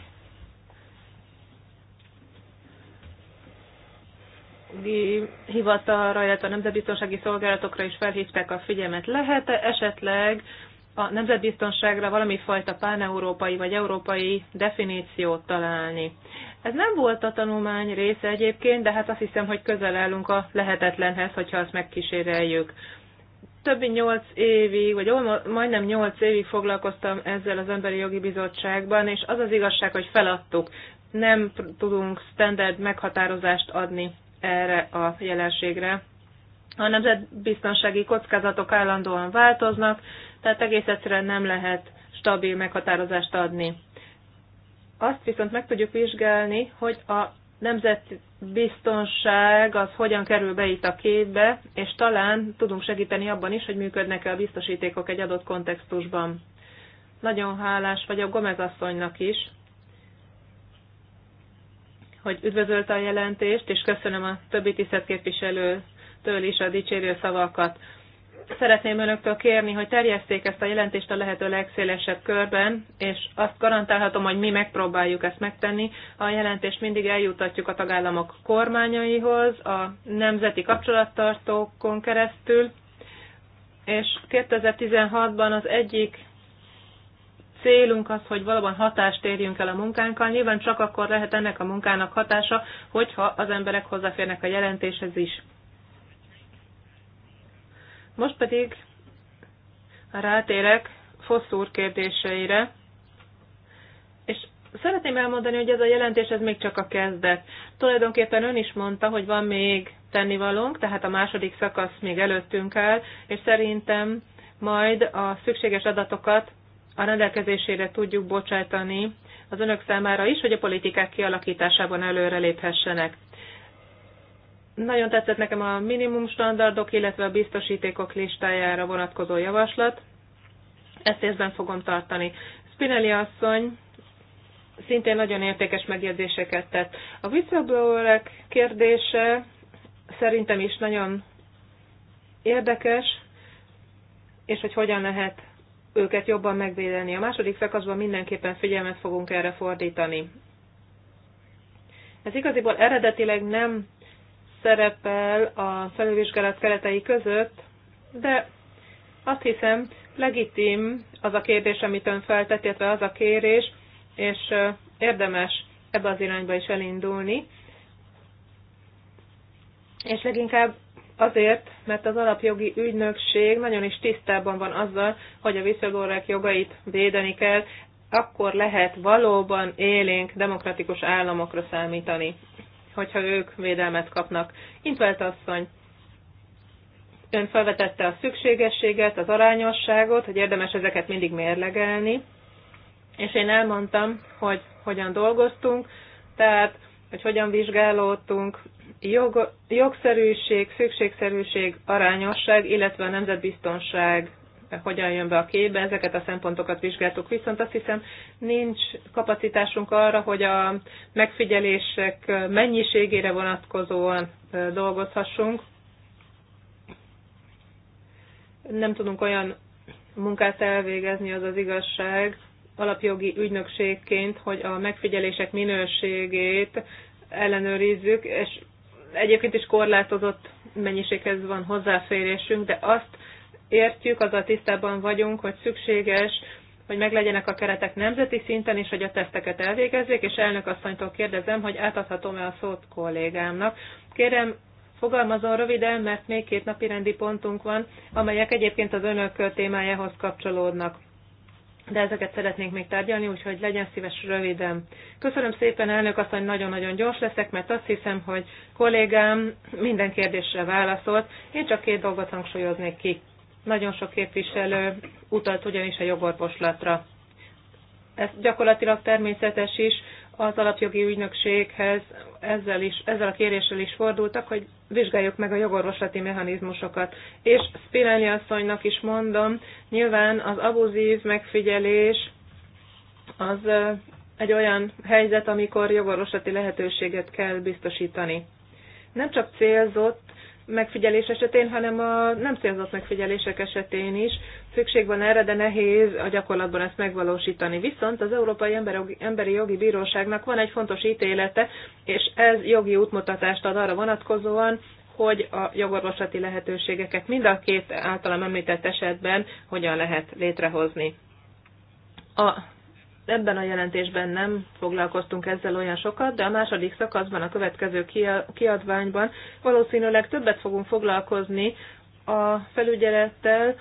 hivatalra, illetve a nemzetbiztonsági szolgálatokra is felhívták a figyelmet. lehet -e esetleg a nemzetbiztonságra valami fajta páneurópai vagy európai definíciót találni. Ez nem volt a tanulmány része egyébként, de hát azt hiszem, hogy közel állunk a lehetetlenhez, hogyha azt megkíséreljük. Többi nyolc évig, vagy majdnem nyolc évig foglalkoztam ezzel az Emberi Jogi Bizottságban, és az az igazság, hogy feladtuk. Nem tudunk standard meghatározást adni erre a jelenségre. A nemzetbiztonsági kockázatok állandóan változnak, tehát egész egyszerűen nem lehet stabil meghatározást adni. Azt viszont meg tudjuk vizsgálni, hogy a nemzetbiztonság az hogyan kerül be itt a képbe, és talán tudunk segíteni abban is, hogy működnek-e a biztosítékok egy adott kontextusban. Nagyon hálás vagyok Gomez asszonynak is, hogy üdvözölte a jelentést, és köszönöm a többi tisztelt képviselőtől is a dicsérő szavakat szeretném önöktől kérni, hogy terjesszék ezt a jelentést a lehető legszélesebb körben, és azt garantálhatom, hogy mi megpróbáljuk ezt megtenni. A jelentést mindig eljutatjuk a tagállamok kormányaihoz, a nemzeti kapcsolattartókon keresztül, és 2016-ban az egyik célunk az, hogy valóban hatást érjünk el a munkánkkal. Nyilván csak akkor lehet ennek a munkának hatása, hogyha az emberek hozzáférnek a jelentéshez is. Most pedig rátérek foszúr kérdéseire, és szeretném elmondani, hogy ez a jelentés ez még csak a kezdet. Tulajdonképpen ön is mondta, hogy van még tennivalónk, tehát a második szakasz még előttünk áll, és szerintem majd a szükséges adatokat a rendelkezésére tudjuk bocsátani az önök számára is, hogy a politikák kialakításában előreléphessenek. Nagyon tetszett nekem a minimum standardok, illetve a biztosítékok listájára vonatkozó javaslat. Ezt észben fogom tartani. Spinelli asszony szintén nagyon értékes megjegyzéseket tett. A whistleblowerek kérdése szerintem is nagyon érdekes, és hogy hogyan lehet őket jobban megvédeni. A második szakaszban mindenképpen figyelmet fogunk erre fordítani. Ez igaziból eredetileg nem szerepel a felülvizsgálat keretei között, de azt hiszem, legitim az a kérdés, amit ön feltett, illetve az a kérés, és érdemes ebbe az irányba is elindulni. És leginkább azért, mert az alapjogi ügynökség nagyon is tisztában van azzal, hogy a visszagorrák jogait védeni kell, akkor lehet valóban élénk demokratikus államokra számítani hogyha ők védelmet kapnak. Intvelt asszony, ön felvetette a szükségességet, az arányosságot, hogy érdemes ezeket mindig mérlegelni, és én elmondtam, hogy hogyan dolgoztunk, tehát, hogy hogyan vizsgálódtunk, jog, jogszerűség, szükségszerűség, arányosság, illetve a nemzetbiztonság hogyan jön be a képbe, ezeket a szempontokat vizsgáltuk, viszont azt hiszem nincs kapacitásunk arra, hogy a megfigyelések mennyiségére vonatkozóan dolgozhassunk. Nem tudunk olyan munkát elvégezni, az az igazság, alapjogi ügynökségként, hogy a megfigyelések minőségét ellenőrizzük, és egyébként is korlátozott mennyiséghez van hozzáférésünk, de azt értjük, azzal tisztában vagyunk, hogy szükséges, hogy meglegyenek a keretek nemzeti szinten is, hogy a teszteket elvégezzék, és elnök asszonytól kérdezem, hogy átadhatom-e a szót kollégámnak. Kérem, fogalmazom röviden, mert még két napi rendi pontunk van, amelyek egyébként az önök témájához kapcsolódnak. De ezeket szeretnénk még tárgyalni, úgyhogy legyen szíves röviden. Köszönöm szépen, elnök asszony, nagyon-nagyon gyors leszek, mert azt hiszem, hogy kollégám minden kérdésre válaszolt. Én csak két dolgot hangsúlyoznék ki. Nagyon sok képviselő utalt ugyanis a jogorvoslatra. Ez gyakorlatilag természetes is, az alapjogi ügynökséghez ezzel, is, ezzel a kéréssel is fordultak, hogy vizsgáljuk meg a jogorvoslati mechanizmusokat. És Spirelli asszonynak is mondom, nyilván az abuzív megfigyelés az egy olyan helyzet, amikor jogorvoslati lehetőséget kell biztosítani. Nem csak célzott megfigyelés esetén, hanem a nem célzott megfigyelések esetén is szükség van erre, de nehéz a gyakorlatban ezt megvalósítani. Viszont az Európai Emberi Jogi Bíróságnak van egy fontos ítélete, és ez jogi útmutatást ad arra vonatkozóan, hogy a jogorvoslati lehetőségeket mind a két általam említett esetben hogyan lehet létrehozni. A ebben a jelentésben nem foglalkoztunk ezzel olyan sokat, de a második szakaszban, a következő kiadványban valószínűleg többet fogunk foglalkozni a felügyelettel,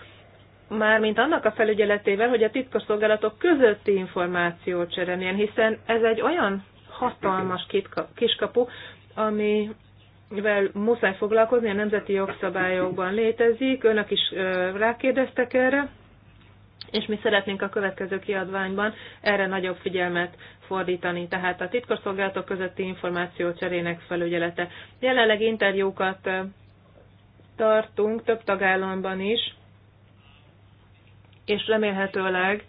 mármint annak a felügyeletével, hogy a titkosszolgálatok közötti információt cserenjen, hiszen ez egy olyan hatalmas kiskapu, ami mivel muszáj foglalkozni, a nemzeti jogszabályokban létezik. Önök is rákérdeztek erre és mi szeretnénk a következő kiadványban erre nagyobb figyelmet fordítani, tehát a titkosszolgálatok közötti információ cserének felügyelete. Jelenleg interjúkat tartunk több tagállamban is, és remélhetőleg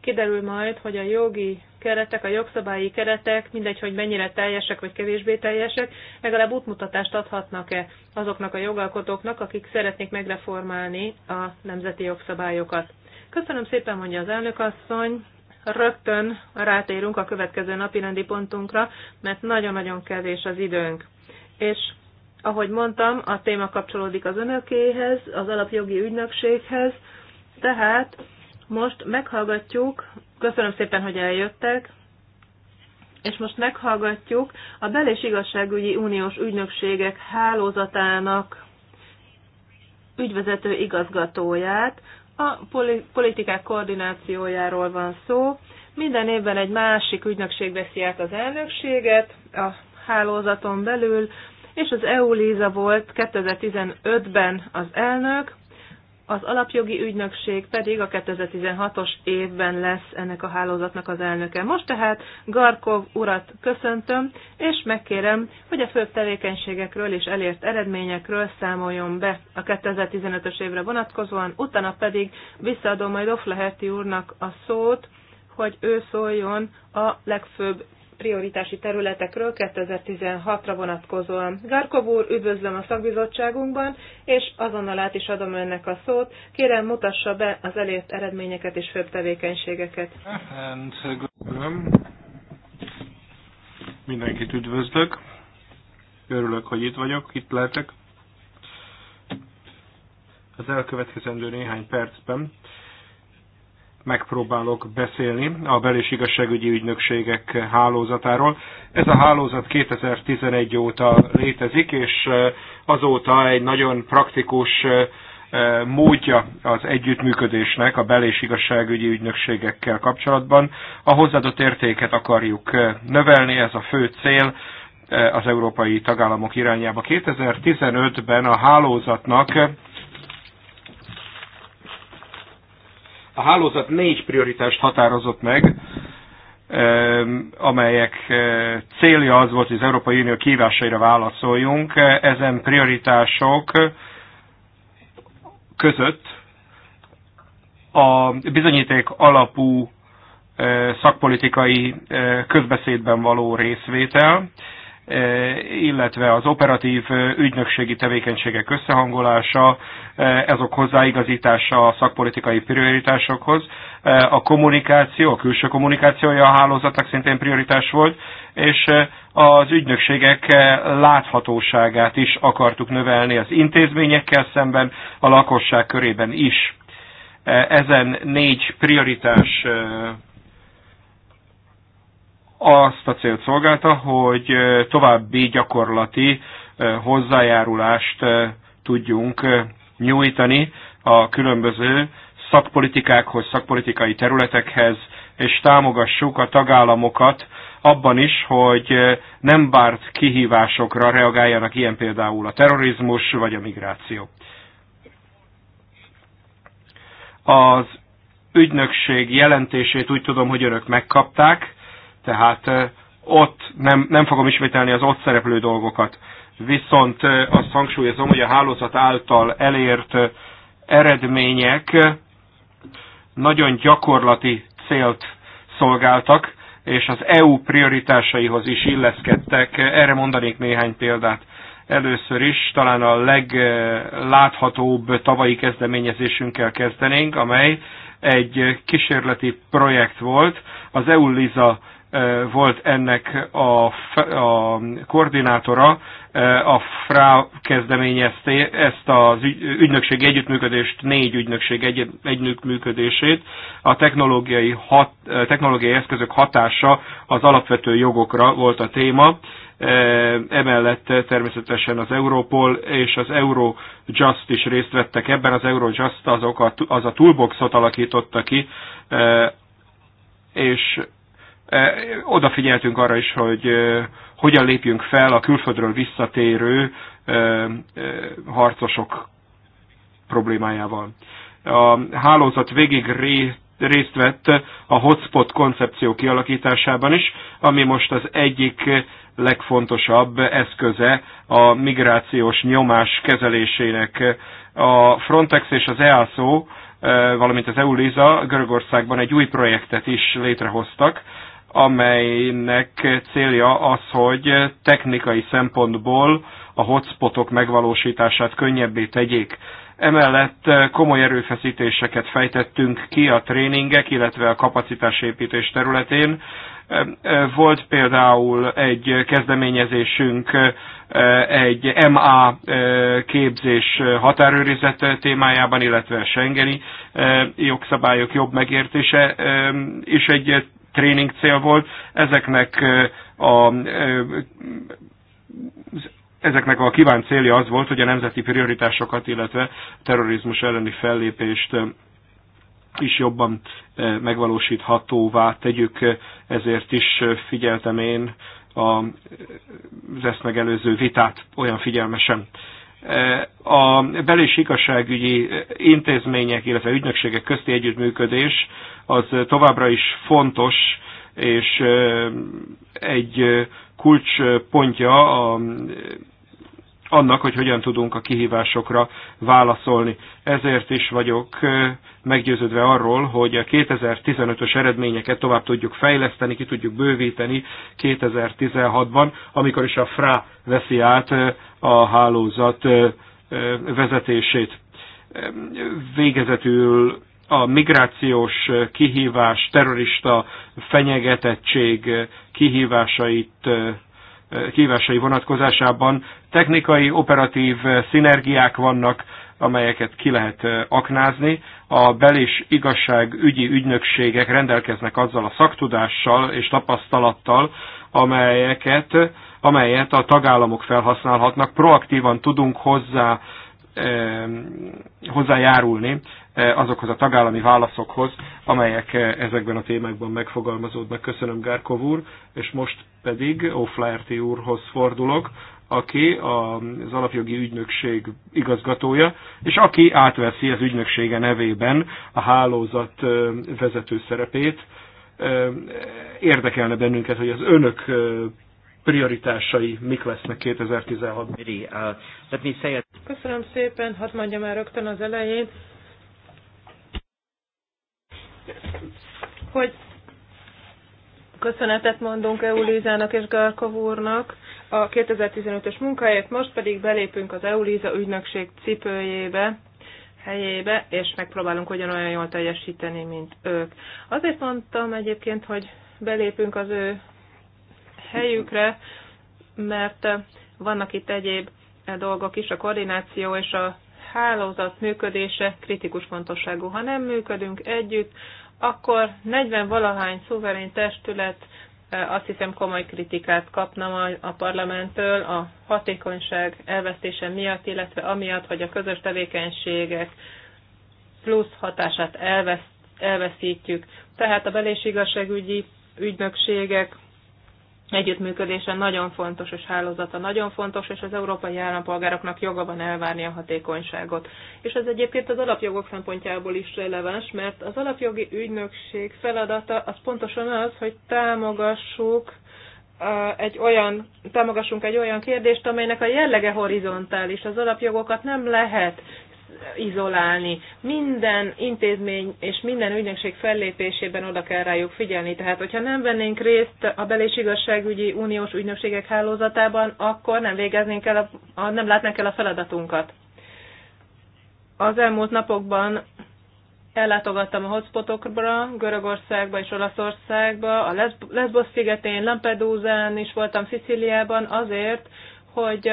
kiderül majd, hogy a jogi keretek, a jogszabályi keretek, mindegy, hogy mennyire teljesek vagy kevésbé teljesek, legalább útmutatást adhatnak-e azoknak a jogalkotóknak, akik szeretnék megreformálni a nemzeti jogszabályokat. Köszönöm szépen, mondja az elnök asszony. Rögtön rátérünk a következő napi rendi pontunkra, mert nagyon-nagyon kevés az időnk. És ahogy mondtam, a téma kapcsolódik az önökéhez, az alapjogi ügynökséghez, tehát most meghallgatjuk, köszönöm szépen, hogy eljöttek, és most meghallgatjuk a Bel- és Igazságügyi Uniós Ügynökségek Hálózatának ügyvezető igazgatóját, a politikák koordinációjáról van szó. Minden évben egy másik ügynökség veszi át az elnökséget a hálózaton belül, és az EU-Líza volt 2015-ben az elnök, az alapjogi ügynökség pedig a 2016-os évben lesz ennek a hálózatnak az elnöke. Most tehát Garkov urat köszöntöm, és megkérem, hogy a főbb tevékenységekről és elért eredményekről számoljon be a 2015-ös évre vonatkozóan, utána pedig visszaadom majd Oflaherti úrnak a szót, hogy ő szóljon a legfőbb prioritási területekről 2016-ra vonatkozóan. Garkov úr, üdvözlöm a szakbizottságunkban, és azonnal át is adom önnek a szót. Kérem, mutassa be az elért eredményeket és főbb tevékenységeket. Uh, mindenkit üdvözlök. Örülök, hogy itt vagyok, itt lehetek. Az elkövetkezendő néhány percben megpróbálok beszélni a bel- és igazságügyi ügynökségek hálózatáról. Ez a hálózat 2011 óta létezik, és azóta egy nagyon praktikus módja az együttműködésnek a bel- és igazságügyi ügynökségekkel kapcsolatban. A hozzáadott értéket akarjuk növelni, ez a fő cél az európai tagállamok irányába. 2015-ben a hálózatnak A hálózat négy prioritást határozott meg, amelyek célja az volt, hogy az Európai Unió kívásaira válaszoljunk. Ezen prioritások között a bizonyíték alapú szakpolitikai közbeszédben való részvétel, E, illetve az operatív e, ügynökségi tevékenységek összehangolása, e, ezok hozzáigazítása a szakpolitikai prioritásokhoz. A kommunikáció, a külső kommunikációja a hálózatnak szintén prioritás volt, és az ügynökségek láthatóságát is akartuk növelni az intézményekkel szemben, a lakosság körében is. Ezen négy prioritás azt a célt szolgálta, hogy további gyakorlati hozzájárulást tudjunk nyújtani a különböző szakpolitikákhoz, szakpolitikai területekhez, és támogassuk a tagállamokat abban is, hogy nem bárt kihívásokra reagáljanak ilyen például a terrorizmus vagy a migráció. Az ügynökség jelentését úgy tudom, hogy önök megkapták, tehát ott nem, nem fogom ismételni az ott szereplő dolgokat. Viszont azt hangsúlyozom, hogy a hálózat által elért eredmények nagyon gyakorlati célt szolgáltak, és az EU prioritásaihoz is illeszkedtek. Erre mondanék néhány példát. Először is talán a legláthatóbb tavalyi kezdeményezésünkkel kezdenénk, amely egy kísérleti projekt volt, az EU-LISA volt ennek a, a koordinátora, a FRA kezdeményezte ezt az ügy, együttműködést, négy ügynökség egy, együttműködését, a technológiai, hat, technológiai eszközök hatása az alapvető jogokra volt a téma. Emellett természetesen az Europol és az Eurojust is részt vettek ebben. Az Eurojust azok a, az a toolboxot alakította ki, és E, odafigyeltünk arra is, hogy e, hogyan lépjünk fel a külföldről visszatérő e, harcosok problémájával. A hálózat végig részt vett a hotspot koncepció kialakításában is, ami most az egyik legfontosabb eszköze a migrációs nyomás kezelésének. A Frontex és az EASO, valamint az EULISA Görögországban egy új projektet is létrehoztak, amelynek célja az, hogy technikai szempontból a hotspotok megvalósítását könnyebbé tegyék. Emellett komoly erőfeszítéseket fejtettünk ki a tréningek, illetve a kapacitásépítés területén. Volt például egy kezdeményezésünk egy MA képzés határőrizet témájában, illetve a Schengeni jogszabályok jobb megértése, és egy tréning cél volt. Ezeknek a ezeknek a kívánt célja az volt, hogy a nemzeti prioritásokat, illetve terrorizmus elleni fellépést is jobban megvalósíthatóvá tegyük, ezért is figyeltem én az ezt megelőző vitát olyan figyelmesen. Eh, a belés igazságügyi eh, intézmények, illetve ügynökségek közti együttműködés az továbbra is fontos, és eh, egy kulcspontja a annak, hogy hogyan tudunk a kihívásokra válaszolni. Ezért is vagyok meggyőződve arról, hogy a 2015-ös eredményeket tovább tudjuk fejleszteni, ki tudjuk bővíteni 2016-ban, amikor is a FRA veszi át a hálózat vezetését. Végezetül a migrációs kihívás, terrorista fenyegetettség kihívásait kívásai vonatkozásában technikai, operatív szinergiák vannak, amelyeket ki lehet aknázni. A bel- és igazságügyi ügynökségek rendelkeznek azzal a szaktudással és tapasztalattal, amelyeket, amelyet a tagállamok felhasználhatnak. Proaktívan tudunk hozzá hozzájárulni E, azokhoz a tagállami válaszokhoz, amelyek e, ezekben a témákban megfogalmazódnak. Köszönöm Gárkov úr, és most pedig O'Flaherty úrhoz fordulok, aki az alapjogi ügynökség igazgatója, és aki átveszi az ügynöksége nevében a hálózat e, vezető szerepét. Érdekelne bennünket, hogy az önök prioritásai mik lesznek 2016-ban. Uh, Köszönöm szépen, hadd mondjam már rögtön az elején, hogy köszönetet mondunk Eulízának és Garkov úrnak a 2015-ös munkáért, most pedig belépünk az Euliza ügynökség cipőjébe, helyébe, és megpróbálunk ugyanolyan jól teljesíteni, mint ők. Azért mondtam egyébként, hogy belépünk az ő helyükre, mert vannak itt egyéb dolgok is, a koordináció és a hálózat működése kritikus fontosságú. Ha nem működünk együtt, akkor 40 valahány szuverén testület e, azt hiszem komoly kritikát kapna a parlamenttől a hatékonyság elvesztése miatt, illetve amiatt, hogy a közös tevékenységek plusz hatását elveszítjük. Tehát a belés igazságügyi ügynökségek együttműködése nagyon fontos, és hálózata nagyon fontos, és az európai állampolgároknak joga van elvárni a hatékonyságot. És ez egyébként az alapjogok szempontjából is releváns, mert az alapjogi ügynökség feladata az pontosan az, hogy támogassuk egy olyan, támogassunk egy olyan kérdést, amelynek a jellege horizontális. Az alapjogokat nem lehet izolálni. Minden intézmény és minden ügynökség fellépésében oda kell rájuk figyelni. Tehát, hogyha nem vennénk részt a bel- és igazságügyi uniós ügynökségek hálózatában, akkor nem végeznénk el, a, a, nem látnánk el a feladatunkat. Az elmúlt napokban ellátogattam a hotspotokra, Görögországba és Olaszországba, a Lesbos szigetén, Lampedusán is voltam Sziciliában azért, hogy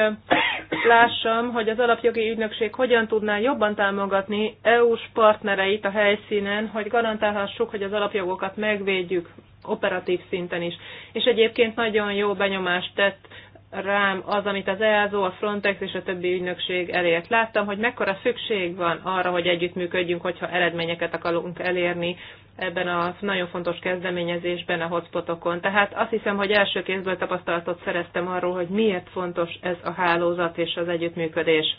lássam, hogy az alapjogi ügynökség hogyan tudná jobban támogatni EU-s partnereit a helyszínen, hogy garantálhassuk, hogy az alapjogokat megvédjük operatív szinten is. És egyébként nagyon jó benyomást tett rám az, amit az EASO, a Frontex és a többi ügynökség elért. Láttam, hogy mekkora szükség van arra, hogy együttműködjünk, hogyha eredményeket akarunk elérni ebben a nagyon fontos kezdeményezésben, a hotspotokon. Tehát azt hiszem, hogy első kézből tapasztalatot szereztem arról, hogy miért fontos ez a hálózat és az együttműködés.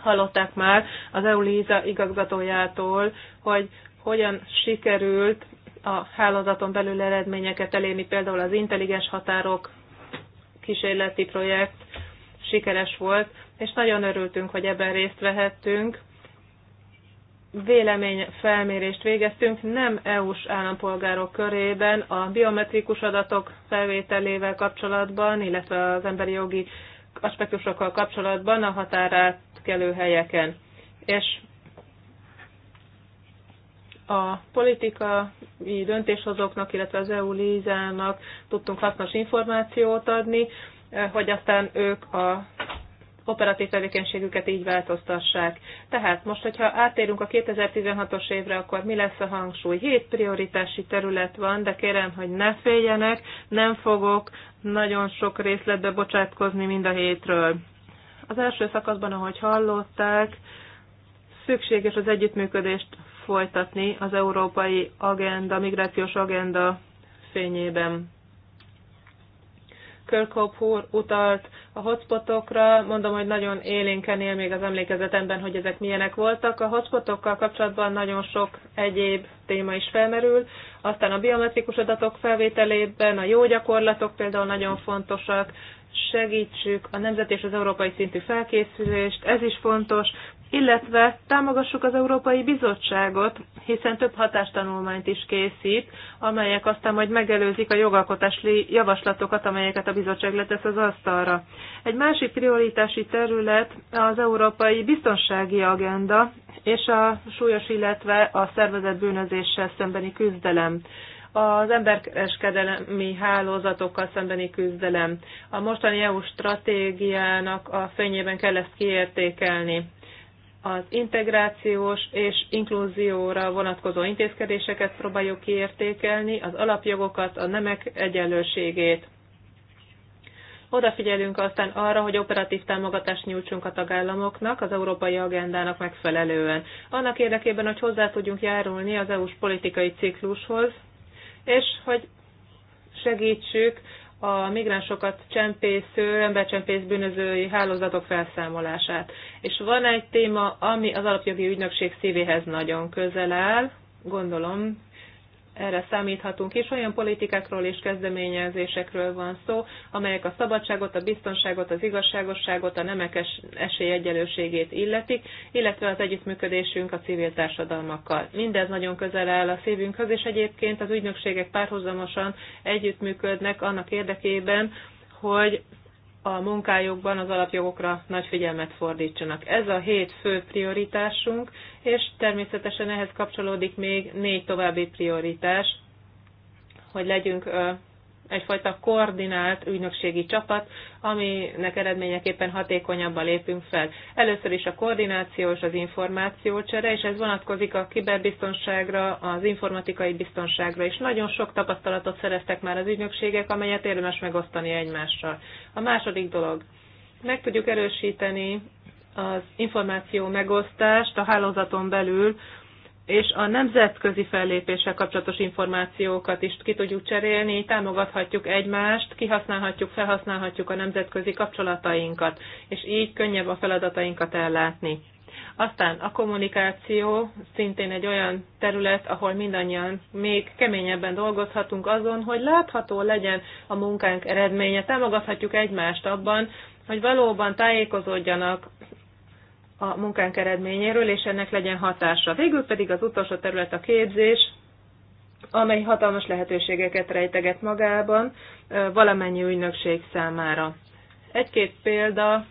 Hallották már az EULISA igazgatójától, hogy hogyan sikerült a hálózaton belül eredményeket elérni, például az intelligens határok kísérleti projekt sikeres volt, és nagyon örültünk, hogy ebben részt vehettünk. Vélemény felmérést végeztünk nem EU-s állampolgárok körében a biometrikus adatok felvételével kapcsolatban, illetve az emberi jogi aspektusokkal kapcsolatban a határátkelő helyeken. És a politikai döntéshozóknak, illetve az EU lézának tudtunk hasznos információt adni, eh, hogy aztán ők a operatív tevékenységüket így változtassák. Tehát most, hogyha átérünk a 2016-os évre, akkor mi lesz a hangsúly? Hét prioritási terület van, de kérem, hogy ne féljenek, nem fogok nagyon sok részletbe bocsátkozni mind a hétről. Az első szakaszban, ahogy hallották, szükséges az együttműködést folytatni az európai agenda, migrációs agenda fényében. Kirkhope úr utalt a hotspotokra, mondom, hogy nagyon élénken él még az emlékezetemben, hogy ezek milyenek voltak. A hotspotokkal kapcsolatban nagyon sok egyéb téma is felmerül, aztán a biometrikus adatok felvételében a jó gyakorlatok például nagyon fontosak, segítsük a nemzet és az európai szintű felkészülést, ez is fontos, illetve támogassuk az Európai Bizottságot, hiszen több hatástanulmányt is készít, amelyek aztán majd megelőzik a jogalkotási javaslatokat, amelyeket a bizottság letesz az asztalra. Egy másik prioritási terület az Európai Biztonsági Agenda és a súlyos, illetve a szervezett bűnözéssel szembeni küzdelem az emberkereskedelmi hálózatokkal szembeni küzdelem. A mostani EU stratégiának a fényében kell ezt kiértékelni az integrációs és inkluzióra vonatkozó intézkedéseket próbáljuk kiértékelni, az alapjogokat, a nemek egyenlőségét. Odafigyelünk aztán arra, hogy operatív támogatást nyújtsunk a tagállamoknak az európai agendának megfelelően. Annak érdekében, hogy hozzá tudjunk járulni az EU-s politikai ciklushoz, és hogy segítsük a migránsokat csempésző, embercsempész bűnözői hálózatok felszámolását. És van egy téma, ami az alapjogi ügynökség szívéhez nagyon közel áll, gondolom erre számíthatunk is. Olyan politikákról és kezdeményezésekről van szó, amelyek a szabadságot, a biztonságot, az igazságosságot, a nemek esélyegyelőségét illetik, illetve az együttműködésünk a civil társadalmakkal. Mindez nagyon közel áll a szívünkhöz, és egyébként az ügynökségek párhuzamosan együttműködnek annak érdekében, hogy a munkájukban az alapjogokra nagy figyelmet fordítsanak. Ez a hét fő prioritásunk, és természetesen ehhez kapcsolódik még négy további prioritás, hogy legyünk egyfajta koordinált ügynökségi csapat, aminek eredményeképpen hatékonyabban lépünk fel. Először is a koordináció és az információcsere, és ez vonatkozik a kiberbiztonságra, az informatikai biztonságra is. Nagyon sok tapasztalatot szereztek már az ügynökségek, amelyet érdemes megosztani egymással. A második dolog, meg tudjuk erősíteni az információ megosztást a hálózaton belül és a nemzetközi fellépéssel kapcsolatos információkat is ki tudjuk cserélni, támogathatjuk egymást, kihasználhatjuk, felhasználhatjuk a nemzetközi kapcsolatainkat, és így könnyebb a feladatainkat ellátni. Aztán a kommunikáció szintén egy olyan terület, ahol mindannyian még keményebben dolgozhatunk azon, hogy látható legyen a munkánk eredménye. Támogathatjuk egymást abban, hogy valóban tájékozódjanak a munkánk eredményéről, és ennek legyen hatása. Végül pedig az utolsó terület a képzés, amely hatalmas lehetőségeket rejteget magában valamennyi ügynökség számára. Egy-két példa,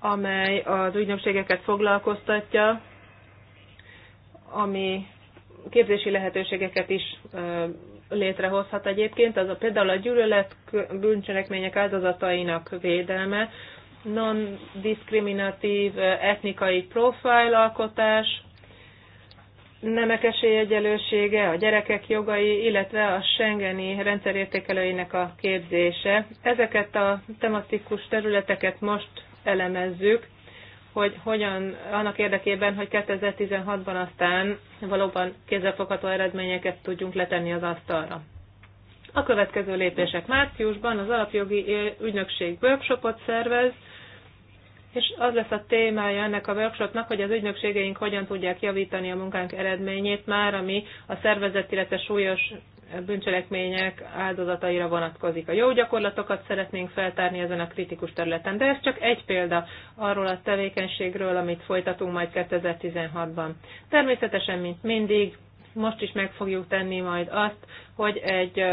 amely az ügynökségeket foglalkoztatja, ami képzési lehetőségeket is létrehozhat egyébként, az a például a gyűlölet bűncselekmények áldozatainak védelme, non-diszkriminatív eh, etnikai profilalkotás, nemek esélyegyelősége, a gyerekek jogai, illetve a Schengeni rendszerértékelőinek a képzése. Ezeket a tematikus területeket most elemezzük, hogy hogyan, annak érdekében, hogy 2016-ban aztán valóban kézzelfogható eredményeket tudjunk letenni az asztalra. A következő lépések márciusban az alapjogi eh, ügynökség workshopot szervez, és az lesz a témája ennek a workshopnak, hogy az ügynökségeink hogyan tudják javítani a munkánk eredményét már, ami a szervezet, illetve súlyos bűncselekmények áldozataira vonatkozik. A jó gyakorlatokat szeretnénk feltárni ezen a kritikus területen, de ez csak egy példa arról a tevékenységről, amit folytatunk majd 2016-ban. Természetesen, mint mindig, most is meg fogjuk tenni majd azt, hogy egy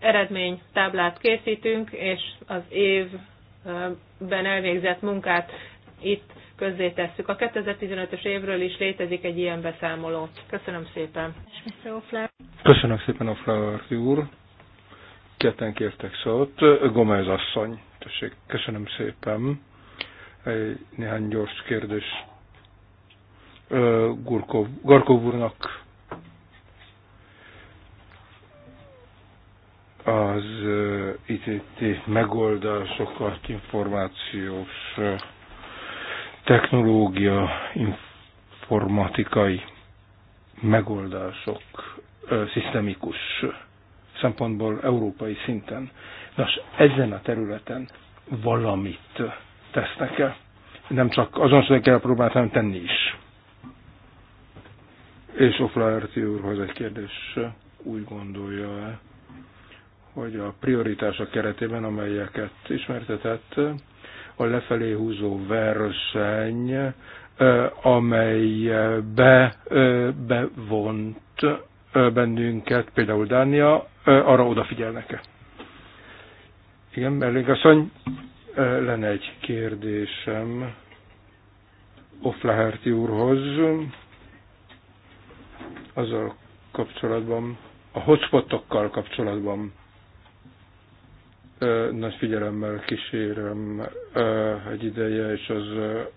eredménytáblát készítünk, és az év ben elvégzett munkát itt közzétesszük. A 2015-ös évről is létezik egy ilyen beszámoló. Köszönöm szépen. Köszönöm szépen a Flower úr. Ketten kértek szót. Gomez asszony. Tessék. Köszönöm szépen. Néhány gyors kérdés. Gurkov, Garkov úrnak az ITT megoldásokat, információs technológia, informatikai megoldások szisztemikus szempontból európai szinten. Nos, ezen a területen valamit tesznek el. Nem csak azon kell próbálni, hanem tenni is. És Oflaherti úrhoz egy kérdés úgy gondolja-e, hogy a prioritások keretében, amelyeket ismertetett, a lefelé húzó verseny, amelybe bevont bennünket, például Dánia, arra odafigyelnek-e? Igen, asszony, lenne egy kérdésem Offlaherty úrhoz, azzal kapcsolatban, a hotspotokkal kapcsolatban nagy figyelemmel kísérem egy ideje, és az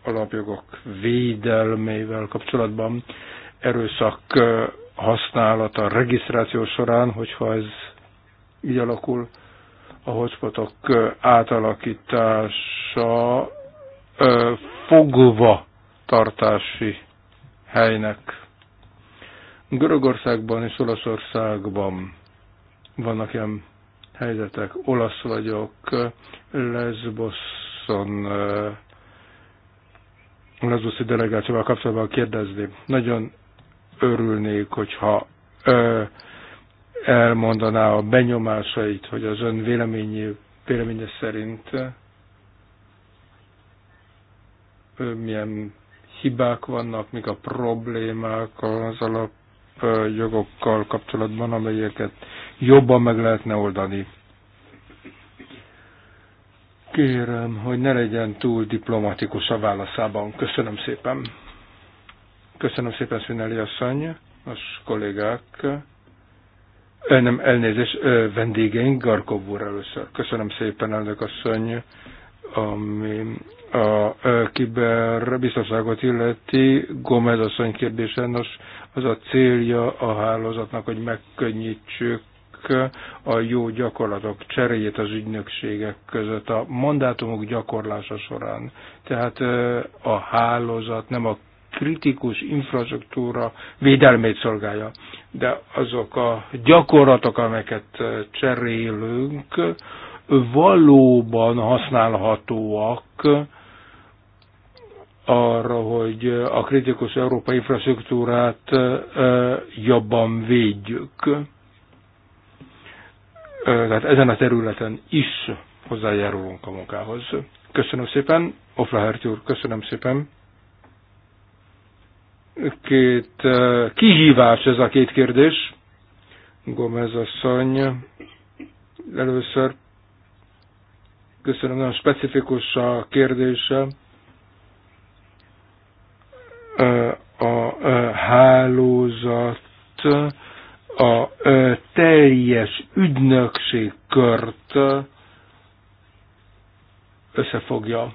alapjogok védelmével kapcsolatban erőszak használata regisztráció során, hogyha ez így alakul, a hotspotok átalakítása fogva tartási helynek. Görögországban és Olaszországban vannak ilyen helyzetek. Olasz vagyok, Lesboszon, eh, Lesboszi delegációval kapcsolatban kérdezni. Nagyon örülnék, hogyha ö, eh, elmondaná a benyomásait, hogy az ön véleményi, véleménye szerint ö, eh, milyen hibák vannak, mik a problémák az alapjogokkal kapcsolatban, amelyeket jobban meg lehetne oldani. Kérem, hogy ne legyen túl diplomatikus a válaszában. Köszönöm szépen. Köszönöm szépen, Szüneli asszony, az kollégák. Nem, elnézés, vendégeink, Garkov úr először. Köszönöm szépen, elnök asszony, ami a kiberbiztonságot illeti. Gomez asszony kérdése, nos, az a célja a hálózatnak, hogy megkönnyítsük a jó gyakorlatok cseréjét az ügynökségek között a mandátumok gyakorlása során. Tehát a hálózat nem a kritikus infrastruktúra védelmét szolgálja, de azok a gyakorlatok, amelyeket cserélünk, valóban használhatóak arra, hogy a kritikus európai infrastruktúrát jobban védjük tehát ezen a területen is hozzájárulunk a munkához. Köszönöm szépen, Oflahert úr, köszönöm szépen. Két kihívás ez a két kérdés. Gomez asszony, először köszönöm, nagyon specifikus a kérdése. A hálózat a teljes ügynökség kört összefogja.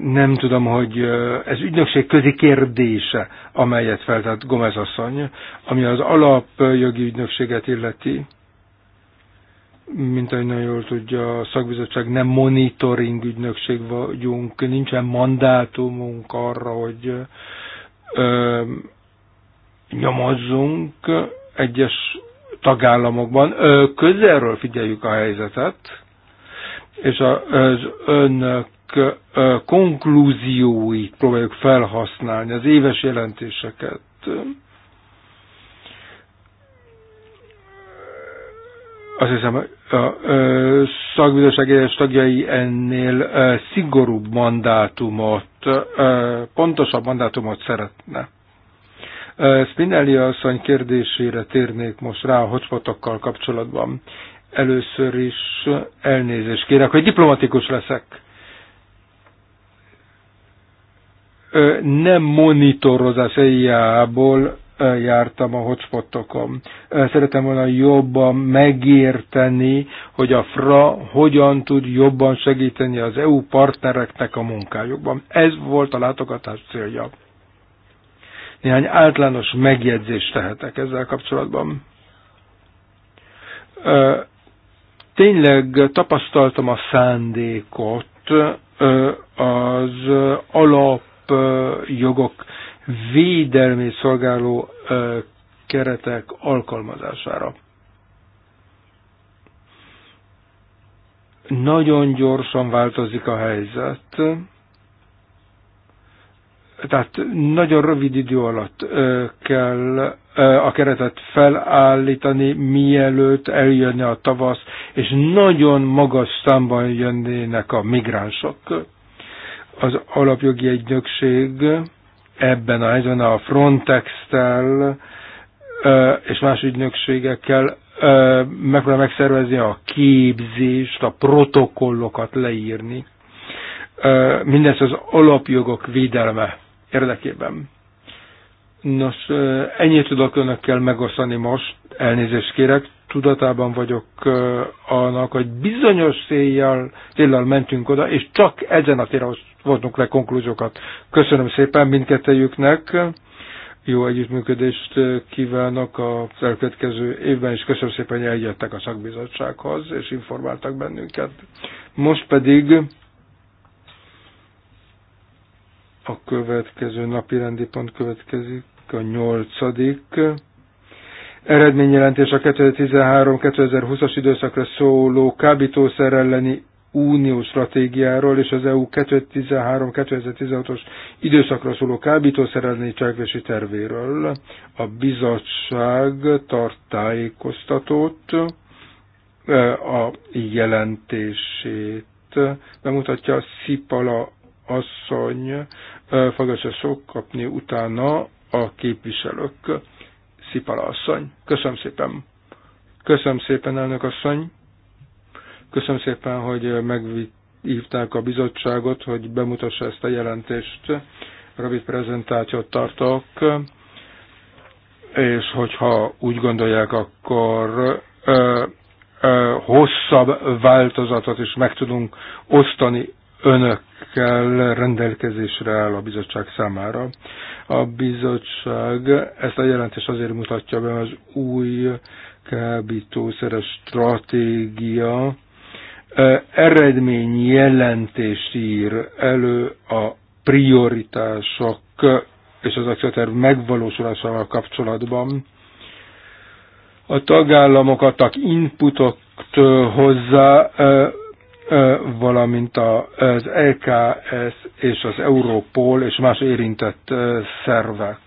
Nem tudom, hogy ez ügynökség közi kérdése, amelyet feltett Gomez asszony, ami az alapjogi ügynökséget illeti. Mint ahogy nagyon jól tudja, a szakbizottság nem monitoring ügynökség vagyunk, nincsen mandátumunk arra, hogy nyomozzunk egyes tagállamokban. Közelről figyeljük a helyzetet, és az önök konklúzióit próbáljuk felhasználni, az éves jelentéseket. Azt hiszem, a szakbizottság egyes tagjai ennél szigorúbb mandátumot, pontosabb mandátumot szeretne. Spinelli asszony kérdésére térnék most rá a hotspotokkal kapcsolatban. Először is elnézést kérek, hogy diplomatikus leszek. Nem monitorozás éjjából jártam a hotspotokon. Szeretem volna jobban megérteni, hogy a FRA hogyan tud jobban segíteni az EU partnereknek a munkájukban. Ez volt a látogatás célja. Néhány általános megjegyzést tehetek ezzel kapcsolatban. Tényleg tapasztaltam a szándékot az alapjogok védelmét szolgáló keretek alkalmazására. Nagyon gyorsan változik a helyzet tehát nagyon rövid idő alatt kell a keretet felállítani, mielőtt eljönne a tavasz, és nagyon magas számban jönnének a migránsok. Az alapjogi egynökség ebben a helyzetben a Frontex-tel és más ügynökségekkel megpróbál megszervezni a képzést, a protokollokat leírni. Mindez az alapjogok védelme érdekében. Nos, ennyit tudok önökkel megosztani most, elnézést kérek, tudatában vagyok annak, hogy bizonyos széllyel, céllal mentünk oda, és csak ezen a téren voltunk le konklúziókat. Köszönöm szépen mindkettőjüknek, jó együttműködést kívánok a elkövetkező évben, és köszönöm szépen, hogy eljöttek a szakbizottsághoz, és informáltak bennünket. Most pedig A következő napi rendi pont következik, a nyolcadik. Eredményjelentés a 2013-2020-as időszakra szóló kábítószer elleni unió stratégiáról és az EU 2013-2016-os időszakra szóló kábítószer elleni cselekvési tervéről. A bizottság tart tájékoztatót, e, a jelentését bemutatja Szipala asszony, fogadja sok kapni utána a képviselők. Szipala asszony. Köszönöm szépen. Köszönöm szépen, elnök asszony. Köszönöm szépen, hogy meghívták a bizottságot, hogy bemutassa ezt a jelentést. Rövid prezentációt tartok, és hogyha úgy gondolják, akkor ö, ö, hosszabb változatot is meg tudunk osztani önökkel rendelkezésre áll a bizottság számára. A bizottság ezt a jelentést azért mutatja be, az új kábítószeres stratégia eredmény jelentést ír elő a prioritások és az akcióterv megvalósulásával kapcsolatban. A tagállamokat, a inputoktól hozzá valamint az EKS és az Europol és más érintett szervek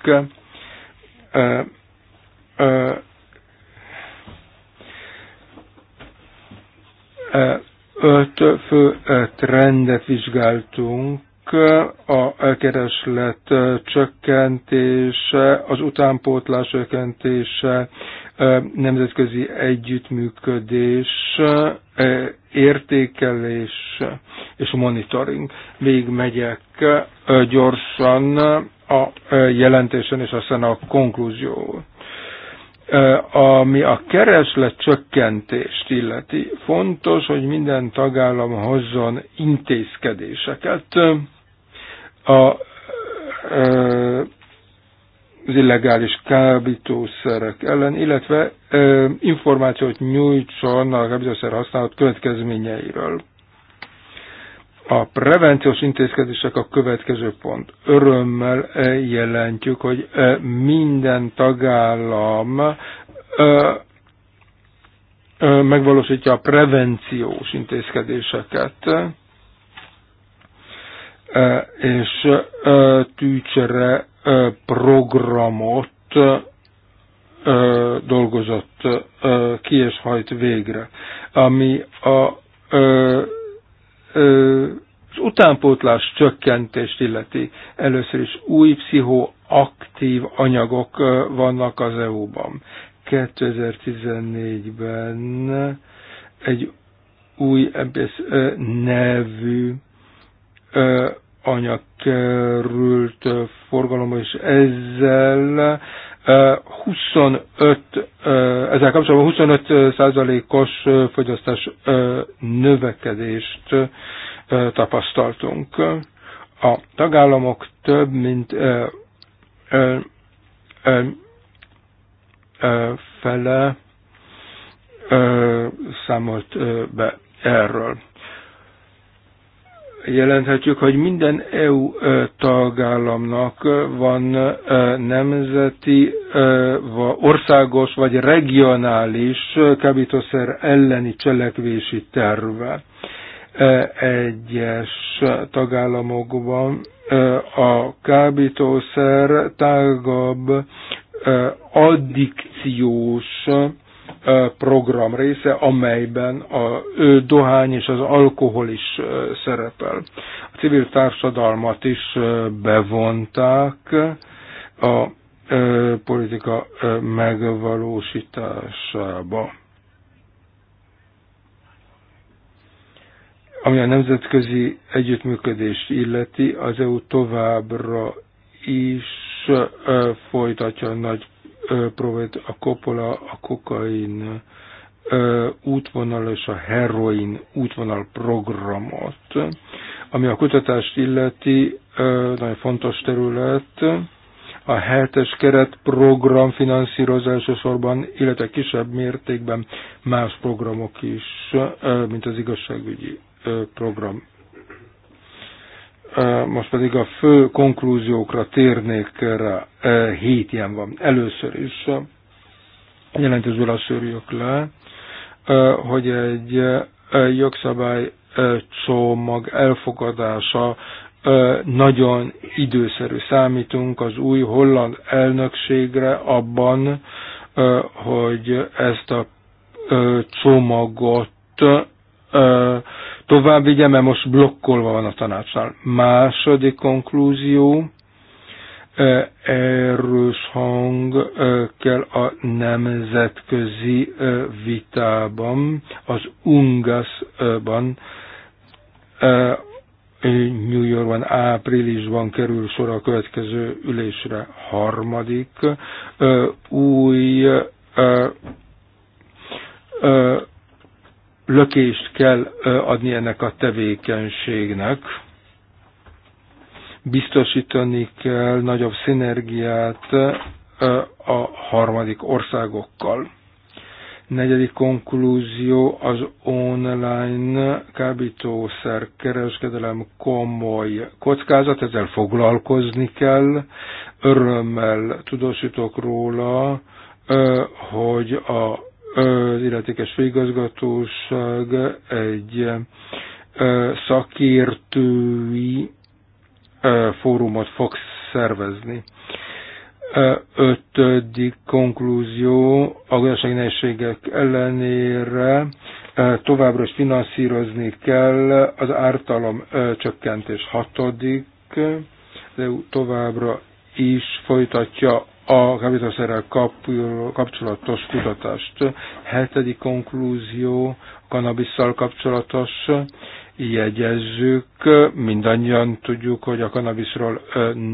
öt fő trendet vizsgáltunk, a kereslet csökkentése, az utánpótlás csökkentése, nemzetközi együttműködés, értékelés és a monitoring. Még megyek gyorsan a jelentésen és aztán a konklúzió. Ami a kereslet csökkentést illeti, fontos, hogy minden tagállam hozzon intézkedéseket a az illegális kábítószerek ellen, illetve ö, információt nyújtson a kábítószer használat következményeiről. A prevenciós intézkedések a következő pont. Örömmel jelentjük, hogy minden tagállam megvalósítja a prevenciós intézkedéseket és tűcsere programot dolgozott ki és hajt végre, ami a az utánpótlás csökkentést illeti. Először is új pszichoaktív anyagok vannak az EU-ban. 2014-ben egy új MPS nevű anyag került forgalomba, és ezzel 25, ezzel kapcsolatban 25 százalékos fogyasztás növekedést tapasztaltunk. A tagállamok több mint fele számolt be erről jelenthetjük, hogy minden EU tagállamnak van nemzeti, országos vagy regionális kábítószer elleni cselekvési terve. Egyes tagállamokban a kábítószer tágabb addikciós program része, amelyben a dohány és az alkohol is szerepel. A civil társadalmat is bevonták a politika megvalósításába. Ami a nemzetközi együttműködést illeti, az EU továbbra is folytatja nagy próbált a kopola, a kokain útvonal és a heroin útvonal programot, ami a kutatást illeti nagyon fontos terület, a hetes program finanszírozása sorban, illetve kisebb mértékben más programok is, mint az igazságügyi program most pedig a fő konklúziókra térnék rá. E, hét ilyen van. Először is jelentőző a szűrjük le, hogy egy jogszabály csomag elfogadása nagyon időszerű. Számítunk az új holland elnökségre abban, hogy ezt a csomagot tovább vigye, mert most blokkolva van a tanácsnál. Második konklúzió, erős hang kell a nemzetközi vitában, az UNGAS-ban, New Yorkban áprilisban kerül sor a következő ülésre harmadik. Új lökést kell adni ennek a tevékenységnek. Biztosítani kell nagyobb szinergiát a harmadik országokkal. Negyedik konklúzió az online kábítószer kereskedelem komoly kockázat, ezzel foglalkozni kell. Örömmel tudósítok róla, hogy a az illetékes főigazgatóság egy szakértői fórumot fog szervezni. Ötödik konklúzió, a gazdasági nehézségek ellenére továbbra is finanszírozni kell az ártalom csökkentés. Hatodik, de továbbra is folytatja a kábítószerrel kapcsolatos kutatást. Hetedik konklúzió, kanabisszal kapcsolatos, jegyezzük, mindannyian tudjuk, hogy a kanabiszról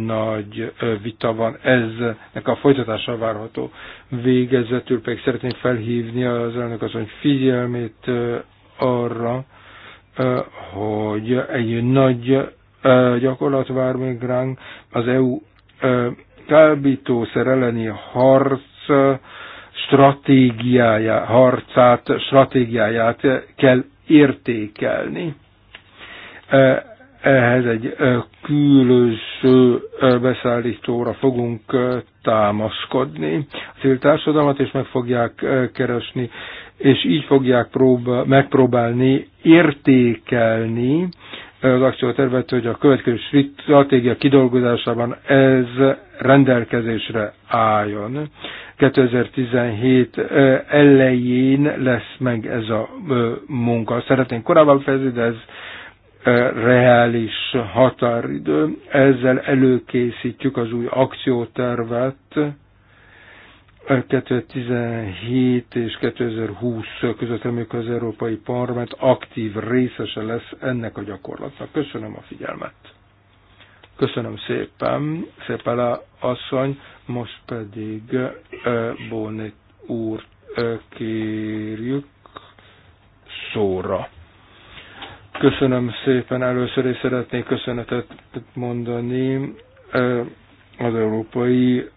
nagy vita van, eznek a folytatása várható. Végezetül pedig szeretném felhívni az elnök azon figyelmét arra, hogy egy nagy gyakorlat vár még ránk, az EU kábítószer elleni harc stratégiáját, harcát, stratégiáját kell értékelni. Ehhez egy külső beszállítóra fogunk támaszkodni. A civil társadalmat is meg fogják keresni, és így fogják próba, megpróbálni értékelni az akciótervet, hogy a következő stratégia kidolgozásában ez rendelkezésre álljon. 2017 elején lesz meg ez a munka. Szeretnénk korábban fejezni, de ez reális határidő. Ezzel előkészítjük az új akciótervet 2017 és 2020 között, amikor az Európai Parlament aktív részese lesz ennek a gyakorlatnak. Köszönöm a figyelmet! Köszönöm szépen, szépen a asszony, most pedig Bónit úr kérjük szóra. Köszönöm szépen, először is szeretnék köszönetet mondani az európai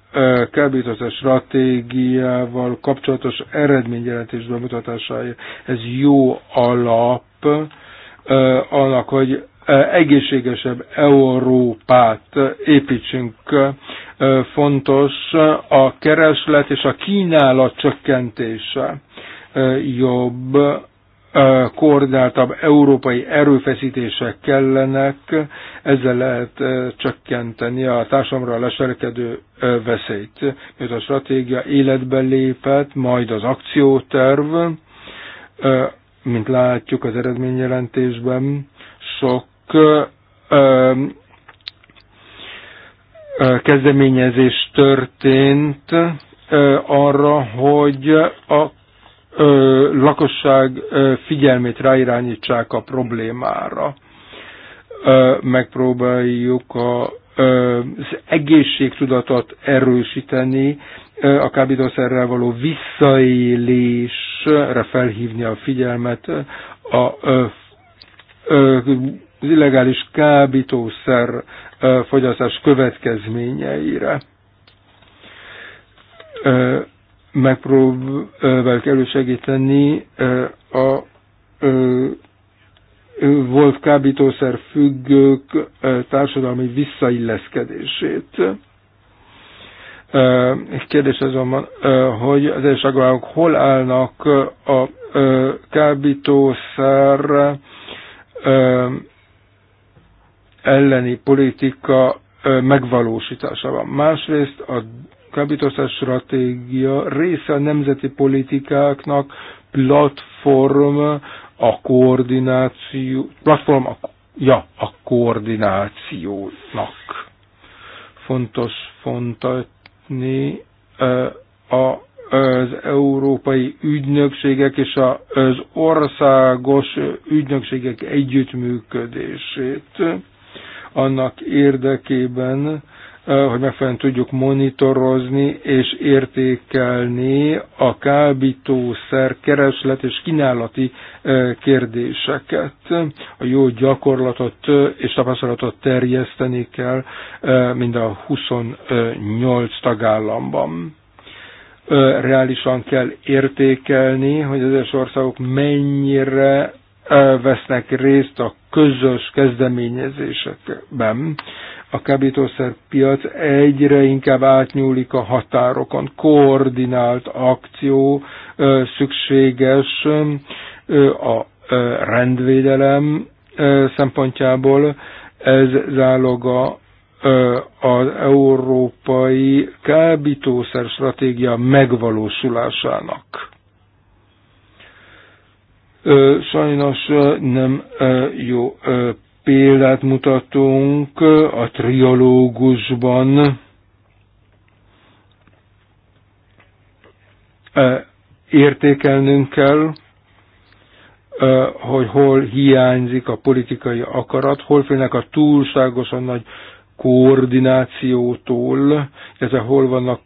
kábítószer stratégiával kapcsolatos eredményjelentés bemutatásáért. Ez jó alap annak, hogy egészségesebb Európát építsünk. Fontos a kereslet és a kínálat csökkentése, jobb, koordináltabb európai erőfeszítések kellenek, ezzel lehet csökkenteni a társamra leselkedő veszélyt. mert a stratégia életbe lépett, majd az akcióterv, mint látjuk az eredményjelentésben, sok kezdeményezés történt arra, hogy a lakosság figyelmét ráirányítsák a problémára. Megpróbáljuk a az egészségtudatot erősíteni, a kábítószerrel való visszaélésre felhívni a figyelmet, a az illegális kábítószer fogyasztás következményeire. Megpróbáljuk elősegíteni a volt kábítószer függők társadalmi visszailleszkedését. Kérdés azonban, hogy az egyes hol állnak a kábítószer elleni politika van. Másrészt a kábítószer stratégia része a nemzeti politikáknak, platform a koordináció, platform a, ja, a koordinációnak. Fontos fontatni a az európai ügynökségek és az országos ügynökségek együttműködését annak érdekében, hogy megfelelően tudjuk monitorozni és értékelni a kábítószer kereslet és kínálati kérdéseket. A jó gyakorlatot és tapasztalatot terjeszteni kell mind a 28 tagállamban reálisan kell értékelni, hogy az egyes országok mennyire vesznek részt a közös kezdeményezésekben a kábítószerpiac egyre inkább átnyúlik a határokon. Koordinált akció szükséges a rendvédelem szempontjából, ez záloga az európai kábítószer stratégia megvalósulásának. Sajnos nem jó példát mutatunk a triológusban. Értékelnünk kell, hogy hol hiányzik a politikai akarat, hol félnek a túlságosan nagy koordinációtól, illetve hol vannak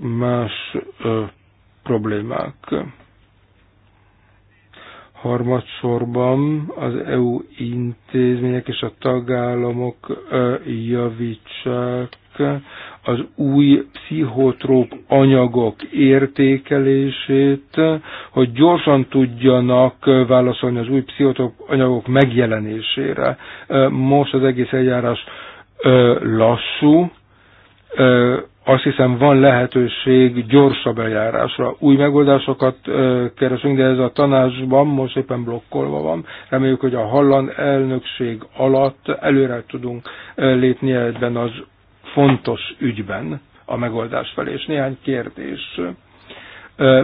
más problémák. Harmadsorban az EU intézmények és a tagállamok javítsák az új pszichotróp anyagok értékelését, hogy gyorsan tudjanak válaszolni az új pszichotróp anyagok megjelenésére. Most az egész eljárás lassú, azt hiszem van lehetőség gyorsabb eljárásra. Új megoldásokat keresünk, de ez a tanácsban most éppen blokkolva van. Reméljük, hogy a holland elnökség alatt előre tudunk lépni ebben az fontos ügyben a megoldás felé. És néhány kérdés.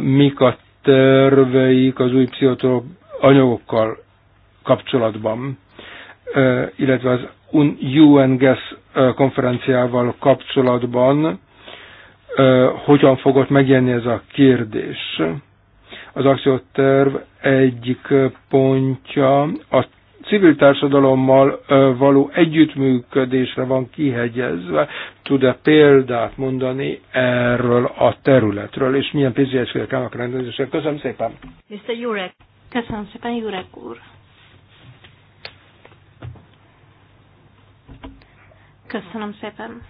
Mik a terveik az új pszichotrop anyagokkal kapcsolatban, illetve az UN GAS e konferenciával kapcsolatban, hogyan fogott megjelenni ez a kérdés. Az akcióterv egyik pontja a civil társadalommal való együttműködésre van kihegyezve. Tud-e példát mondani erről a területről, és milyen pénzügyi eszközök állnak rendezésre? Köszönöm szépen! Mr. Jurek. Köszönöm szépen, Jurek úr! Köszönöm szépen!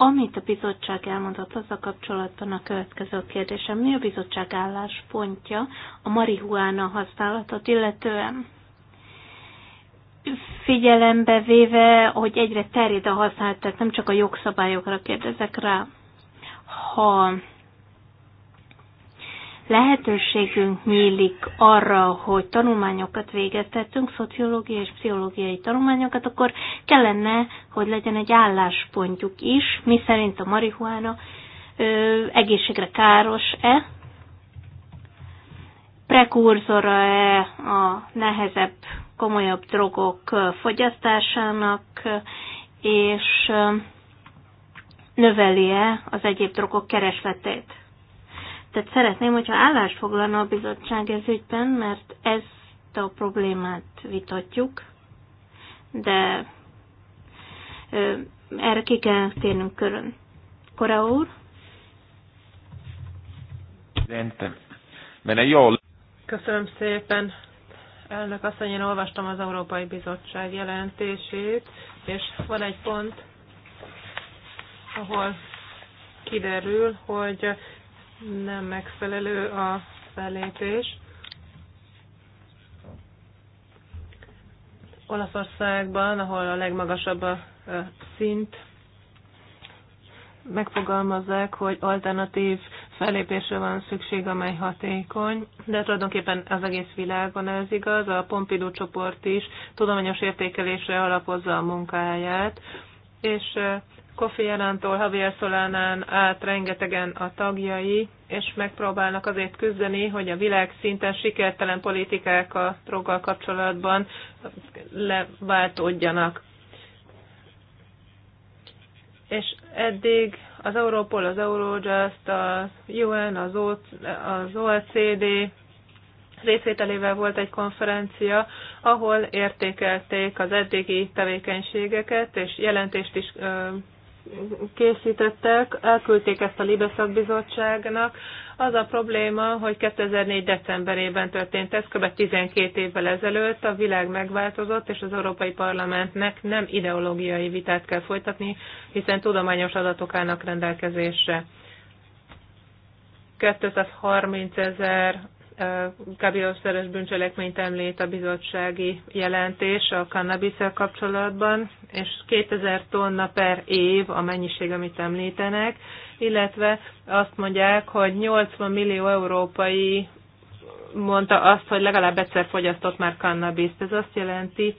Amit a bizottság elmondott az a kapcsolatban a következő kérdésem, mi a bizottság álláspontja a marihuána használatot illetően? Figyelembe véve, hogy egyre terjed a használat, tehát nem csak a jogszabályokra kérdezek rá, ha lehetőségünk nyílik arra, hogy tanulmányokat végeztetünk, szociológiai és pszichológiai tanulmányokat, akkor kellene, hogy legyen egy álláspontjuk is, mi szerint a marihuána ö, egészségre káros-e, prekurzora-e a nehezebb, komolyabb drogok fogyasztásának, és növeli-e az egyéb drogok keresletét. Tehát szeretném, hogyha állást foglalna a bizottság ez ügyben, mert ezt a problémát vitatjuk, de erre ki kell térnünk körön. Kora úr? Köszönöm szépen. Elnök asszony, én olvastam az Európai Bizottság jelentését, és van egy pont, ahol kiderül, hogy nem megfelelő a fellépés. Olaszországban, ahol a legmagasabb a szint, megfogalmazzák, hogy alternatív fellépésre van szükség, amely hatékony, de tulajdonképpen az egész világon ez igaz, a Pompidou csoport is tudományos értékelésre alapozza a munkáját, és Kofi Anantól Javier Solánán át rengetegen a tagjai, és megpróbálnak azért küzdeni, hogy a világ szinten sikertelen politikák a droggal kapcsolatban leváltódjanak. És eddig az Europol, az Eurojust, a UN, az, az OECD részvételével volt egy konferencia, ahol értékelték az eddigi tevékenységeket, és jelentést is készítettek, elküldték ezt a Libe bizottságnak. Az a probléma, hogy 2004. decemberében történt ez, kb. 12 évvel ezelőtt a világ megváltozott, és az Európai Parlamentnek nem ideológiai vitát kell folytatni, hiszen tudományos adatok állnak rendelkezésre. 230 ezer kábítószeres bűncselekményt említ a bizottsági jelentés a kannabiszel kapcsolatban, és 2000 tonna per év a mennyiség, amit említenek, illetve azt mondják, hogy 80 millió európai mondta azt, hogy legalább egyszer fogyasztott már kannabiszt. Ez azt jelenti,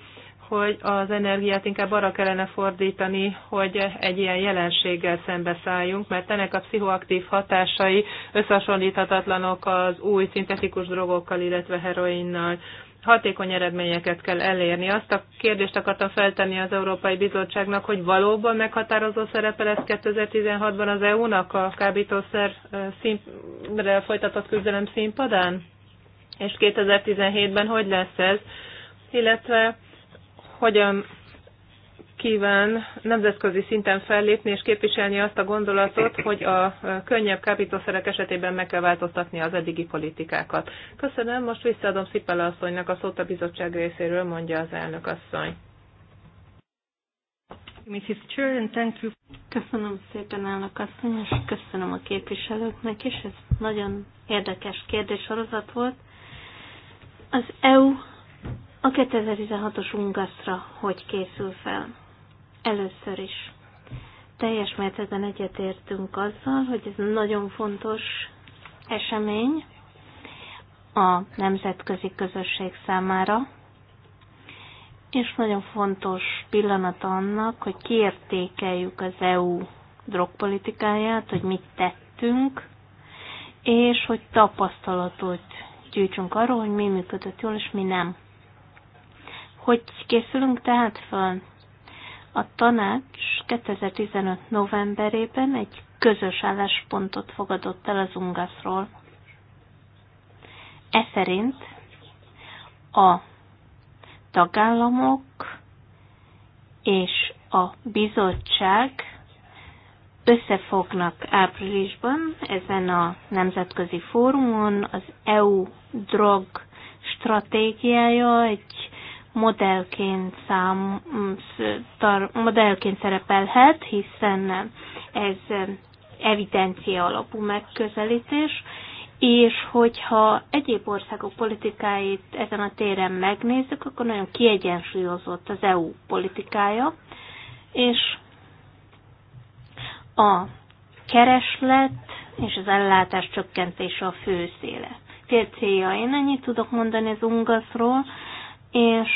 hogy az energiát inkább arra kellene fordítani, hogy egy ilyen jelenséggel szembeszálljunk, mert ennek a pszichoaktív hatásai összehasonlíthatatlanok az új szintetikus drogokkal, illetve heroinnal hatékony eredményeket kell elérni. Azt a kérdést akartam feltenni az Európai Bizottságnak, hogy valóban meghatározó szerepe lesz 2016-ban az EU-nak a kábítószer színre folytatott küzdelem színpadán? És 2017-ben hogy lesz ez? Illetve hogyan kíván nemzetközi szinten fellépni és képviselni azt a gondolatot, hogy a könnyebb kábítószerek esetében meg kell változtatni az eddigi politikákat. Köszönöm, most visszaadom Szipele asszonynak a szót a bizottság részéről, mondja az elnök asszony. Köszönöm szépen, elnök asszony, és köszönöm a képviselőknek is. Ez nagyon érdekes kérdésorozat volt. Az EU a 2016-os Ungasztra hogy készül fel? Először is. Teljes mértékben egyetértünk azzal, hogy ez nagyon fontos esemény a nemzetközi közösség számára, és nagyon fontos pillanat annak, hogy kiértékeljük az EU drogpolitikáját, hogy mit tettünk, és hogy tapasztalatot gyűjtsünk arról, hogy mi működött jól, és mi nem. Hogy készülünk tehát fel? A tanács 2015. novemberében egy közös álláspontot fogadott el az UNGASZról. E szerint a tagállamok és a bizottság összefognak áprilisban ezen a nemzetközi fórumon az EU drog stratégiája egy modellként, szám, mm, tar, modellként szerepelhet, hiszen ez evidencia alapú megközelítés, és hogyha egyéb országok politikáit ezen a téren megnézzük, akkor nagyon kiegyensúlyozott az EU politikája, és a kereslet és az ellátás csökkentése a fő széle. Célja, én ennyit tudok mondani az ungaszról, és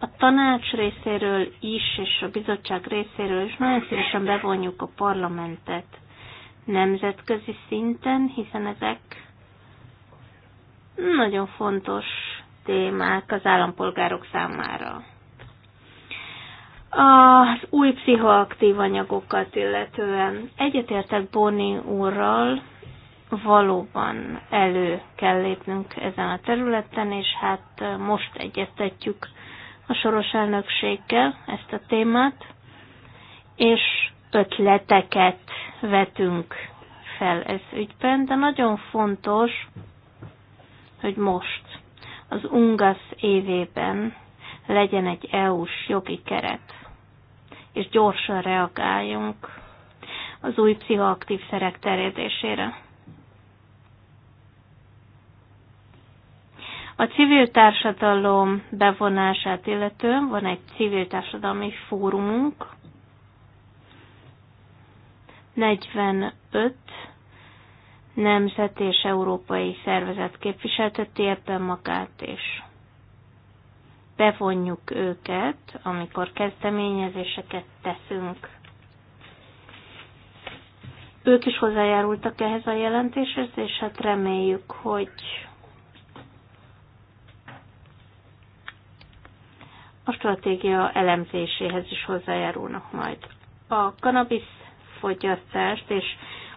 a tanács részéről is, és a bizottság részéről is nagyon szívesen bevonjuk a parlamentet nemzetközi szinten, hiszen ezek nagyon fontos témák az állampolgárok számára. Az új pszichoaktív anyagokat illetően egyetértek Boni úrral, valóban elő kell lépnünk ezen a területen, és hát most egyeztetjük a soros elnökséggel ezt a témát, és ötleteket vetünk fel ez ügyben, de nagyon fontos, hogy most az UNGAS évében legyen egy EU-s jogi keret, és gyorsan reagáljunk az új pszichoaktív szerek terjedésére. A civil társadalom bevonását illetően van egy civil társadalmi fórumunk, 45 nemzet és európai szervezet képviselteti ebben magát és Bevonjuk őket, amikor kezdeményezéseket teszünk. Ők is hozzájárultak ehhez a jelentéshez, és hát reméljük, hogy a stratégia elemzéséhez is hozzájárulnak majd. A kanabisz fogyasztást és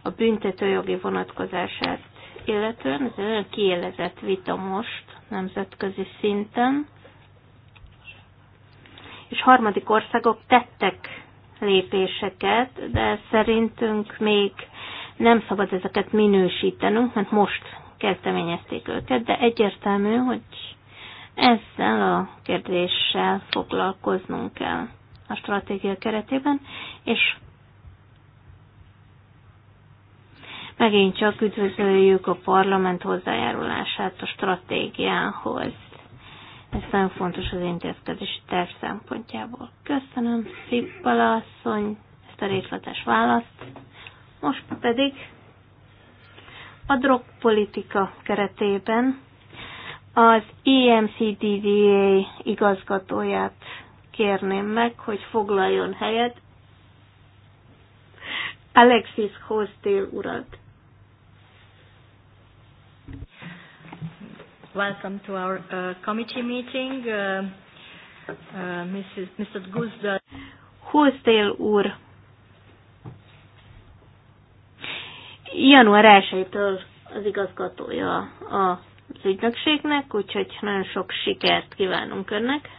a büntetőjogi vonatkozását illetően, ez egy olyan vita most nemzetközi szinten, és harmadik országok tettek lépéseket, de szerintünk még nem szabad ezeket minősítenünk, mert most kezdeményezték őket, de egyértelmű, hogy ezzel a kérdéssel foglalkoznunk kell a stratégia keretében, és megint csak üdvözöljük a parlament hozzájárulását a stratégiához. Ez nagyon fontos az intézkedési terv szempontjából. Köszönöm, Szippala asszony, ezt a részletes választ. Most pedig a drogpolitika keretében az EMCDDA igazgatóját kérném meg, hogy foglaljon helyet. Alexis Hostél urat. Welcome to our uh, committee meeting. Uh, uh, Mrs. Mr. Guzda. Hostel úr. Január 1-től az igazgatója a ügynökségnek, úgyhogy nagyon sok sikert kívánunk önnek.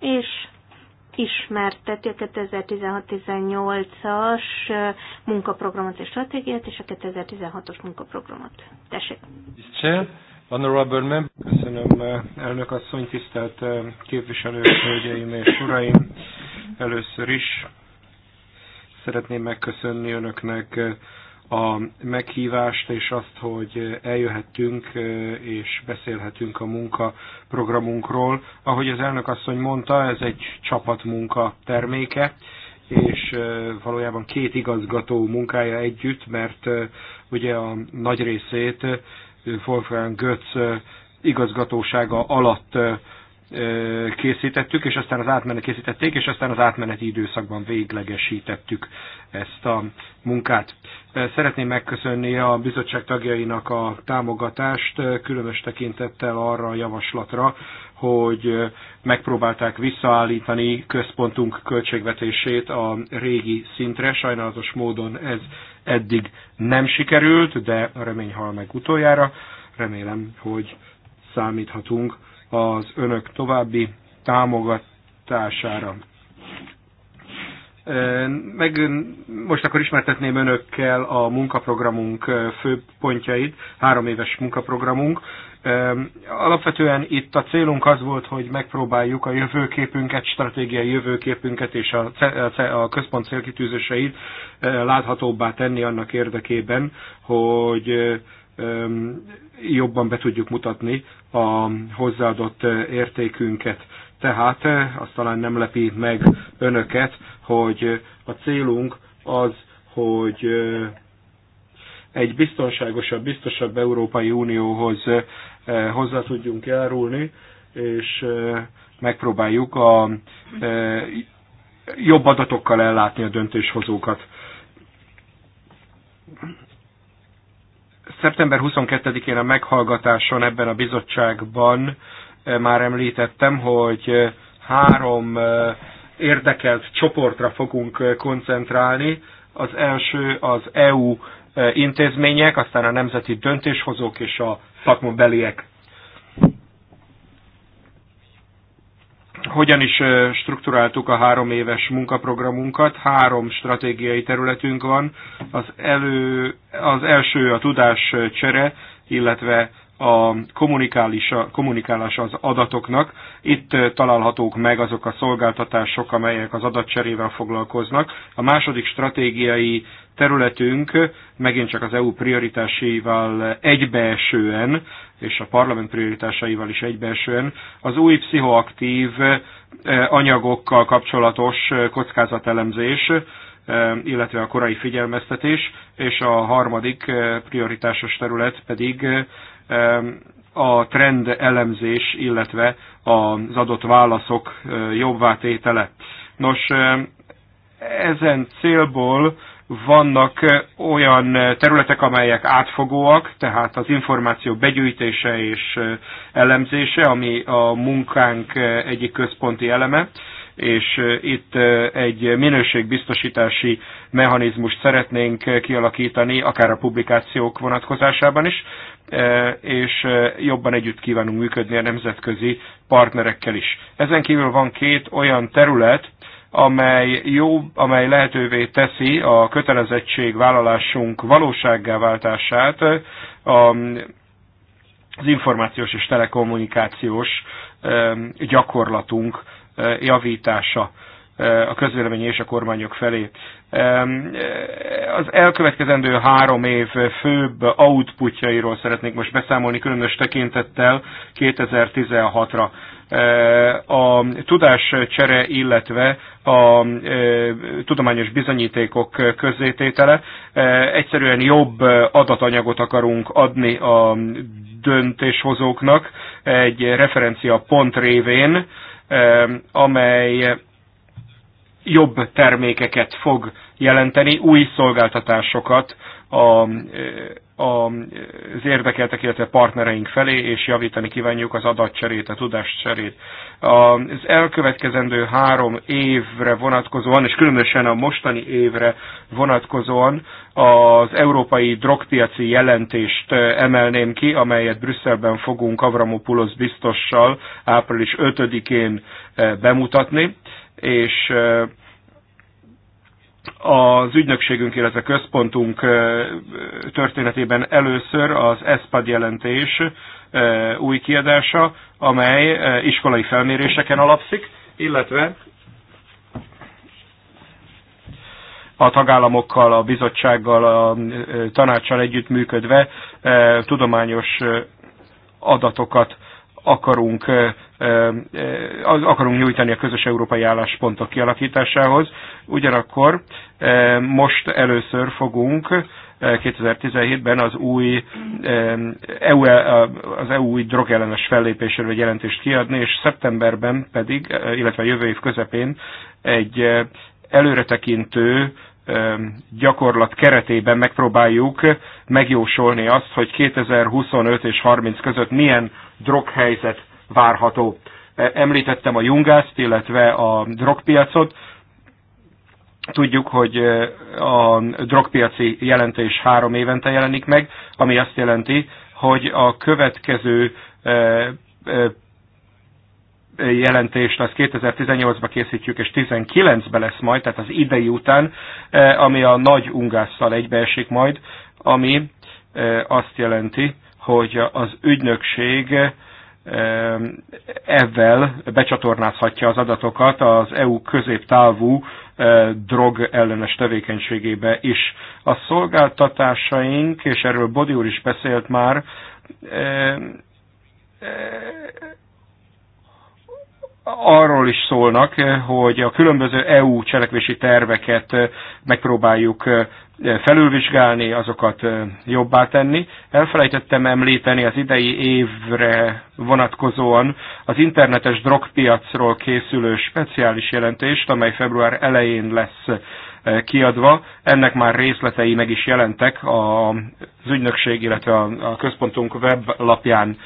És ismerteti a 2016-18-as munkaprogramot és stratégiát, és a 2016-os munkaprogramot. Tessék! köszönöm elnök asszony, tisztelt eh, képviselők, hölgyeim és uraim. Először is szeretném megköszönni önöknek eh, a meghívást, és azt, hogy eljöhettünk és beszélhetünk a munka programunkról. Ahogy az elnök asszony mondta, ez egy csapatmunka terméke, és valójában két igazgató munkája együtt, mert ugye a nagy részét Wolfgang Götz igazgatósága alatt készítettük, és aztán az átmenet készítették, és aztán az átmeneti időszakban véglegesítettük ezt a munkát. Szeretném megköszönni a bizottság tagjainak a támogatást, különös tekintettel arra a javaslatra, hogy megpróbálták visszaállítani központunk költségvetését a régi szintre. Sajnálatos módon ez eddig nem sikerült, de a remény hal meg utoljára. Remélem, hogy számíthatunk az önök további támogatására. Meg most akkor ismertetném önökkel a munkaprogramunk fő pontjait, három éves munkaprogramunk. Alapvetően itt a célunk az volt, hogy megpróbáljuk a jövőképünket, stratégiai jövőképünket és a, a központ célkitűzéseit eh, láthatóbbá tenni annak érdekében, hogy eh, jobban be tudjuk mutatni a hozzáadott értékünket. Tehát azt talán nem lepi meg önöket, hogy a célunk az, hogy egy biztonságosabb, biztosabb Európai Unióhoz hozzá tudjunk járulni, és megpróbáljuk a jobb adatokkal ellátni a döntéshozókat. Szeptember 22-én a meghallgatáson ebben a bizottságban eh, már említettem, hogy eh, három eh, érdekelt csoportra fogunk koncentrálni. Az első az EU intézmények, aztán a nemzeti döntéshozók és a szakmabeliek. hogyan is strukturáltuk a három éves munkaprogramunkat. Három stratégiai területünk van. Az, elő, az első a tudás csere, illetve a kommunikálás az adatoknak. Itt találhatók meg azok a szolgáltatások, amelyek az adatcserével foglalkoznak. A második stratégiai területünk megint csak az EU prioritásaival egybeesően, és a parlament prioritásaival is egybeesően az új pszichoaktív eh, anyagokkal kapcsolatos eh, kockázatelemzés, eh, illetve a korai figyelmeztetés, és a harmadik prioritásos terület pedig a trend elemzés, illetve az adott válaszok jobbá Nos, ezen célból vannak olyan területek, amelyek átfogóak, tehát az információ begyűjtése és elemzése, ami a munkánk egyik központi eleme, és itt egy minőségbiztosítási mechanizmust szeretnénk kialakítani, akár a publikációk vonatkozásában is, és jobban együtt kívánunk működni a nemzetközi partnerekkel is. Ezen kívül van két olyan terület, amely, jó, amely lehetővé teszi a vállalásunk valósággá váltását az információs és telekommunikációs e, gyakorlatunk e, javítása e, a közvélemény és a kormányok felé. Az elkövetkezendő három év főbb outputjairól szeretnék most beszámolni, különös tekintettel 2016-ra a tudáscsere, illetve a e, tudományos bizonyítékok közzététele. E, egyszerűen jobb adatanyagot akarunk adni a döntéshozóknak egy referencia pont révén, e, amely jobb termékeket fog jelenteni, új szolgáltatásokat a az érdekeltek, illetve partnereink felé, és javítani kívánjuk az adatcserét, a tudáscserét. Az elkövetkezendő három évre vonatkozóan, és különösen a mostani évre vonatkozóan az európai drogpiaci jelentést emelném ki, amelyet Brüsszelben fogunk Avramopoulos biztossal április 5-én bemutatni, és az ügynökségünk, illetve központunk történetében először az ESPAD jelentés új kiadása, amely iskolai felméréseken alapszik, illetve a tagállamokkal, a bizottsággal, a tanácssal együttműködve tudományos adatokat akarunk akarunk nyújtani a közös európai álláspontok kialakításához. Ugyanakkor most először fogunk 2017-ben az új EU, az EU új drogellenes fellépésről egy jelentést kiadni, és szeptemberben pedig, illetve jövő év közepén egy előretekintő gyakorlat keretében megpróbáljuk megjósolni azt, hogy 2025 és 30 között milyen droghelyzet várható. E, említettem a jungászt, illetve a drogpiacot. Tudjuk, hogy e, a drogpiaci jelentés három évente jelenik meg, ami azt jelenti, hogy a következő e, jelentést, az 2018-ba készítjük, és 19-be lesz majd, tehát az idei után, ami a nagy ungásszal egybeesik majd, ami azt jelenti, hogy az ügynökség Ehm, ezzel becsatornázhatja az adatokat az EU középtávú e, drog ellenes tevékenységébe is. A szolgáltatásaink, és erről Bodi úr is beszélt már, ehm, e, arról is szólnak, eh, hogy a különböző EU cselekvési terveket eh, megpróbáljuk eh, felülvizsgálni, azokat jobbá tenni. Elfelejtettem említeni az idei évre vonatkozóan az internetes drogpiacról készülő speciális jelentést, amely február elején lesz kiadva. Ennek már részletei meg is jelentek az ügynökség, illetve a központunk weblapján.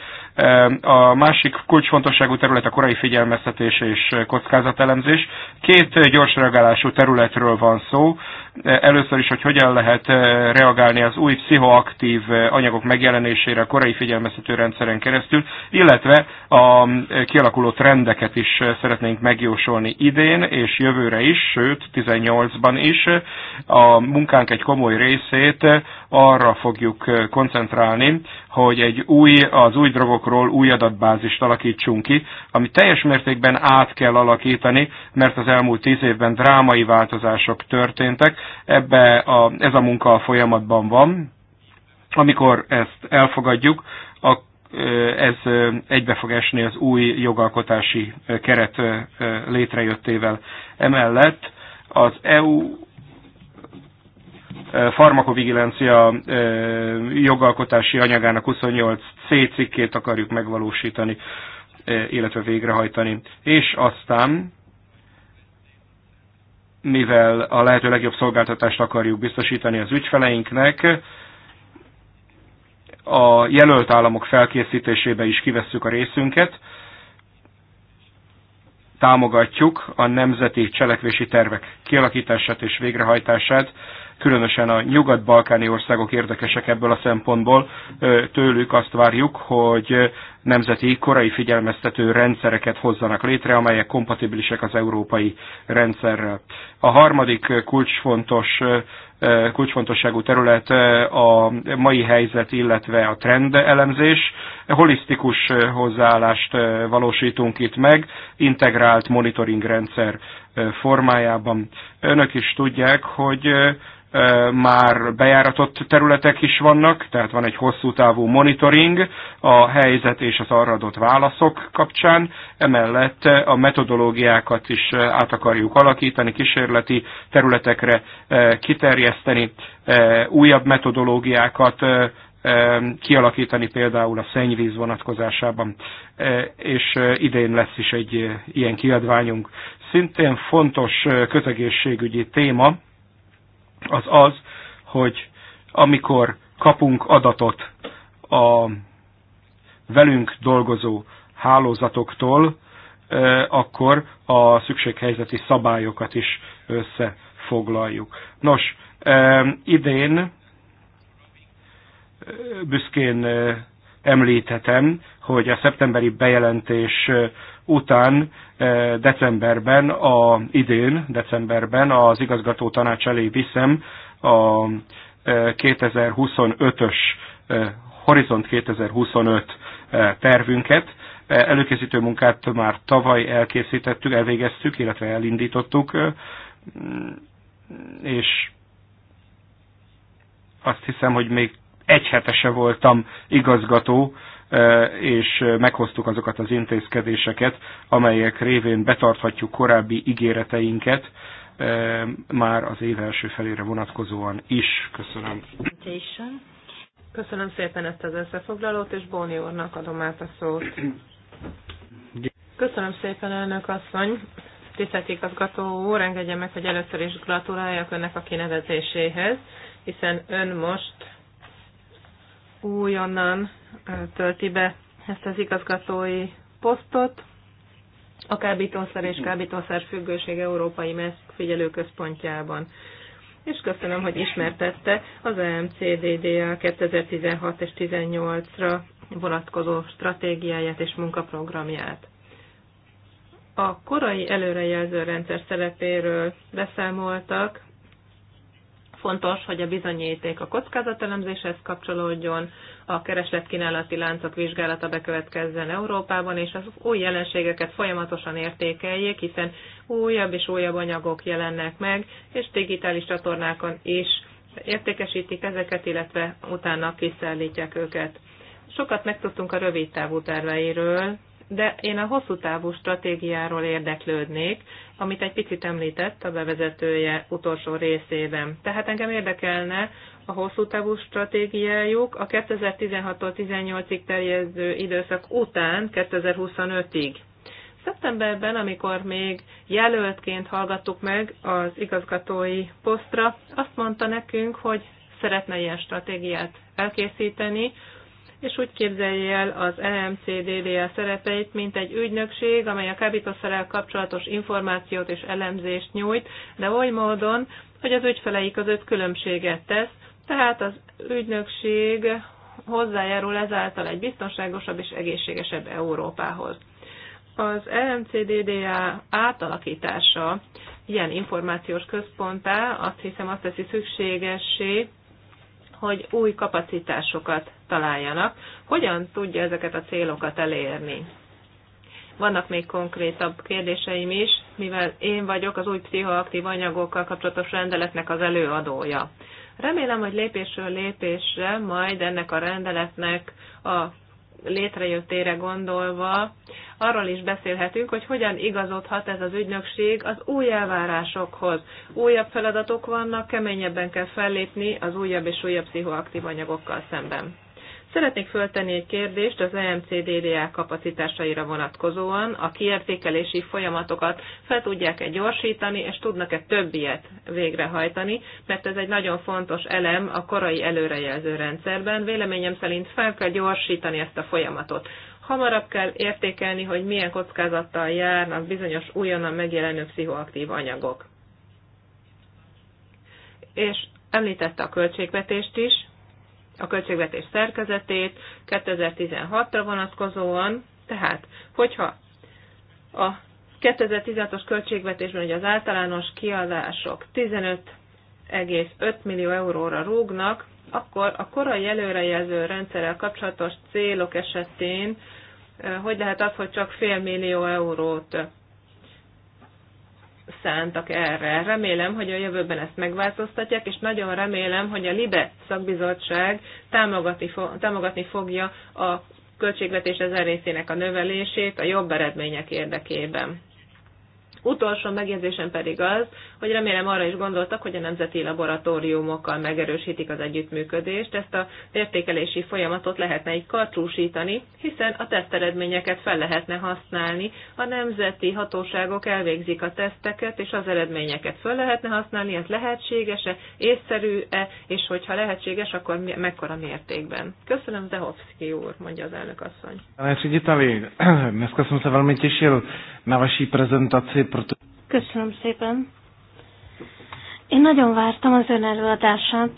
A másik kulcsfontosságú terület a korai figyelmeztetés és kockázatelemzés. Két gyors reagálású területről van szó. Először is, hogy hogyan lehet eh, reagálni az új pszichoaktív eh, anyagok megjelenésére a korai figyelmeztető rendszeren keresztül, illetve a eh, kialakuló trendeket is szeretnénk megjósolni idén és jövőre is, sőt 18-ban is. A munkánk egy komoly részét arra fogjuk koncentrálni, hogy egy új, az új drogokról új adatbázist alakítsunk ki, ami teljes mértékben át kell alakítani, mert az elmúlt tíz évben drámai változások történtek, Ebbe a, ez a munka a folyamatban van. Amikor ezt elfogadjuk, a, ez egybe fog esni az új jogalkotási keret létrejöttével. Emellett az EU farmakovigilencia jogalkotási anyagának 28C cikkét akarjuk megvalósítani, illetve végrehajtani. És aztán mivel a lehető legjobb szolgáltatást akarjuk biztosítani az ügyfeleinknek, a jelölt államok felkészítésébe is kivesszük a részünket, támogatjuk a nemzeti cselekvési tervek kialakítását és végrehajtását, különösen a nyugat-balkáni országok érdekesek ebből a szempontból. Tőlük azt várjuk, hogy nemzeti korai figyelmeztető rendszereket hozzanak létre, amelyek kompatibilisek az európai rendszerrel. A harmadik kulcsfontos kulcsfontosságú terület a mai helyzet, illetve a trend elemzés. Holisztikus hozzáállást valósítunk itt meg, integrált monitoring rendszer formájában. Önök is tudják, hogy már bejáratott területek is vannak, tehát van egy hosszú távú monitoring a helyzet és az arra adott válaszok kapcsán, emellett a metodológiákat is át akarjuk alakítani, kísérleti területekre kiterjeszteni, újabb metodológiákat kialakítani például a szennyvíz vonatkozásában, és idén lesz is egy ilyen kiadványunk. Szintén fontos közegészségügyi téma, az az, hogy amikor kapunk adatot a velünk dolgozó hálózatoktól, akkor a szükséghelyzeti szabályokat is összefoglaljuk. Nos, idén büszkén említhetem, hogy a szeptemberi bejelentés után eh, decemberben, a, idén decemberben az igazgató tanács elé viszem a 2025-ös eh, eh, Horizont 2025 tervünket. Előkészítő munkát már tavaly elkészítettük, elvégeztük, illetve elindítottuk, és azt hiszem, hogy még egy hetese voltam igazgató, E, és meghoztuk azokat az intézkedéseket, amelyek révén betarthatjuk korábbi ígéreteinket, e, már az év első felére vonatkozóan is. Köszönöm. Köszönöm szépen ezt az összefoglalót, és Bóni úrnak adom át a szót. Köszönöm szépen, elnök asszony. Tisztelt igazgató úr, engedje meg, hogy először is gratuláljak önnek a kinevezéséhez, hiszen ön most újonnan tölti be ezt az igazgatói posztot. A kábítószer és kábítószer függőség Európai Megfigyelő Központjában és köszönöm, hogy ismertette az EMCDDA 2016 és 18 ra vonatkozó stratégiáját és munkaprogramját. A korai előrejelző rendszer szerepéről beszámoltak, fontos, hogy a bizonyíték a kockázatelemzéshez kapcsolódjon, a keresletkínálati láncok vizsgálata bekövetkezzen Európában, és az új jelenségeket folyamatosan értékeljék, hiszen újabb és újabb anyagok jelennek meg, és digitális csatornákon is értékesítik ezeket, illetve utána kiszállítják őket. Sokat megtudtunk a rövid távú terveiről, de én a hosszú távú stratégiáról érdeklődnék, amit egy picit említett a bevezetője utolsó részében. Tehát engem érdekelne a hosszú távú stratégiájuk a 2016-tól 18-ig terjedő időszak után 2025-ig. Szeptemberben, amikor még jelöltként hallgattuk meg az igazgatói posztra, azt mondta nekünk, hogy szeretne ilyen stratégiát elkészíteni, és úgy képzelje el az EMCDDA szerepeit, mint egy ügynökség, amely a kábítószerrel kapcsolatos információt és elemzést nyújt, de oly módon, hogy az ügyfelei között különbséget tesz, tehát az ügynökség hozzájárul ezáltal egy biztonságosabb és egészségesebb Európához. Az EMCDDA átalakítása ilyen információs központtá azt hiszem azt teszi szükségessé, hogy új kapacitásokat találjanak. Hogyan tudja ezeket a célokat elérni? Vannak még konkrétabb kérdéseim is, mivel én vagyok az új pszichoaktív anyagokkal kapcsolatos rendeletnek az előadója. Remélem, hogy lépésről lépésre majd ennek a rendeletnek a létrejöttére gondolva, arról is beszélhetünk, hogy hogyan igazodhat ez az ügynökség az új elvárásokhoz. Újabb feladatok vannak, keményebben kell fellépni az újabb és újabb pszichoaktív anyagokkal szemben. Szeretnék föltenni egy kérdést az EMCDDA kapacitásaira vonatkozóan. A kiértékelési folyamatokat fel tudják-e gyorsítani, és tudnak-e több ilyet végrehajtani, mert ez egy nagyon fontos elem a korai előrejelző rendszerben. Véleményem szerint fel kell gyorsítani ezt a folyamatot. Hamarabb kell értékelni, hogy milyen kockázattal járnak bizonyos újonnan megjelenő pszichoaktív anyagok. És említette a költségvetést is, a költségvetés szerkezetét 2016-ra vonatkozóan, tehát hogyha a 2016-os költségvetésben ugye az általános kiadások 15,5 millió euróra rúgnak, akkor a korai előrejelző rendszerrel kapcsolatos célok esetén eh, hogy lehet az, hogy csak fél millió eurót szántak erre. Remélem, hogy a jövőben ezt megváltoztatják, és nagyon remélem, hogy a LIBE szakbizottság támogatni, fo- támogatni fogja a költségvetés ezer részének a növelését a jobb eredmények érdekében utolsó megjegyzésem pedig az, hogy remélem arra is gondoltak, hogy a nemzeti laboratóriumokkal megerősítik az együttműködést. Ezt a értékelési folyamatot lehetne így kartrúsítani, hiszen a teszteredményeket fel lehetne használni. A nemzeti hatóságok elvégzik a teszteket, és az eredményeket fel lehetne használni, ez lehetséges-e, észszerű-e, és hogyha lehetséges, akkor mekkora mértékben. Köszönöm, Zehovszki úr, mondja az elnök asszony. Köszönöm szépen, mert köszönöm szépen, na vaší prezentaci, Proto... Köszönöm szépen. Én nagyon vártam az ön előadását,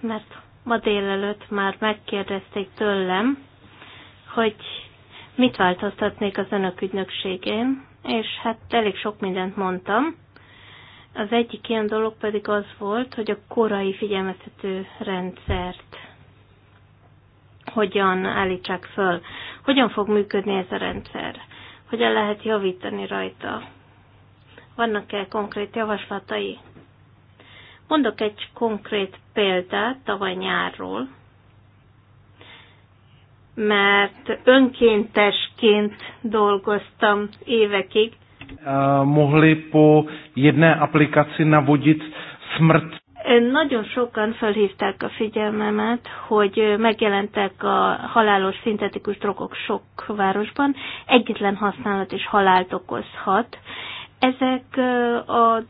mert ma délelőtt már megkérdezték tőlem, hogy mit változtatnék az önök ügynökségén, és hát elég sok mindent mondtam. Az egyik ilyen dolog pedig az volt, hogy a korai figyelmeztető rendszert hogyan állítsák föl. Hogyan fog működni ez a rendszer? Hogyan lehet javítani rajta? Vannak-e konkrét javaslatai? Mondok egy konkrét példát tavaly nyárról, mert önkéntesként dolgoztam évekig. Eh, mohli po jedné aplikaci navodit smrt. Nagyon sokan felhívták a figyelmemet, hogy megjelentek a halálos szintetikus drogok sok városban, egyetlen használat is halált okozhat. Ezek a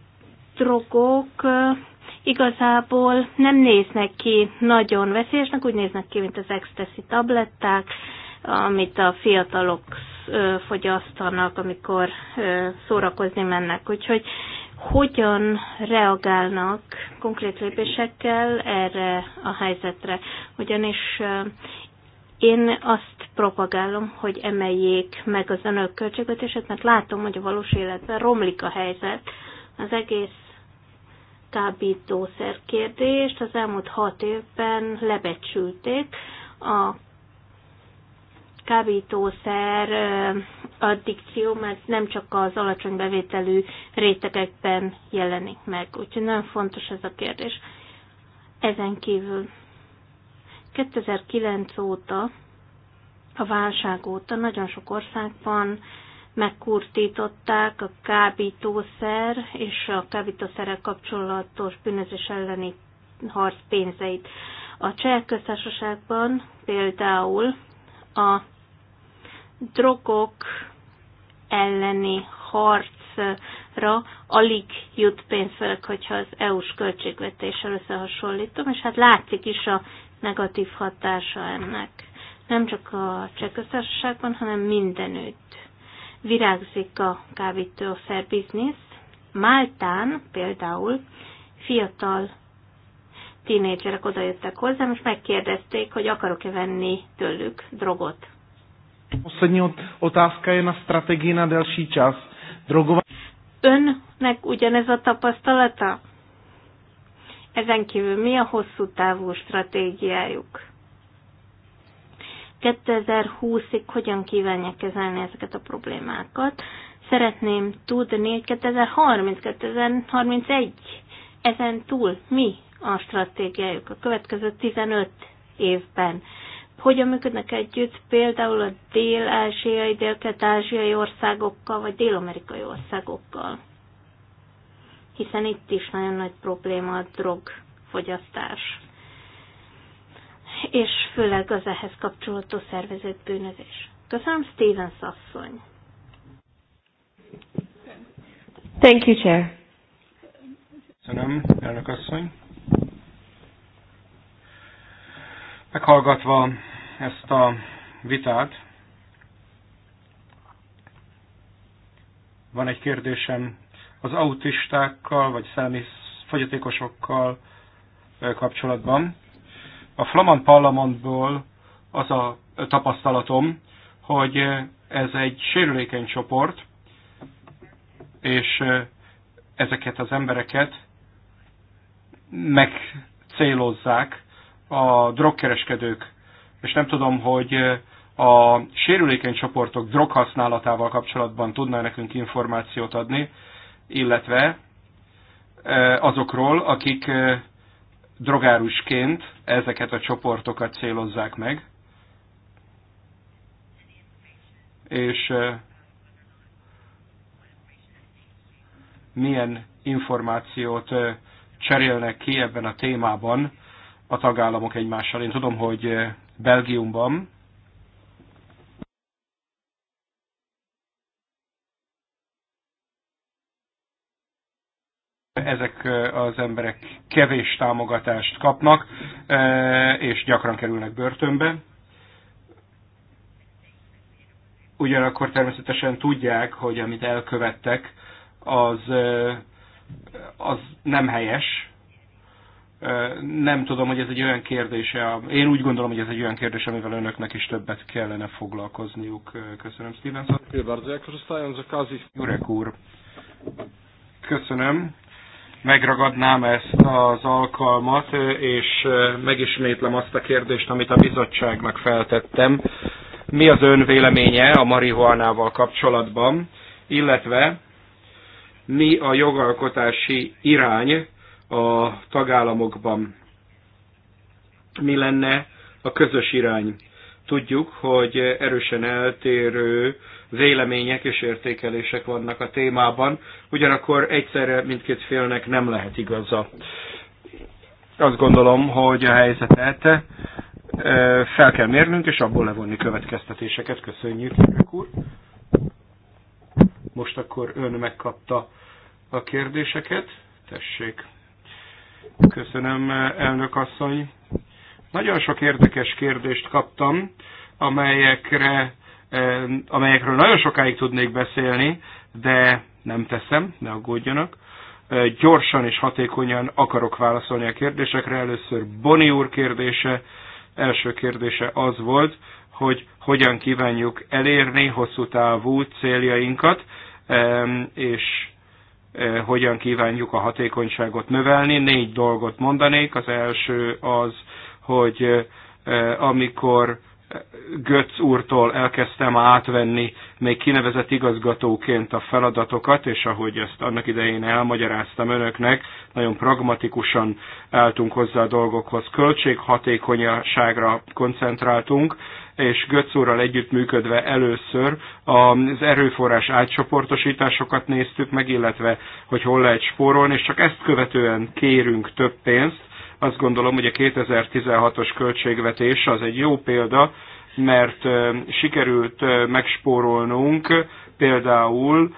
drogok igazából nem néznek ki nagyon veszélyesnek, úgy néznek ki, mint az ecstasy tabletták, amit a fiatalok fogyasztanak, amikor szórakozni mennek. Úgyhogy hogyan reagálnak konkrét lépésekkel erre a helyzetre. Ugyanis én azt propagálom, hogy emeljék meg az önök költségvetését, mert látom, hogy a valós életben romlik a helyzet. Az egész kábítószer kérdést az elmúlt hat évben lebecsülték, a kábítószer addikció, mert nem csak az alacsony bevételű rétegekben jelenik meg. Úgyhogy nagyon fontos ez a kérdés. Ezen kívül 2009 óta, a válság óta nagyon sok országban megkurtították a kábítószer és a kábítószerrel kapcsolatos bűnözés elleni harc pénzeit. A cseh köztársaságban például a drogok elleni harcra alig jut pénz, főleg, hogyha az EU-s költségvetéssel összehasonlítom, és hát látszik is a negatív hatása ennek. Nem csak a csehköztársaságban, hanem mindenütt. Virágzik a kábítószer biznisz. Máltán például fiatal tínédzserek odajöttek hozzám, és megkérdezték, hogy akarok-e venni tőlük drogot poslední otázka je na strategii na delší čas. Drogová... Önnek ugyanez a tapasztalata? Ezen kívül mi a hosszú távú stratégiájuk? 2020-ig hogyan kívánják kezelni ezeket a problémákat? Szeretném tudni 2030-2031 ezen túl mi a stratégiájuk a következő 15 évben hogyan működnek együtt például a dél-ázsiai, ázsiai országokkal, vagy dél-amerikai országokkal. Hiszen itt is nagyon nagy probléma a drogfogyasztás, és főleg az ehhez kapcsolódó szervezett bűnözés. Köszönöm, Steven Sasszony. Thank you, Chair. Köszönöm, elnök asszony. Meghallgatva ezt a vitát, van egy kérdésem az autistákkal, vagy szellemi fogyatékosokkal kapcsolatban. A flamand parlamentból az a tapasztalatom, hogy ez egy sérülékeny csoport, és ezeket az embereket megcélozzák a drogkereskedők, és nem tudom, hogy a sérülékeny csoportok droghasználatával kapcsolatban tudná nekünk információt adni, illetve azokról, akik drogárusként ezeket a csoportokat célozzák meg, és milyen információt cserélnek ki ebben a témában a tagállamok egymással. Én tudom, hogy eh, Belgiumban ezek eh, az emberek kevés támogatást kapnak, eh, és gyakran kerülnek börtönbe. Ugyanakkor természetesen tudják, hogy amit elkövettek, az, az nem helyes, nem tudom, hogy ez egy olyan kérdése, én úgy gondolom, hogy ez egy olyan kérdés, amivel önöknek is többet kellene foglalkozniuk. Köszönöm, Steven. Jurek úr, köszönöm. Megragadnám ezt az alkalmat, és megismétlem azt a kérdést, amit a bizottságnak feltettem. Mi az ön véleménye a marihuanával kapcsolatban, illetve mi a jogalkotási irány, a tagállamokban. Mi lenne a közös irány? Tudjuk, hogy erősen eltérő vélemények és értékelések vannak a témában, ugyanakkor egyszerre mindkét félnek nem lehet igaza. Azt gondolom, hogy a helyzetet fel kell mérnünk, és abból levonni következtetéseket. Köszönjük, Jürek úr. Most akkor ön megkapta a kérdéseket. Tessék. Köszönöm, elnök asszony. Nagyon sok érdekes kérdést kaptam, amelyekre, eh, amelyekről nagyon sokáig tudnék beszélni, de nem teszem, ne aggódjanak. Eh, gyorsan és hatékonyan akarok válaszolni a kérdésekre. Először Boni úr kérdése, első kérdése az volt, hogy hogyan kívánjuk elérni hosszú távú céljainkat, eh, és Eh, hogyan kívánjuk a hatékonyságot növelni. Négy dolgot mondanék. Az első az, hogy eh, amikor Götz úrtól elkezdtem átvenni még kinevezett igazgatóként a feladatokat, és ahogy ezt annak idején elmagyaráztam önöknek, nagyon pragmatikusan álltunk hozzá a dolgokhoz, költséghatékonyságra koncentráltunk, és Götz úrral együttműködve először az erőforrás átcsoportosításokat néztük meg, illetve hogy hol lehet spórolni, és csak ezt követően kérünk több pénzt. Azt gondolom, hogy a 2016-os költségvetés az egy jó példa, mert sikerült megspórolnunk például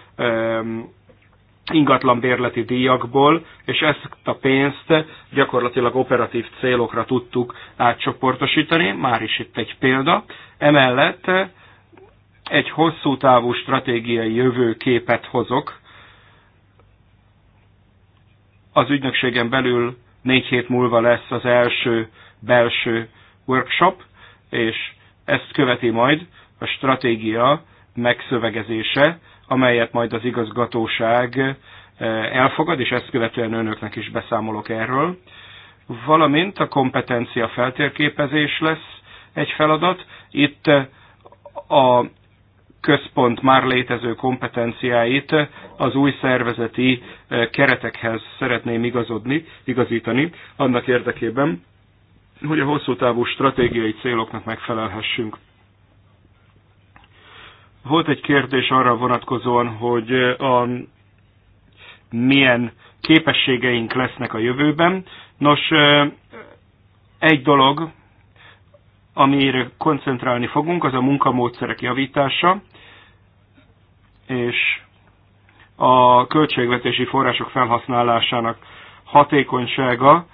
ingatlan bérleti díjakból, és ezt a pénzt gyakorlatilag operatív célokra tudtuk átcsoportosítani, már is itt egy példa. Emellett egy hosszú távú stratégiai jövőképet hozok. Az ügynökségen belül négy hét múlva lesz az első belső workshop, és ezt követi majd a stratégia megszövegezése, amelyet majd az igazgatóság eh, elfogad, és ezt követően önöknek is beszámolok erről, valamint a kompetencia feltérképezés lesz egy feladat. Itt eh, a központ már létező kompetenciáit az új szervezeti eh, keretekhez szeretném igazodni, igazítani, annak érdekében, hogy a hosszú távú stratégiai céloknak megfelelhessünk. Volt egy kérdés arra vonatkozóan, hogy a, milyen képességeink lesznek a jövőben. Nos, egy dolog, amire koncentrálni fogunk, az a munkamódszerek javítása, és a költségvetési források felhasználásának hatékonysága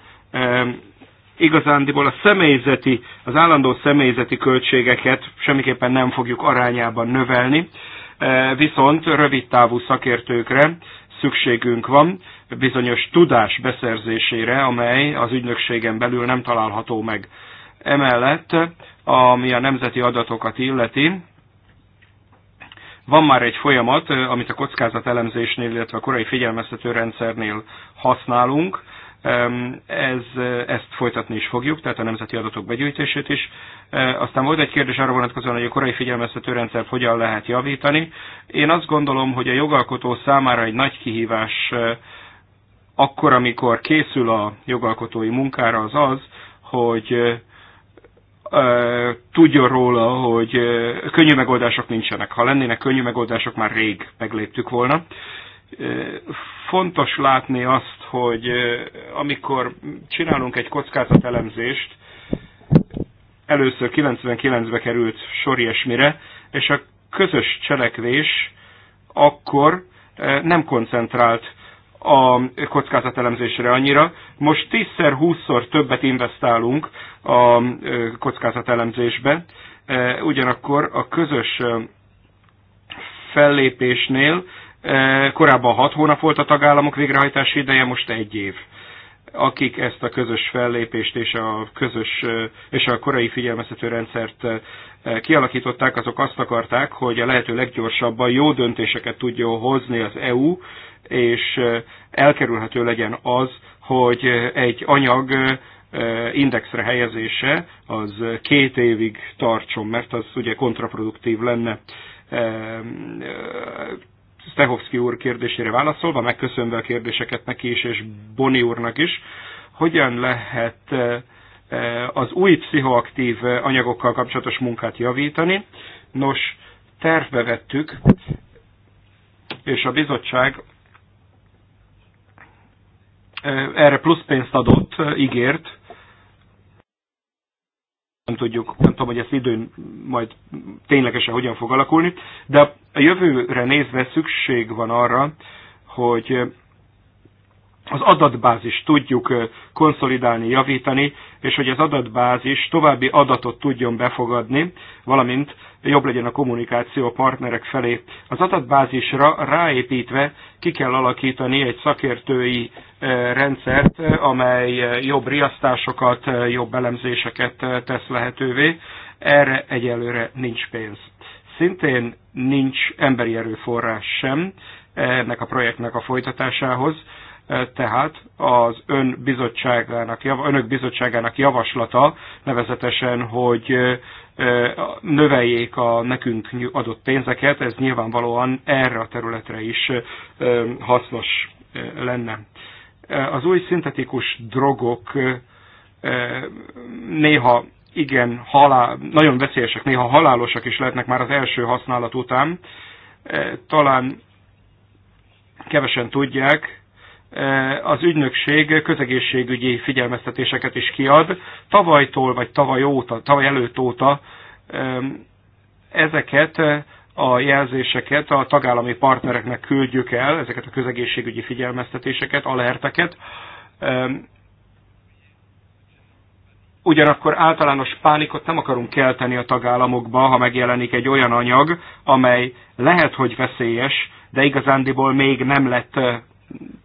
igazándiból a személyzeti, az állandó személyzeti költségeket semmiképpen nem fogjuk arányában növelni, e, viszont rövid távú szakértőkre szükségünk van bizonyos tudás beszerzésére, amely az ügynökségen belül nem található meg. Emellett, ami a nemzeti adatokat illeti, van már egy folyamat, amit a kockázatelemzésnél, illetve a korai figyelmeztető rendszernél használunk, ez, ezt folytatni is fogjuk, tehát a nemzeti adatok begyűjtését is. Aztán volt egy kérdés arra vonatkozóan, hogy a korai figyelmeztető rendszer, hogyan lehet javítani. Én azt gondolom, hogy a jogalkotó számára egy nagy kihívás akkor, amikor készül a jogalkotói munkára, az az, hogy tudja róla, hogy könnyű megoldások nincsenek. Ha lennének könnyű megoldások, már rég megléptük volna. Fontos látni azt, hogy amikor csinálunk egy kockázatelemzést, először 99-be került sor ilyesmire, és a közös cselekvés akkor nem koncentrált a kockázatelemzésre annyira. Most 10-szer, 20-szor többet investálunk a kockázatelemzésbe, ugyanakkor a közös fellépésnél Eh, korábban hat hónap volt a tagállamok végrehajtási ideje, most egy év. Akik ezt a közös fellépést és a, közös, eh, és a korai figyelmeztető rendszert eh, kialakították, azok azt akarták, hogy a lehető leggyorsabban jó döntéseket tudjon hozni az EU, és elkerülhető legyen az, hogy egy anyag indexre helyezése az két évig tartson, mert az ugye kontraproduktív lenne. Stehovski úr kérdésére válaszolva, megköszönve a kérdéseket neki is, és Boni úrnak is, hogyan lehet eh, eh, az új pszichoaktív anyagokkal kapcsolatos munkát javítani. Nos, tervbe vettük, és a bizottság eh, erre plusz pénzt adott, ígért, nem tudjuk, nem tudom, hogy ez időn majd ténylegesen hogyan fog alakulni, de a jövőre nézve szükség van arra, hogy az adatbázis tudjuk konszolidálni, javítani, és hogy az adatbázis további adatot tudjon befogadni, valamint jobb legyen a kommunikáció a partnerek felé. Az adatbázisra ráépítve ki kell alakítani egy szakértői rendszert, amely jobb riasztásokat, jobb elemzéseket tesz lehetővé. Erre egyelőre nincs pénz. Szintén nincs emberi erőforrás sem ennek a projektnek a folytatásához tehát az ön bizottságának, önök bizottságának javaslata nevezetesen, hogy növeljék a nekünk adott pénzeket, ez nyilvánvalóan erre a területre is hasznos lenne. Az új szintetikus drogok néha igen, halál, nagyon veszélyesek, néha halálosak is lehetnek már az első használat után. Talán kevesen tudják, Eh, az ügynökség közegészségügyi figyelmeztetéseket is kiad. Tavalytól, vagy tavaly óta, tavaly előtt óta ezeket eh, a jelzéseket a tagállami partnereknek küldjük el, ezeket a közegészségügyi figyelmeztetéseket, alerteket. Ugyanakkor általános pánikot nem akarunk kelteni a tagállamokba, ha megjelenik egy olyan anyag, amely lehet, hogy veszélyes, de igazándiból még nem lett eh,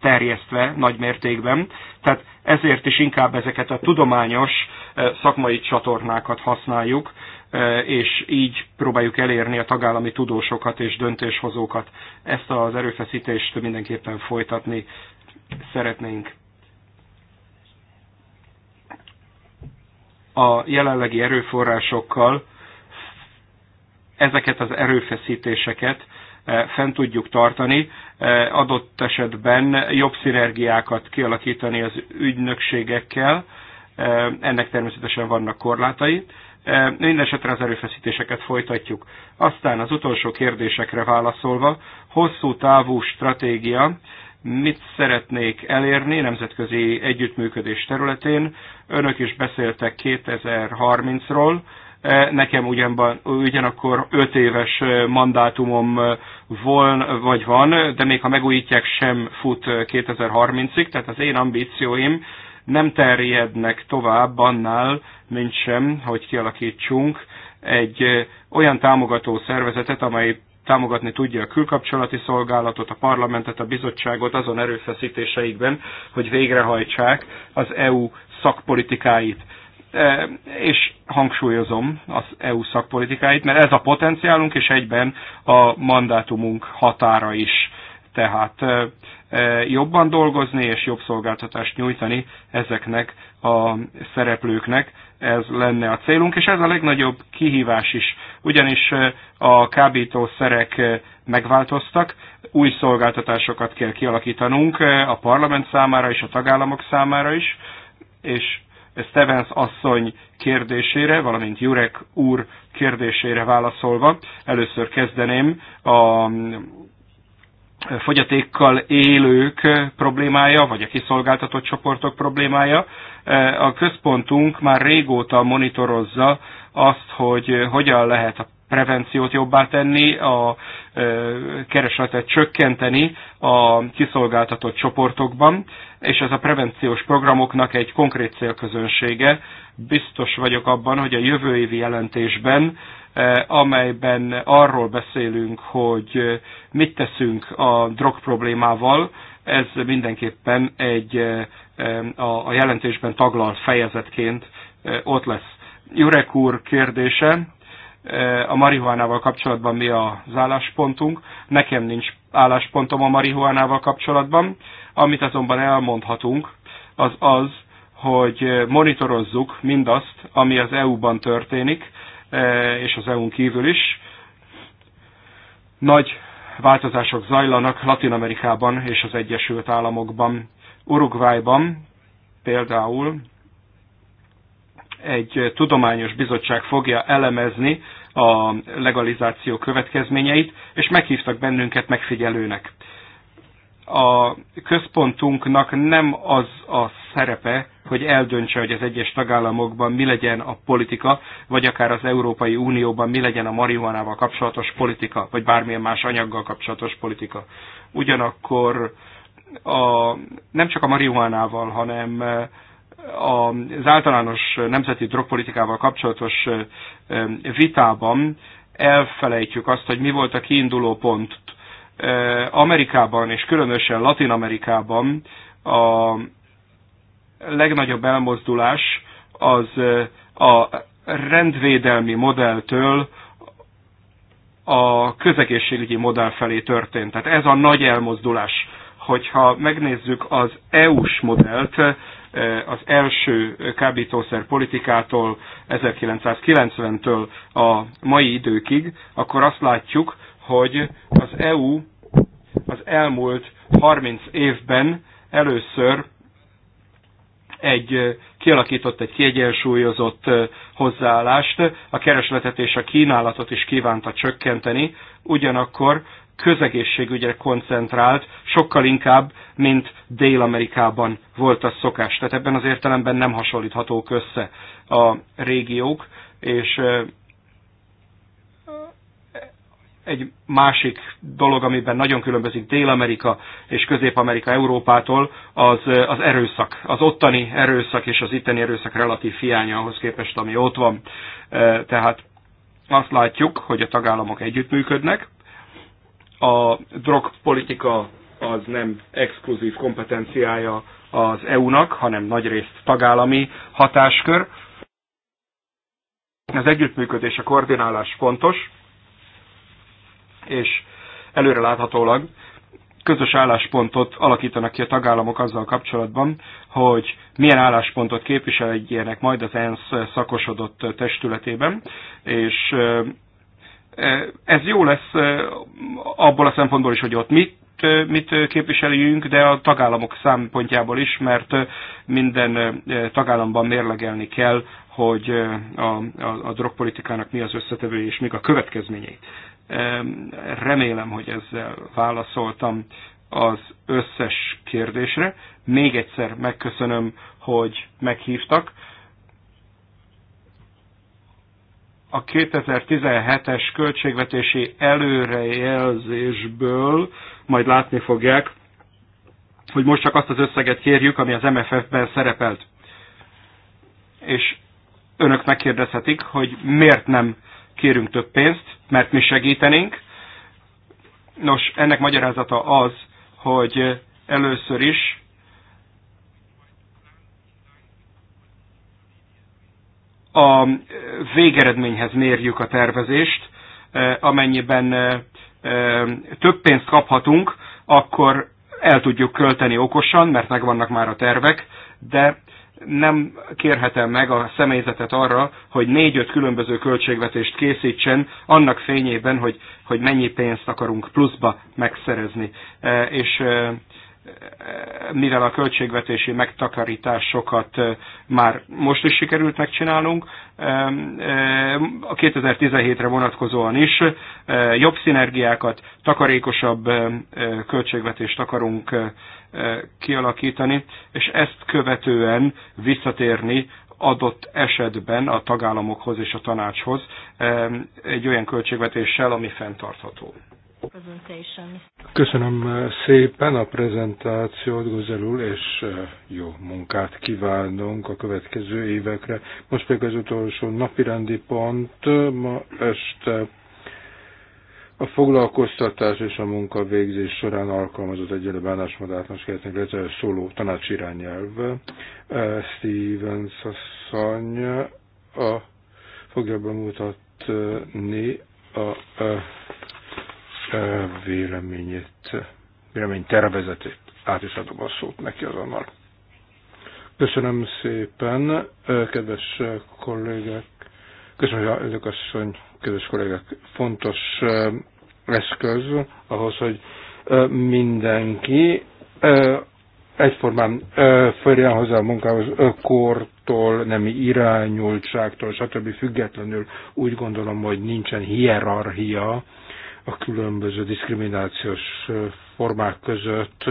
terjesztve nagy mértékben. Tehát ezért is inkább ezeket a tudományos eh, szakmai csatornákat használjuk, eh, és így próbáljuk elérni a tagállami tudósokat és döntéshozókat. Ezt az erőfeszítést mindenképpen folytatni szeretnénk. A jelenlegi erőforrásokkal ezeket az erőfeszítéseket E, fent tudjuk tartani, e, adott esetben jobb szinergiákat kialakítani az ügynökségekkel, e, ennek természetesen vannak korlátai. Mindenesetre az erőfeszítéseket folytatjuk. Aztán az utolsó kérdésekre válaszolva, hosszú távú stratégia, mit szeretnék elérni nemzetközi együttműködés területén. Önök is beszéltek 2030-ról, E, nekem ugyanban, ugyanakkor 5 éves e, mandátumom e, von, vagy van, de még ha megújítják, sem fut 2030-ig, tehát az én ambícióim nem terjednek tovább annál, mint sem, hogy kialakítsunk egy olyan támogató szervezetet, amely támogatni tudja a külkapcsolati szolgálatot, a parlamentet, a bizottságot azon erőfeszítéseikben, hogy végrehajtsák az EU szakpolitikáit és hangsúlyozom az EU szakpolitikáit, mert ez a potenciálunk, és egyben a mandátumunk határa is. Tehát jobban dolgozni és jobb szolgáltatást nyújtani ezeknek a szereplőknek, ez lenne a célunk, és ez a legnagyobb kihívás is, ugyanis a kábítószerek megváltoztak, új szolgáltatásokat kell kialakítanunk a parlament számára és a tagállamok számára is, és Stevens asszony kérdésére, valamint Jurek úr kérdésére válaszolva. Először kezdeném a fogyatékkal élők problémája, vagy a kiszolgáltatott csoportok problémája. A központunk már régóta monitorozza azt, hogy hogyan lehet a prevenciót jobbá tenni, a keresletet csökkenteni a kiszolgáltatott csoportokban, és ez a prevenciós programoknak egy konkrét célközönsége. Biztos vagyok abban, hogy a jövő évi jelentésben, amelyben arról beszélünk, hogy mit teszünk a drog problémával, ez mindenképpen egy a jelentésben taglalt fejezetként ott lesz. Jurek úr kérdése, a marihuánával kapcsolatban mi az álláspontunk. Nekem nincs álláspontom a marihuánával kapcsolatban. Amit azonban elmondhatunk, az az, hogy monitorozzuk mindazt, ami az EU-ban történik, e, és az EU-n kívül is. Nagy változások zajlanak Latin Amerikában és az Egyesült Államokban. Uruguayban például egy tudományos bizottság fogja elemezni a legalizáció következményeit, és meghívtak bennünket megfigyelőnek. A központunknak nem az a szerepe, hogy eldöntse, hogy az egyes tagállamokban mi legyen a politika, vagy akár az Európai Unióban mi legyen a marihuanával kapcsolatos politika, vagy bármilyen más anyaggal kapcsolatos politika. Ugyanakkor a, nem csak a marihuanával, hanem az általános nemzeti drogpolitikával kapcsolatos vitában elfelejtjük azt, hogy mi volt a kiinduló pont. Amerikában és különösen Latin Amerikában a legnagyobb elmozdulás az a rendvédelmi modelltől a közegészségügyi modell felé történt. Tehát ez a nagy elmozdulás. Hogyha megnézzük az EU-s modellt, az első kábítószer politikától 1990-től a mai időkig, akkor azt látjuk, hogy az EU az elmúlt 30 évben először egy kialakított egy kiegyensúlyozott hozzáállást, a keresletet és a kínálatot is kívánta csökkenteni, ugyanakkor közegészségügyre koncentrált, sokkal inkább, mint Dél-Amerikában volt a szokás. Tehát ebben az értelemben nem hasonlíthatók össze a régiók, és egy másik dolog, amiben nagyon különbözik Dél-Amerika és Közép-Amerika Európától, az, az erőszak, az ottani erőszak és az itteni erőszak relatív hiánya ahhoz képest, ami ott van. Tehát azt látjuk, hogy a tagállamok együttműködnek, a drogpolitika az nem exkluzív kompetenciája az EU-nak, hanem nagyrészt tagállami hatáskör. Az együttműködés, a koordinálás fontos, és előreláthatólag közös álláspontot alakítanak ki a tagállamok azzal kapcsolatban, hogy milyen álláspontot képviseljenek majd az ENSZ szakosodott testületében, és ez jó lesz abból a szempontból is, hogy ott mit mit képviseljünk, de a tagállamok szempontjából is, mert minden tagállamban mérlegelni kell, hogy a, a, a drogpolitikának mi az összetevője és mik a következményei. Remélem, hogy ezzel válaszoltam az összes kérdésre. Még egyszer megköszönöm, hogy meghívtak. a 2017-es költségvetési előrejelzésből majd látni fogják, hogy most csak azt az összeget kérjük, ami az MFF-ben szerepelt. És önök megkérdezhetik, hogy miért nem kérünk több pénzt, mert mi segítenénk. Nos, ennek magyarázata az, hogy először is a végeredményhez mérjük a tervezést, e, amennyiben e, e, több pénzt kaphatunk, akkor el tudjuk költeni okosan, mert megvannak már a tervek, de nem kérhetem meg a személyzetet arra, hogy négy-öt különböző költségvetést készítsen, annak fényében, hogy, hogy mennyi pénzt akarunk pluszba megszerezni. És mivel a költségvetési megtakarításokat eh, már most is sikerült megcsinálnunk, eh, eh, a 2017-re vonatkozóan is jobb szinergiákat, takarékosabb költségvetést akarunk kialakítani, és ezt követően visszatérni adott esetben a tagállamokhoz és a tanácshoz egy olyan költségvetéssel, ami fenntartható. Köszönöm szépen a prezentációt, Gozelul, és eh, jó munkát kívánunk a következő évekre. Most pedig az utolsó napirendi pont eh, ma este a foglalkoztatás és a munkavégzés során alkalmazott egyenlő bánásmódátlanos keretnek létre szóló tanácsirányelv. Eh, Stevens asszony a, fogja bemutatni a, a véleményét, tervezetét. Át is adom a szót neki azonnal. Köszönöm szépen, kedves kollégák. Köszönöm, hogy asszony, kedves kollégák, fontos eszköz ahhoz, hogy mindenki egyformán följön hozzá a munkához kortól, nemi irányultságtól, stb. függetlenül úgy gondolom, hogy nincsen hierarchia a különböző diszkriminációs formák között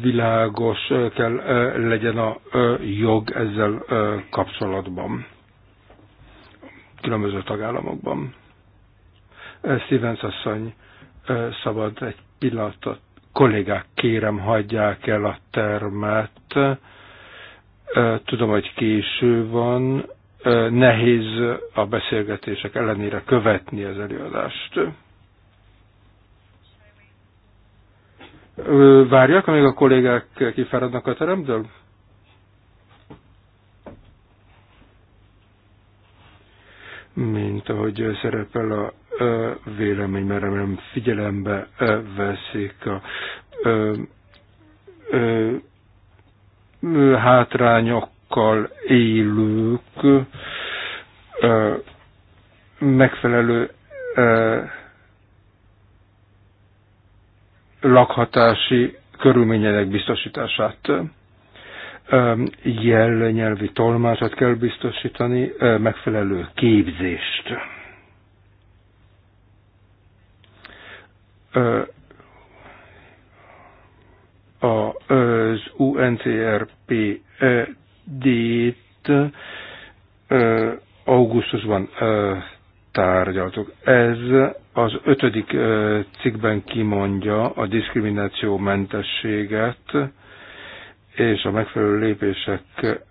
világos kell legyen a jog ezzel kapcsolatban különböző tagállamokban. Stevens asszony, szabad egy pillanatot. Kollégák, kérem, hagyják el a termet. Tudom, hogy késő van, nehéz a beszélgetések ellenére követni az előadást. Várják, amíg a kollégák kifáradnak a teremből? Mint ahogy szerepel a vélemény, mert nem figyelembe veszik a hátrányok fogyatékkal élők megfelelő lakhatási körülmények biztosítását jelnyelvi tolmácsot kell biztosítani, megfelelő képzést. Az UNCRP D-t augusztusban tárgyaltuk. Ez az ötödik cikkben kimondja a diszkrimináció mentességet és a megfelelő lépések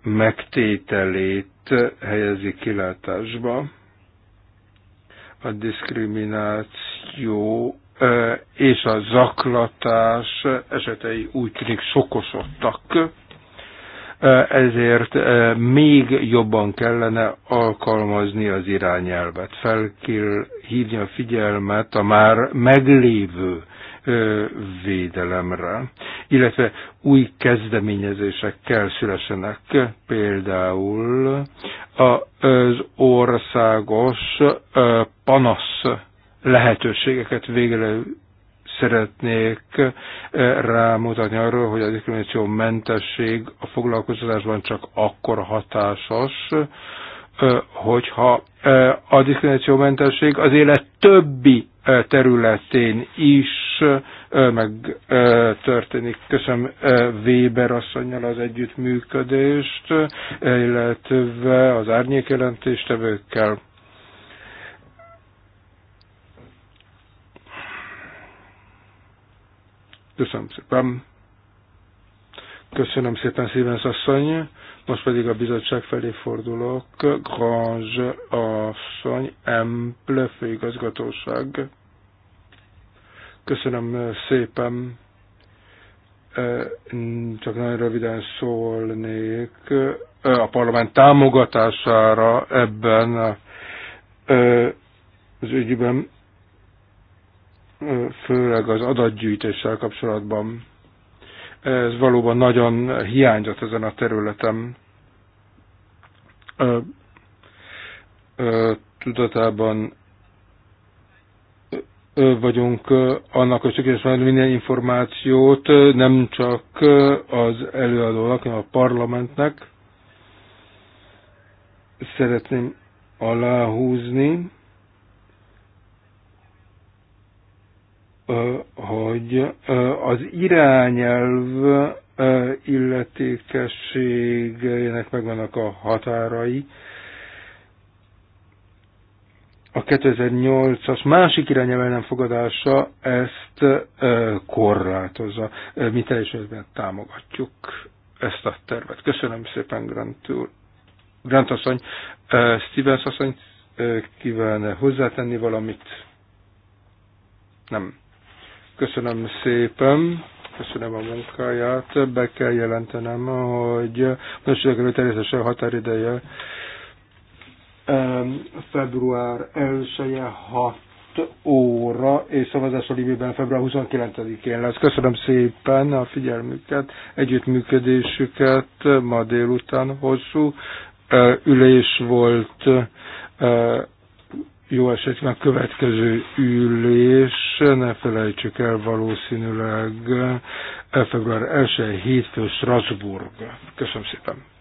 megtételét helyezi kilátásba. A diszkrimináció és a zaklatás esetei úgy tűnik sokosodtak ezért még jobban kellene alkalmazni az irányelvet. Fel kell hívni a figyelmet a már meglévő védelemre, illetve új kezdeményezések kell szülesenek, például az országos panasz lehetőségeket végre szeretnék rámutatni arról, hogy a diszkrimináció mentesség a foglalkoztatásban csak akkor hatásos, hogyha a mentesség az élet többi területén is meg történik. Köszönöm Weber asszonynal az együttműködést, illetve az árnyékjelentéstevőkkel. Köszönöm szépen. Köszönöm szépen, Szívensz asszony. Most pedig a bizottság felé fordulok. Grange asszony, Emple főigazgatóság. Köszönöm szépen. Csak nagyon röviden szólnék a parlament támogatására ebben az ügyben főleg az adatgyűjtéssel kapcsolatban. Ez valóban nagyon hiányzott ezen a területen. Tudatában vagyunk annak, hogy szükséges van minden információt, nem csak az előadónak, hanem a parlamentnek. Szeretném aláhúzni, hogy az irányelv illetékességének megvannak a határai. A 2008-as másik irányelv nem fogadása ezt korlátozza. Mi teljesen támogatjuk ezt a tervet. Köszönöm szépen, Grant úr. Grant asszony, Stevens asszony kívánne hozzátenni valamit? Nem. Köszönöm szépen, köszönöm a munkáját. Be kell jelentenem, hogy most természetesen határideje február 1-e 6 óra, és szavazás a Libében február 29-én lesz. Köszönöm szépen a figyelmüket, együttműködésüket ma délután hosszú eh, ülés volt eh, jó esetben a következő ülés, ne felejtsük el valószínűleg eh, február 1 hétfő Strasbourg. Köszönöm szépen!